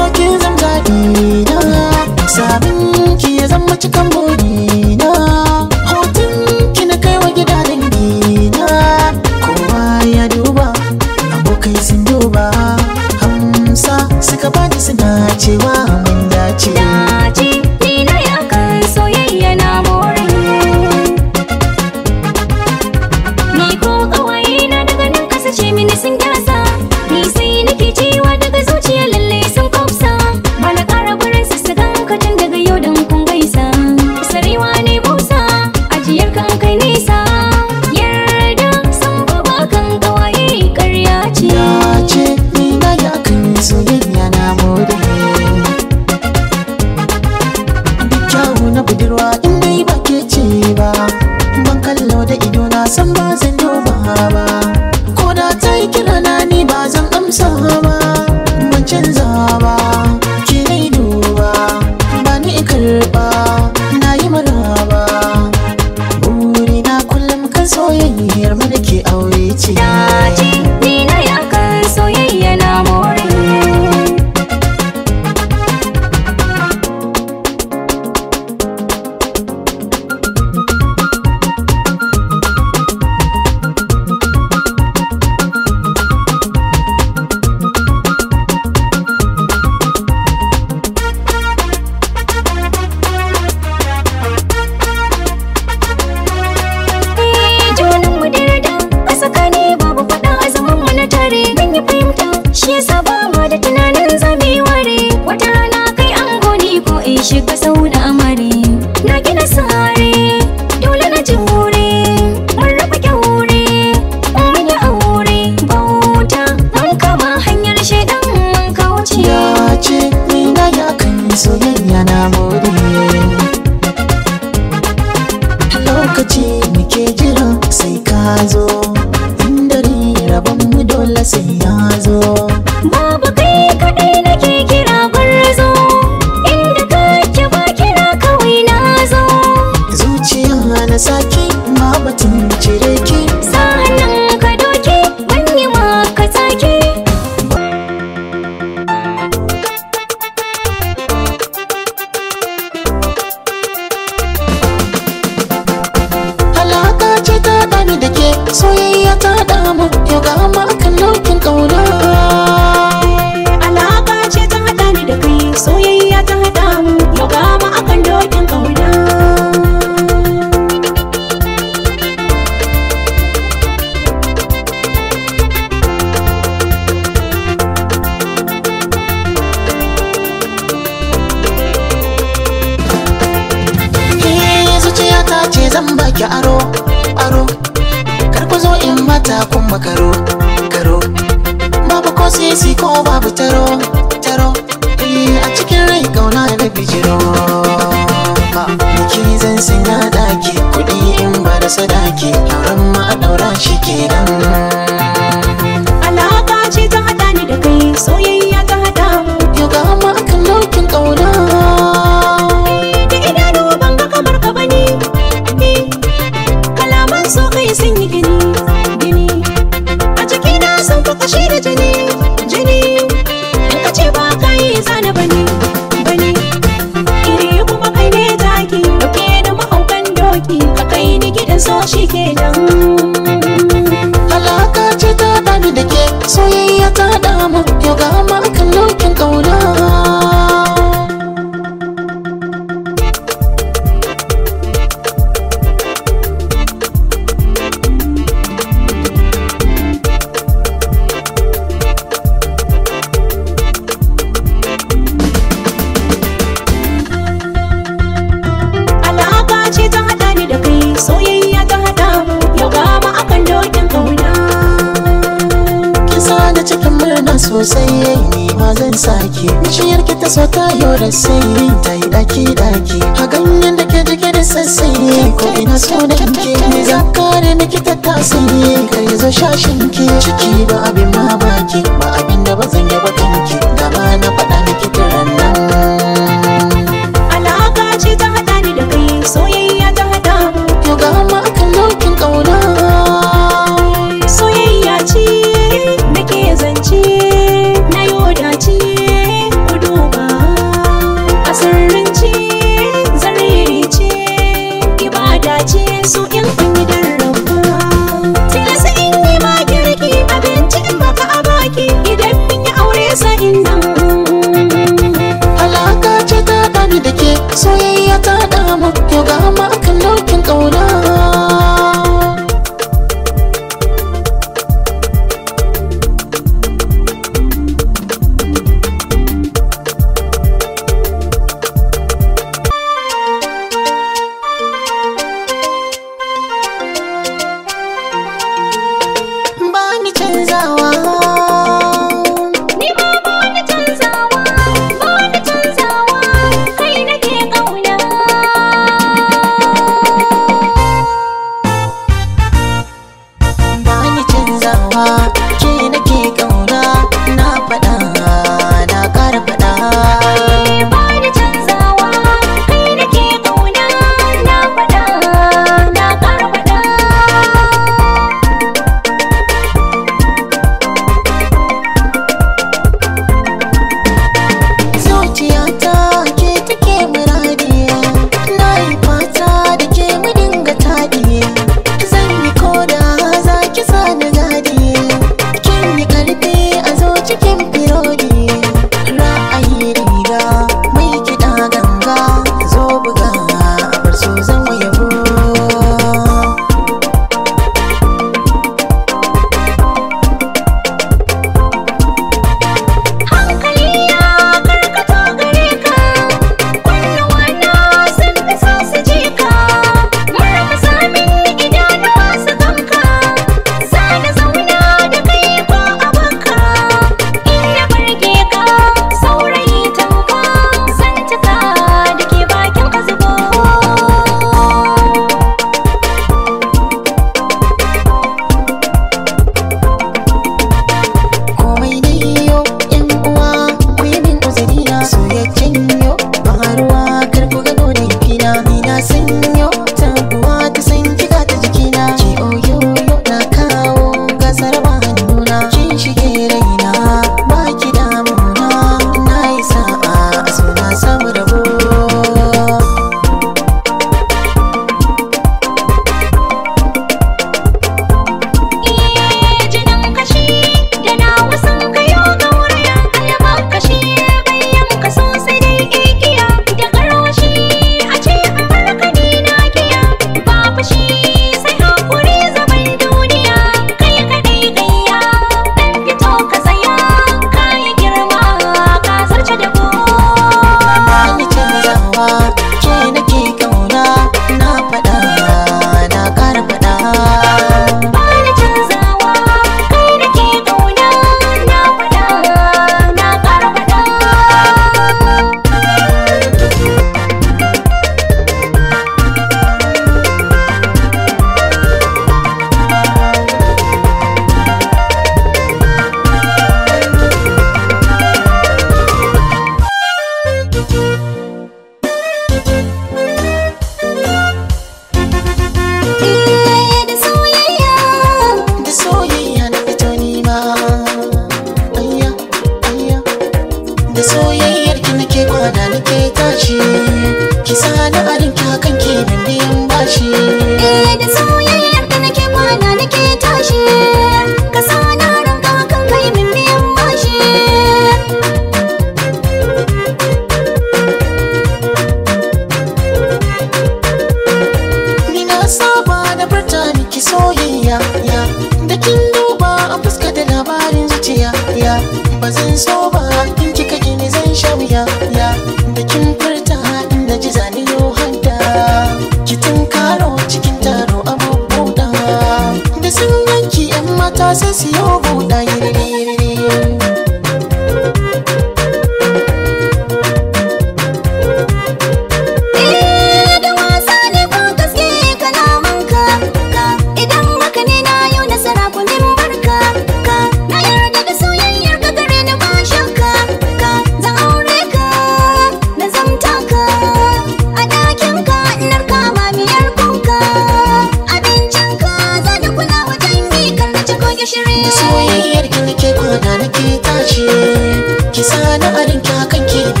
kisa na arinki hakan ki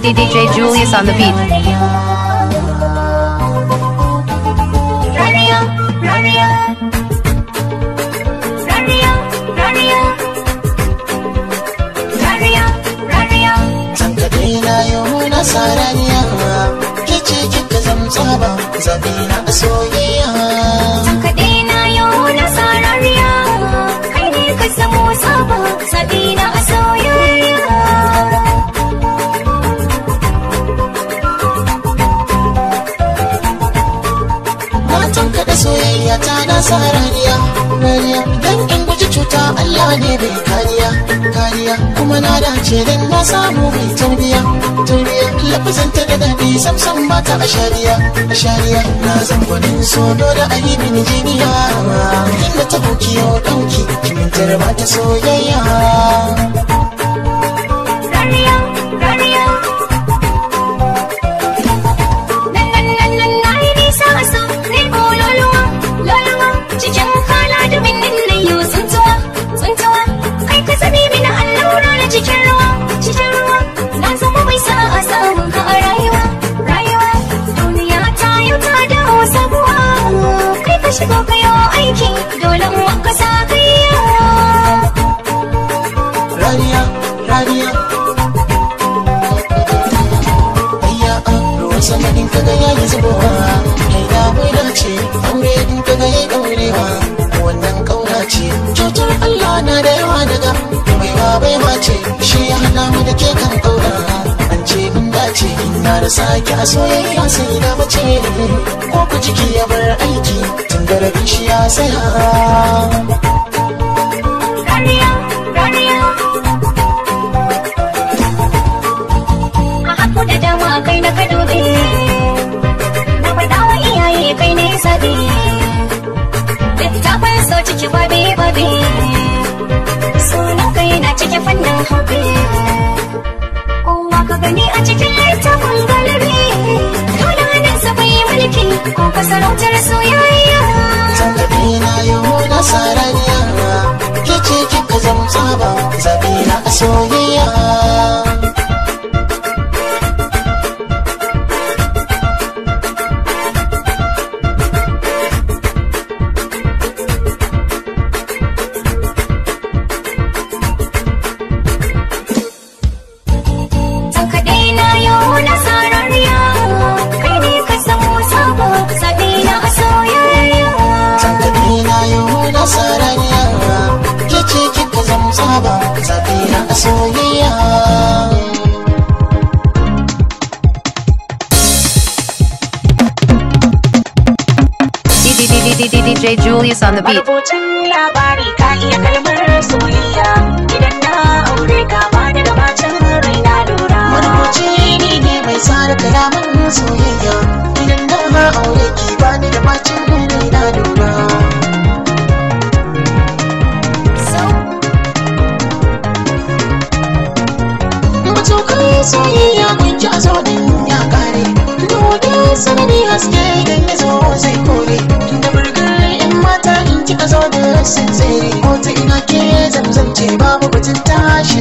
DJ Julius on the beat. samu mai tarbiya tarbiya lafazin ta da daɗi samsam ba ta ashariya ashariya na zan gwanin sono da ayi bin jiniya inda ta ɗauki yau ɗauki kimin ba ta soyayya shigo kayo aiki dole in wanka sa kaiya rariya rariya ayya an ruwan sama din kaga yayi zubowa kai da wai ce aure din kaga yayi daurewa wannan kauna ce cutar Allah na da yawa daga mai ba bai ce shi ya hana mu da ke kan kauna ɓaci na da sake a soyayya sai na mace ko ku jiki ya bar aiki tun garabin shi ya sai ha kai na iyaye kai ne sabi ciki babe babe kai na fannin hobe a cikin littafin galibi tunanin sa bai mulki ko ka sarautar soyayya tallafi na yau na sarariya ke ce kika zama tsaba zabi na soyayya Police labari ka iya kalmar soyayya idan na aure ka bani da bacin rai na lura. Marubuci ne ne mai tsara kalaman soyayya idan na aure bani da bacin rai na lura. Matukai soyayya kun ji a zo ya kare. Dole sanadi haske idan ya zo zai ko sun tsere ko ta ina ke zamzam ce babu batun tashi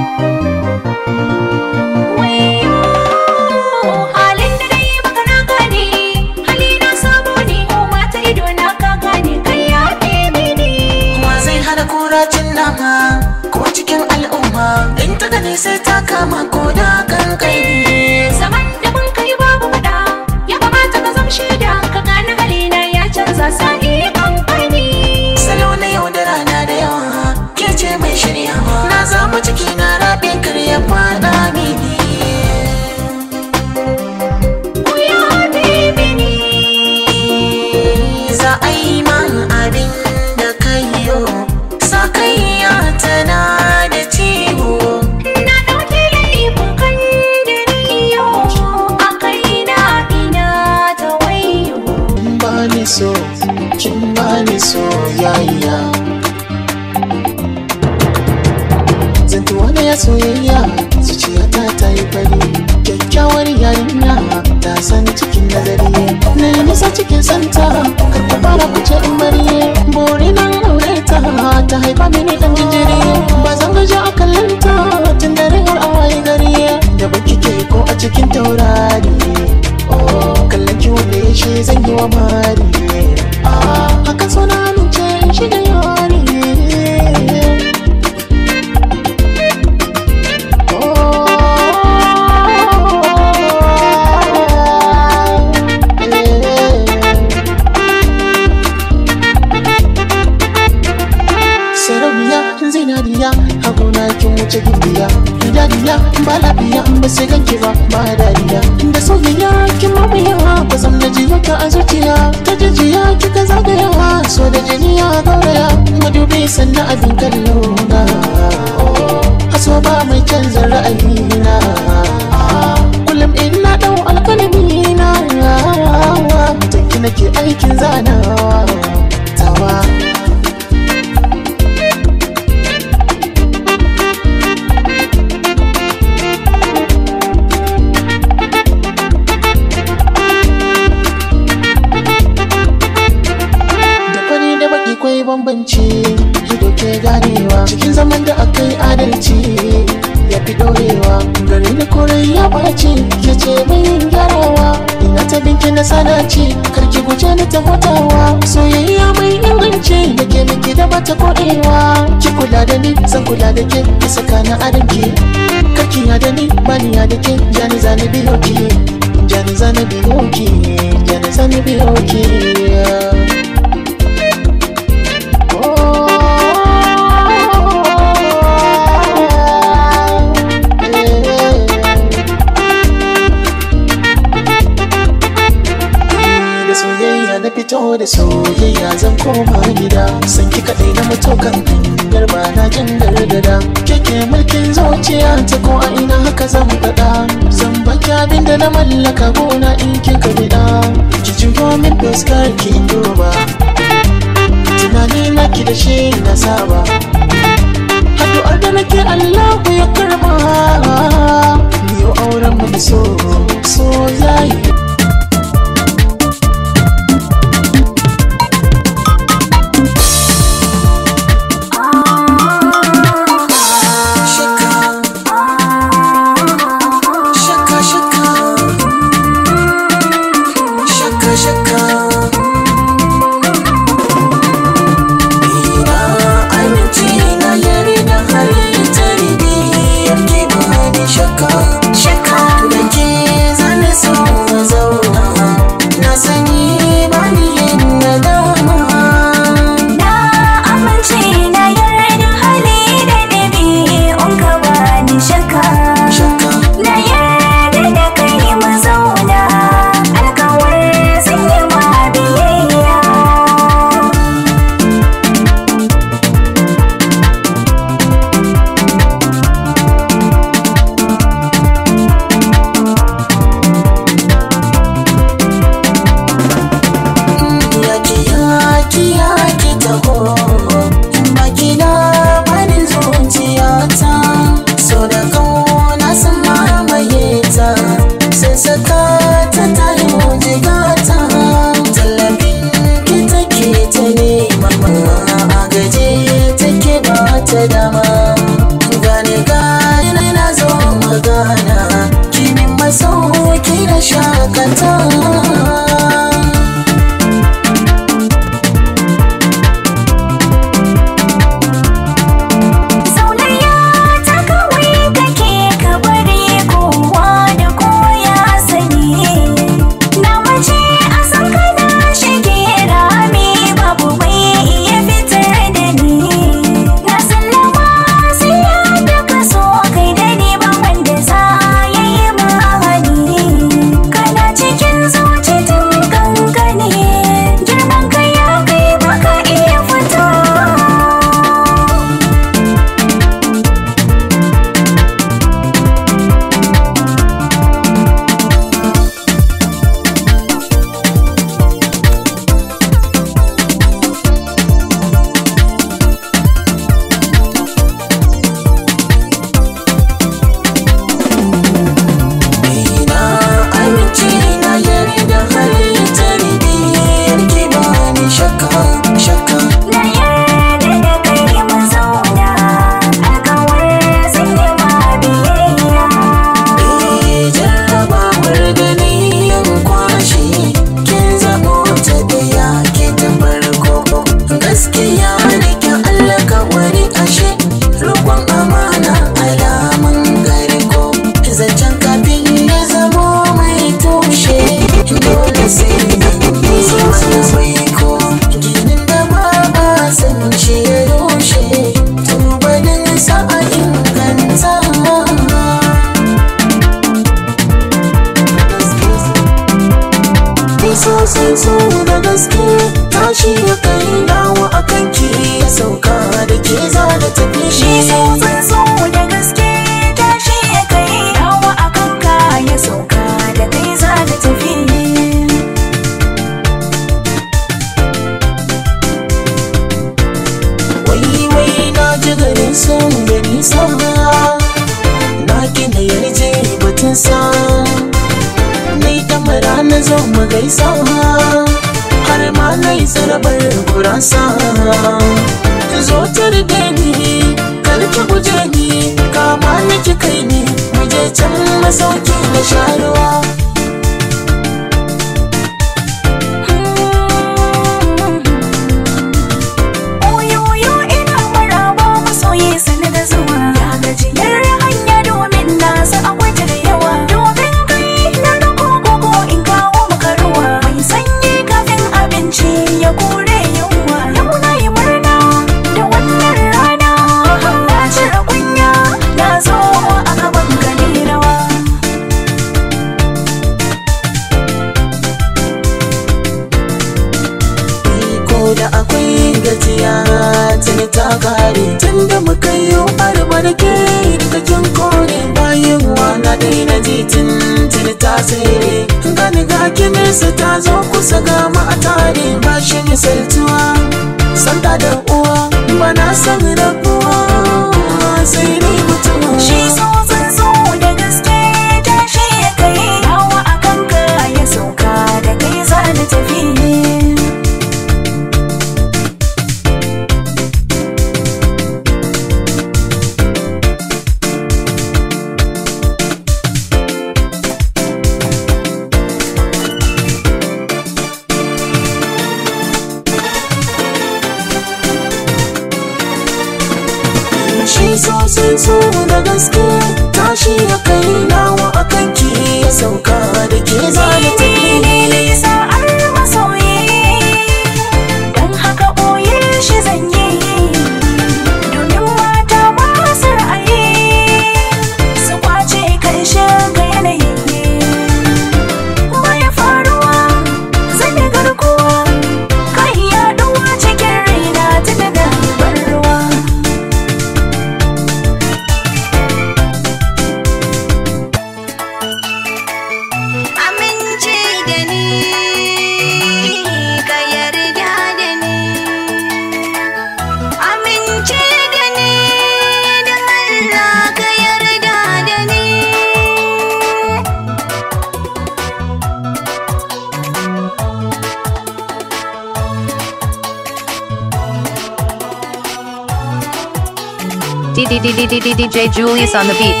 Julius on the beat.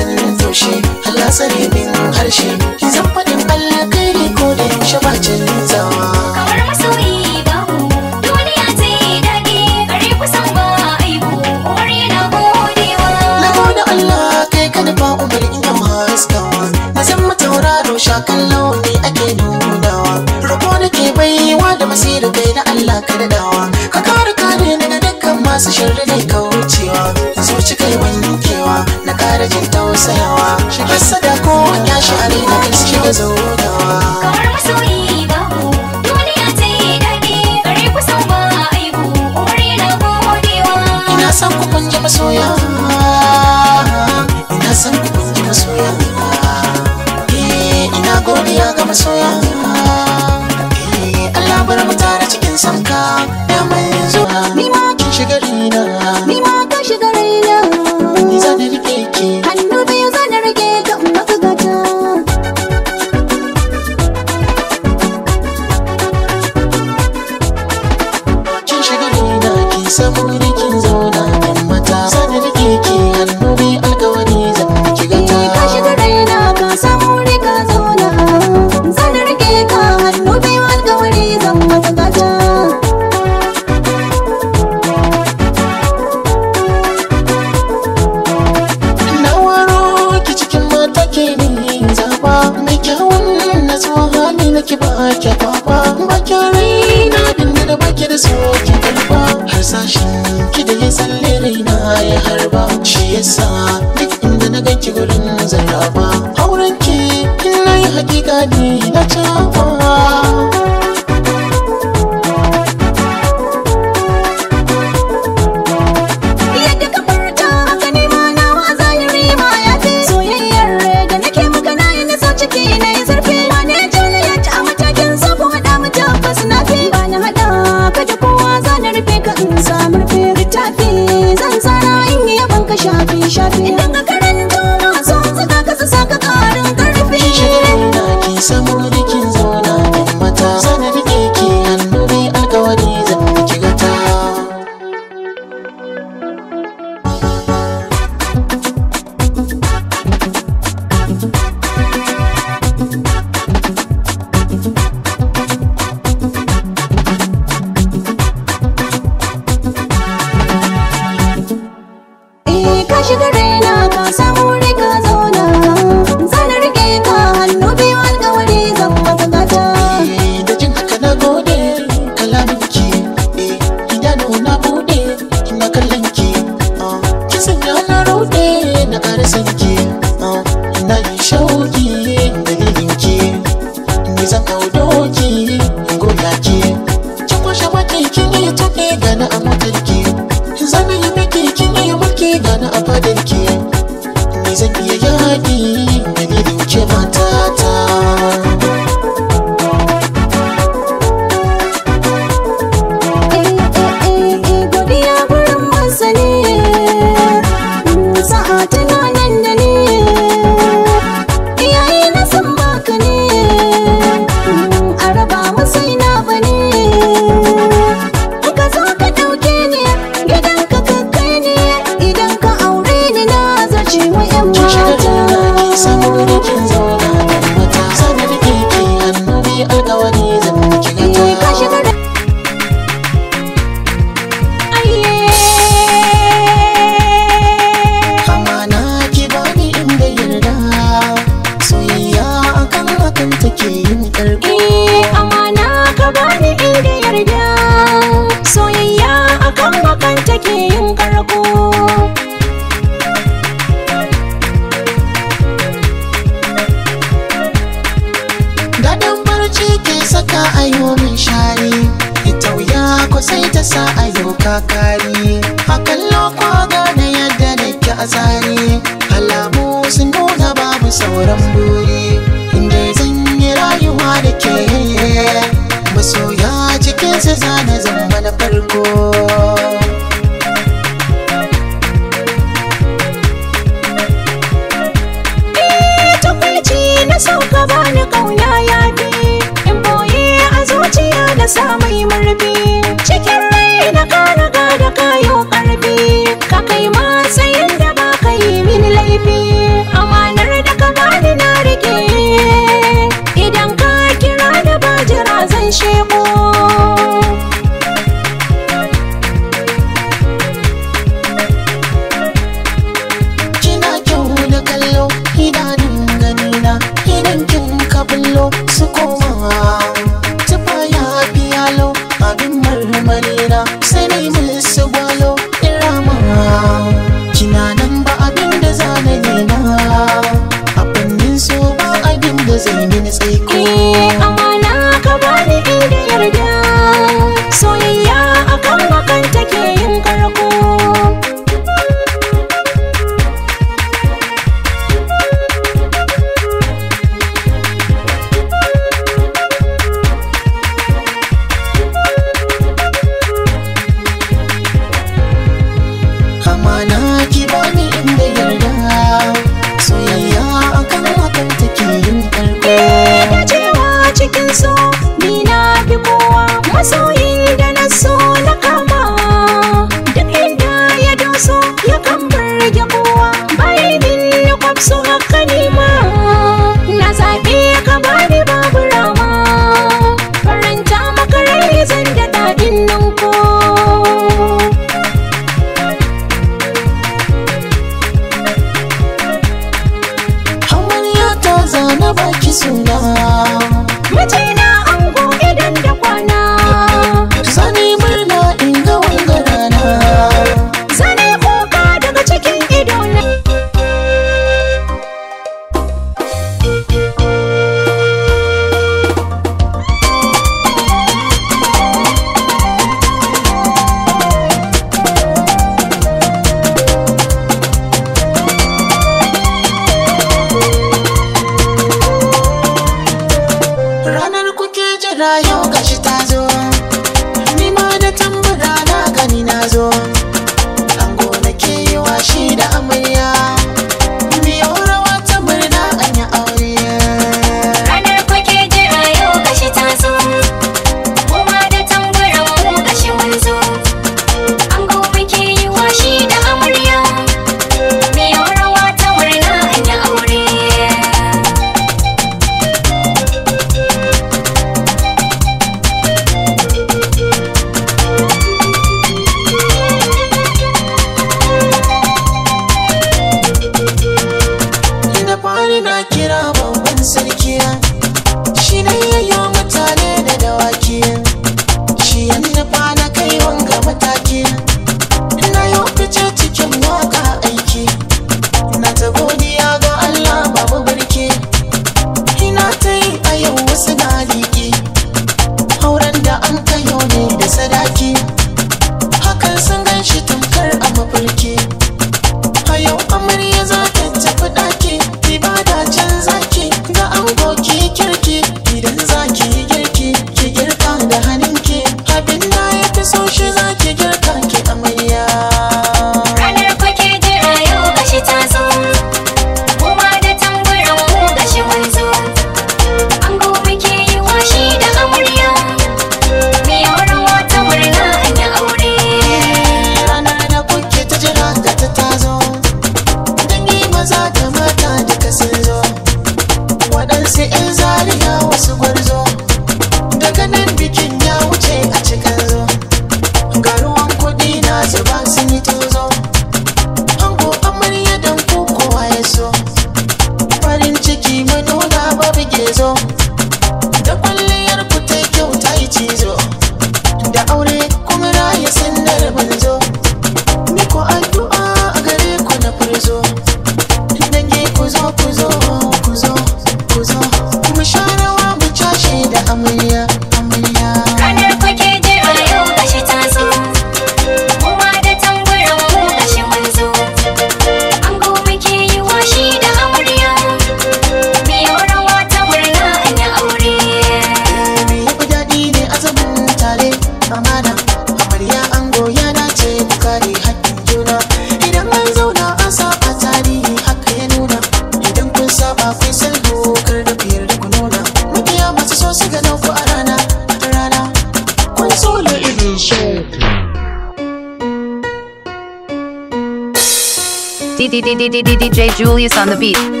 DJ Julius on the beat.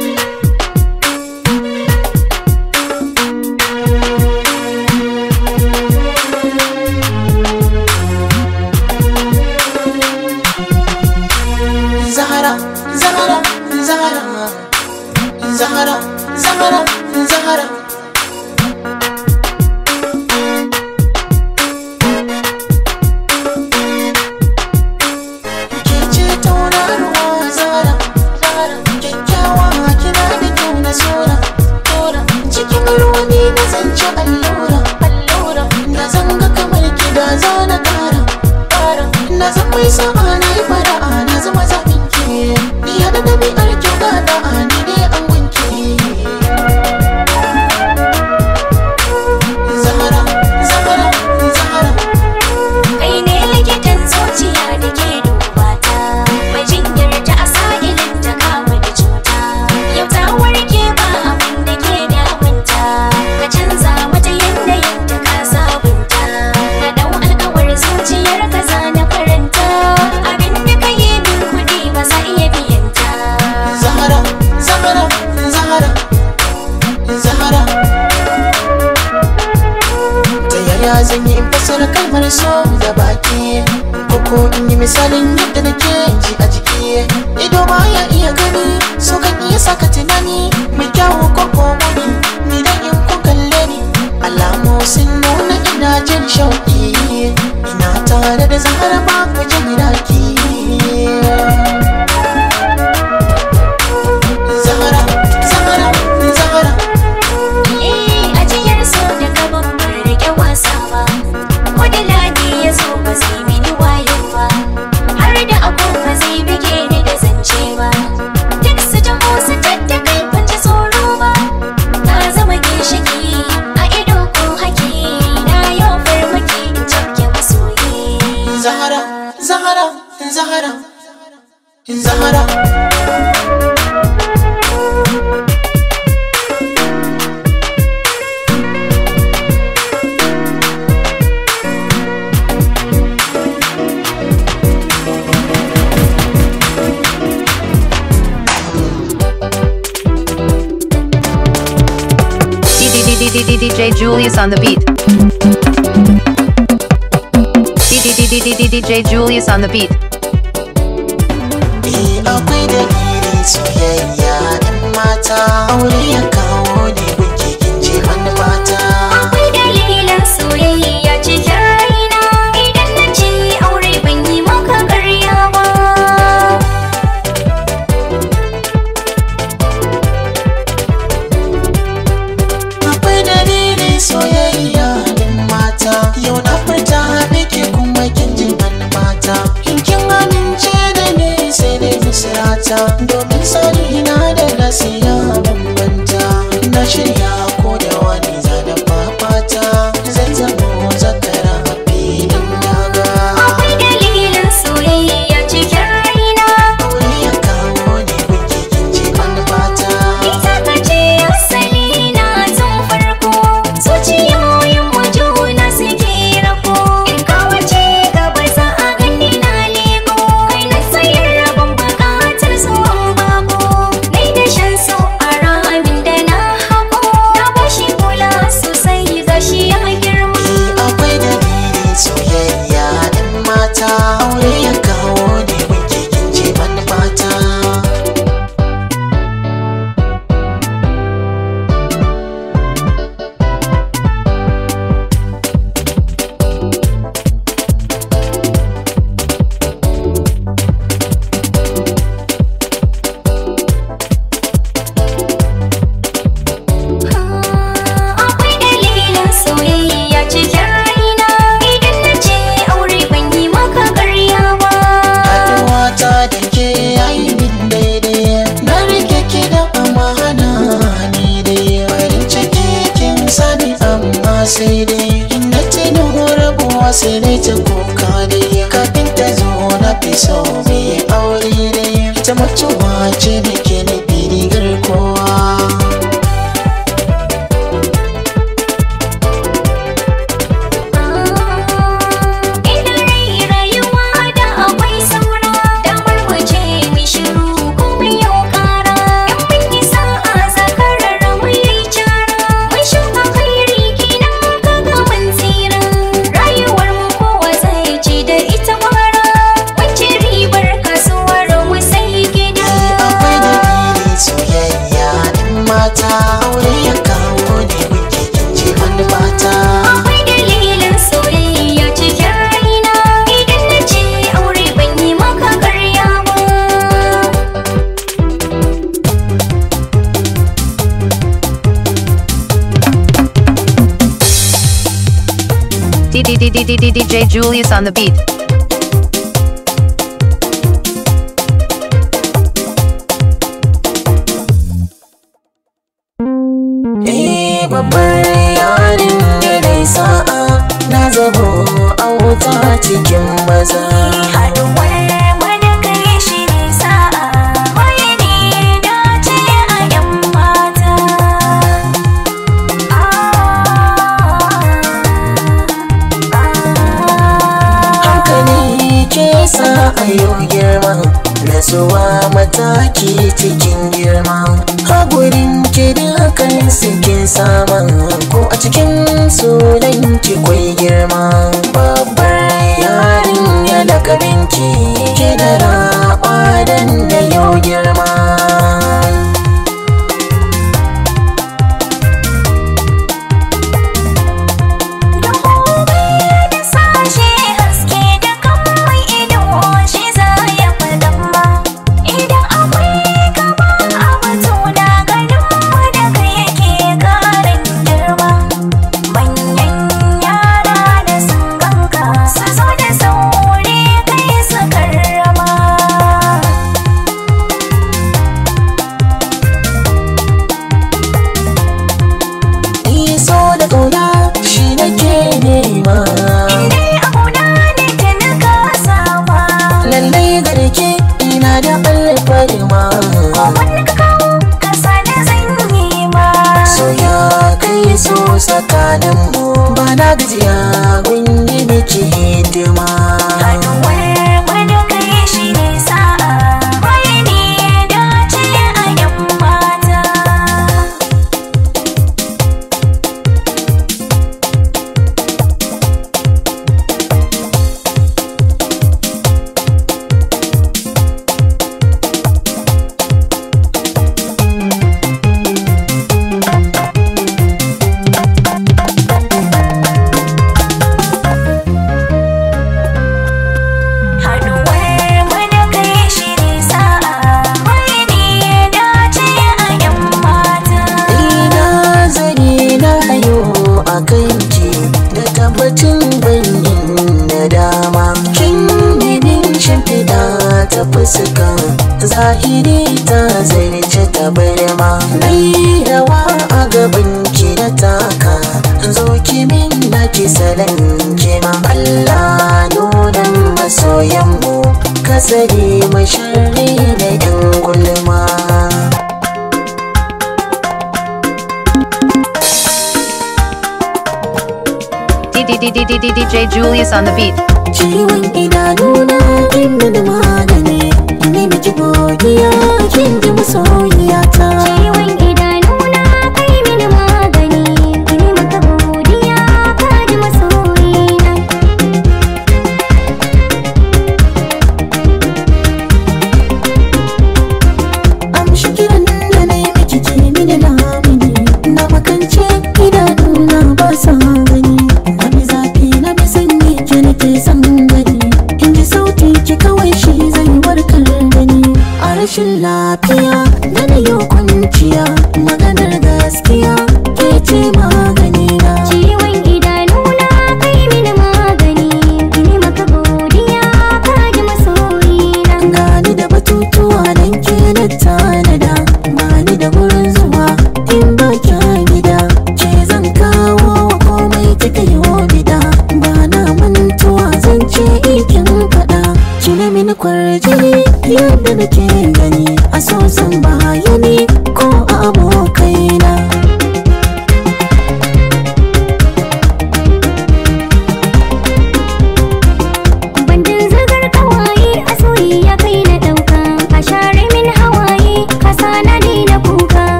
the beach.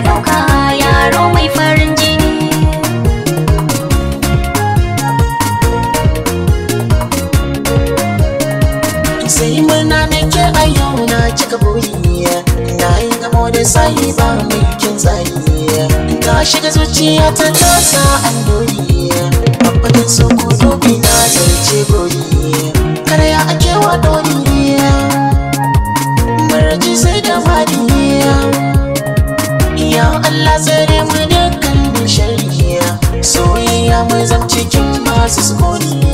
dauka yaro mai farin jini sai murna nake a yau na cika buri na yi gamo da sayi ba mai kin tsayi ta shiga zuciya ta tasa an dori babbanin so ko dobi na zai ce buri karya a kewa dori zan cikin masu sukuni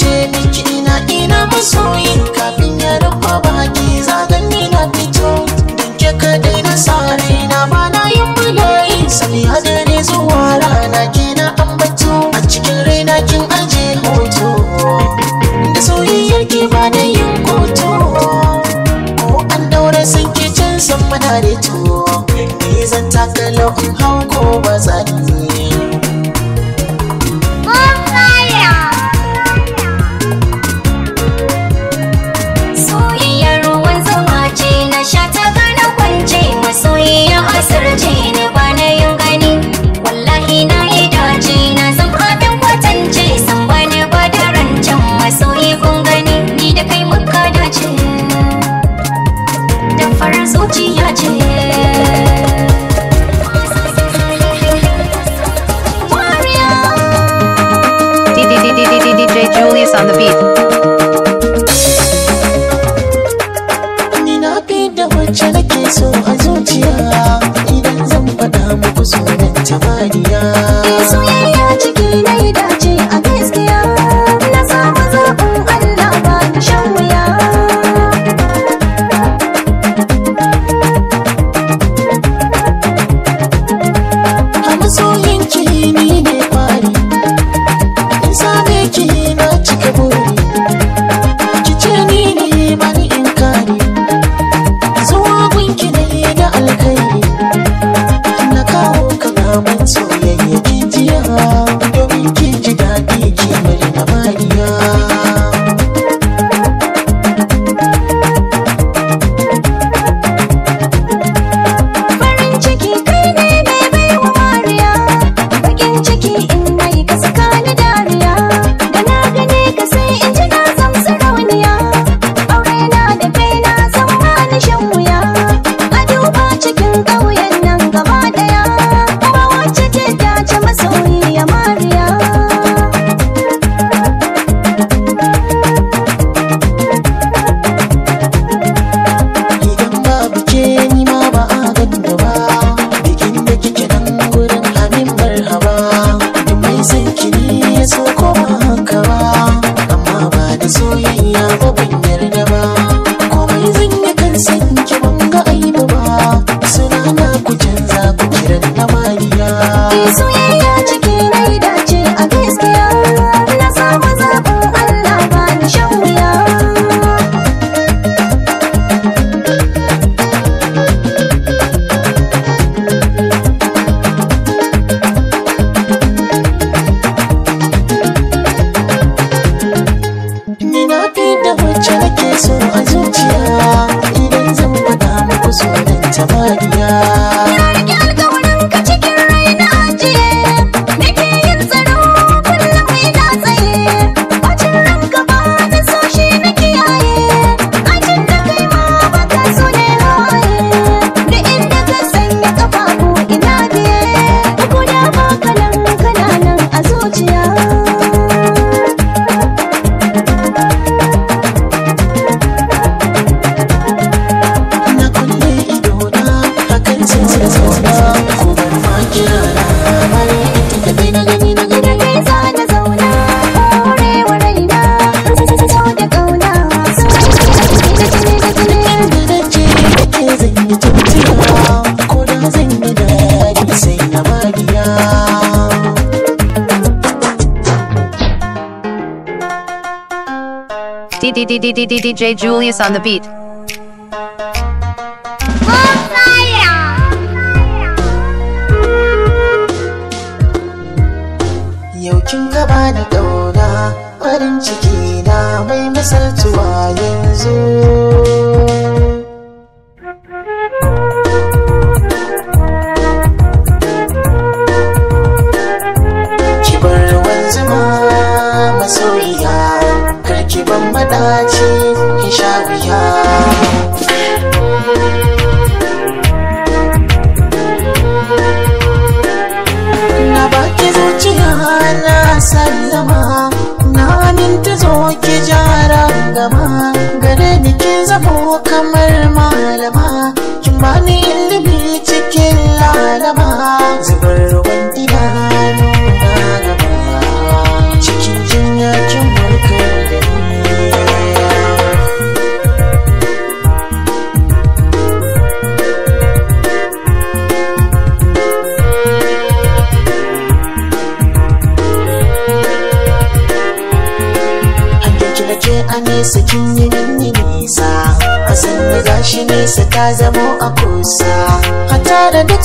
DJ Julius on the beat.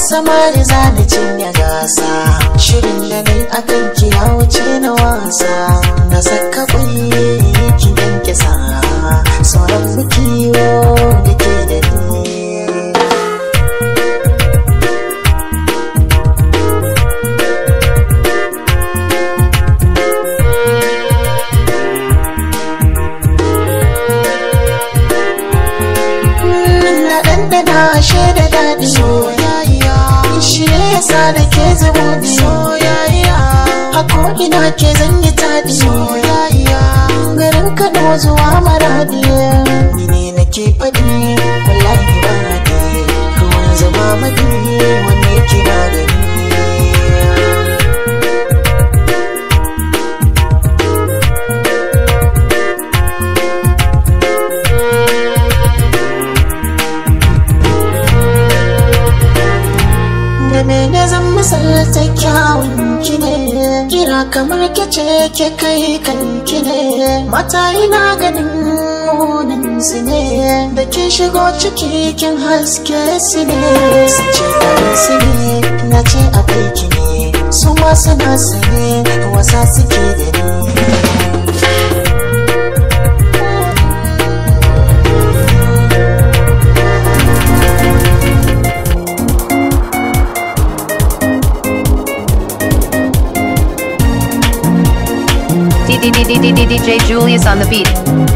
samari za da cinye gasa shigo cikin haske na wasa DJ Julius on the beat.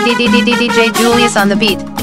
DJ Julius on the beat.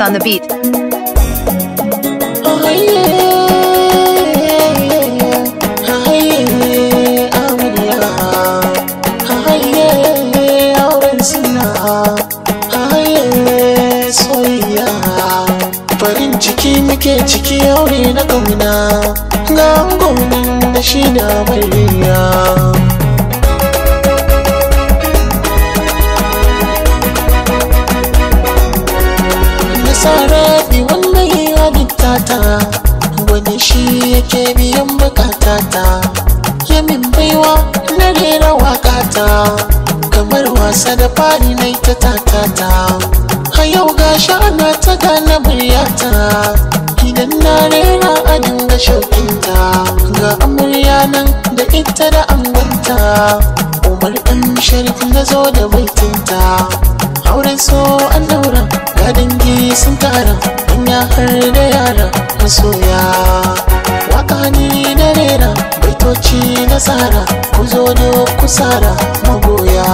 on the beat. ta a yau ga shana ta gane buryata idan na rera a dinga shauƙinta ga amurya nan da ita da angonta umar ɗan sharif na zo da baitinta auren so an daura ga dangi sun tara ya har da yara masoya waka ni na rera baitoci na tsara ku zo da tsara magoya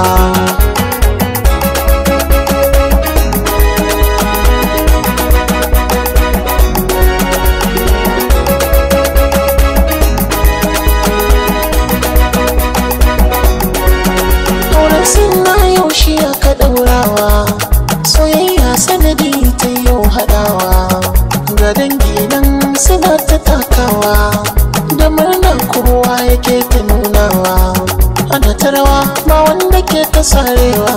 karewa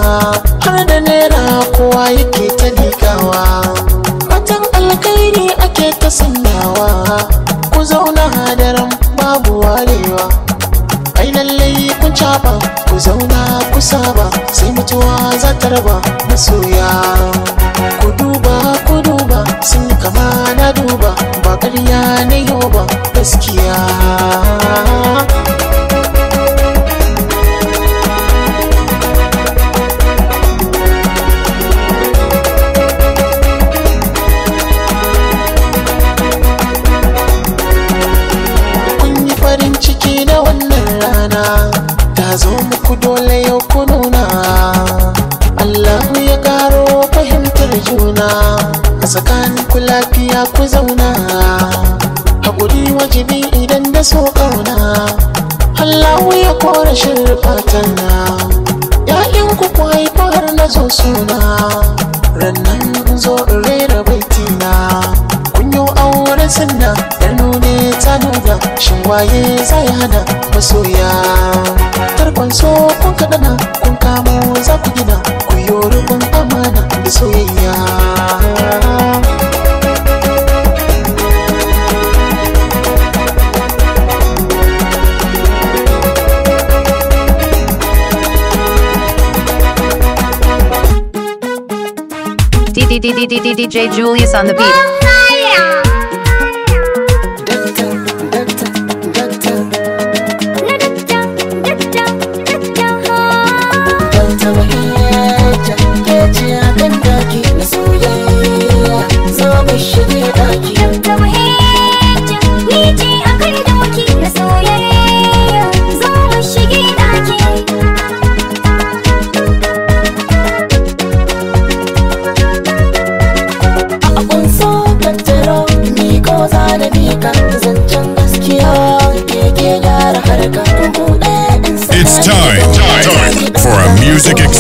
har da naira kowa yake ta dikawa matan alkhairi ake ta sanyawa ku zauna hadaran babu warewa ai lallai kun caba ku zauna ku saba sai mutuwa za ta raba masoya ku duba ku duba sun kama na duba ba ƙarya na yau ba gaskiya shan bata na ya'yan ku kwai fahar na zo suna rannan zo in rera baiti kun yi aure sinna da nune ta nuna shin waye zai hana masoya tarkon so kun kaɗana kun kamo za ku gina ku yi amana da soyayya DJ Julius on the beat.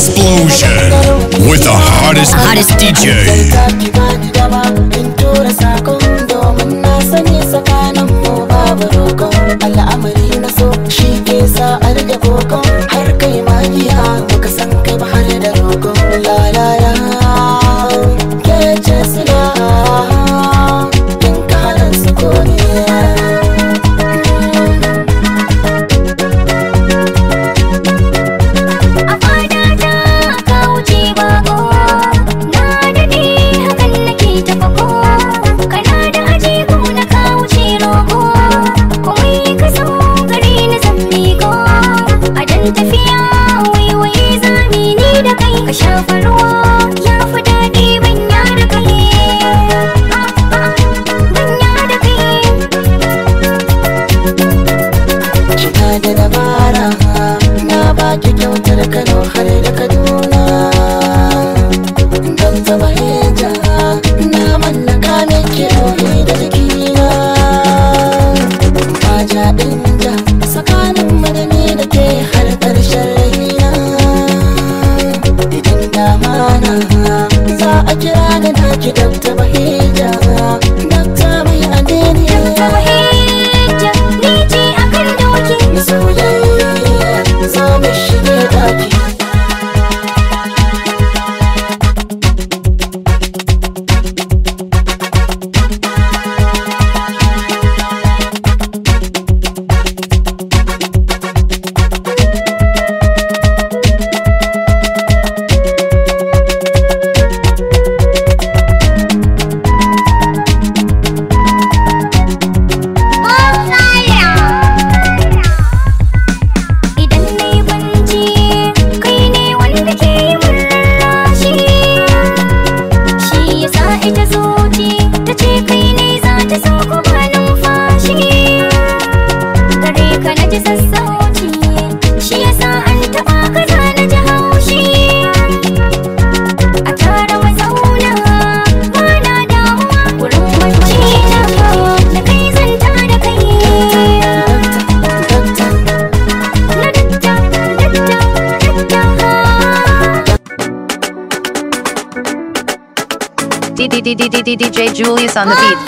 Explosion with the hottest hardest DJ. Julius on the beat.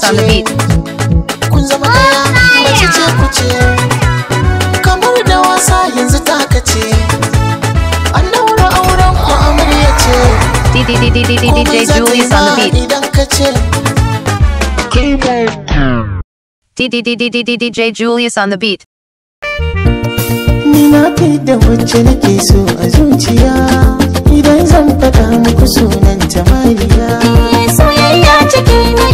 Dance on the beat. Kamar da wasa yanzu ta ce. DJ Julius on the beat. DJ Julius the beat. Ni na fi da nake so a zuciya. Idan zan faɗa muku sunan jamaliya. Soyayya cikin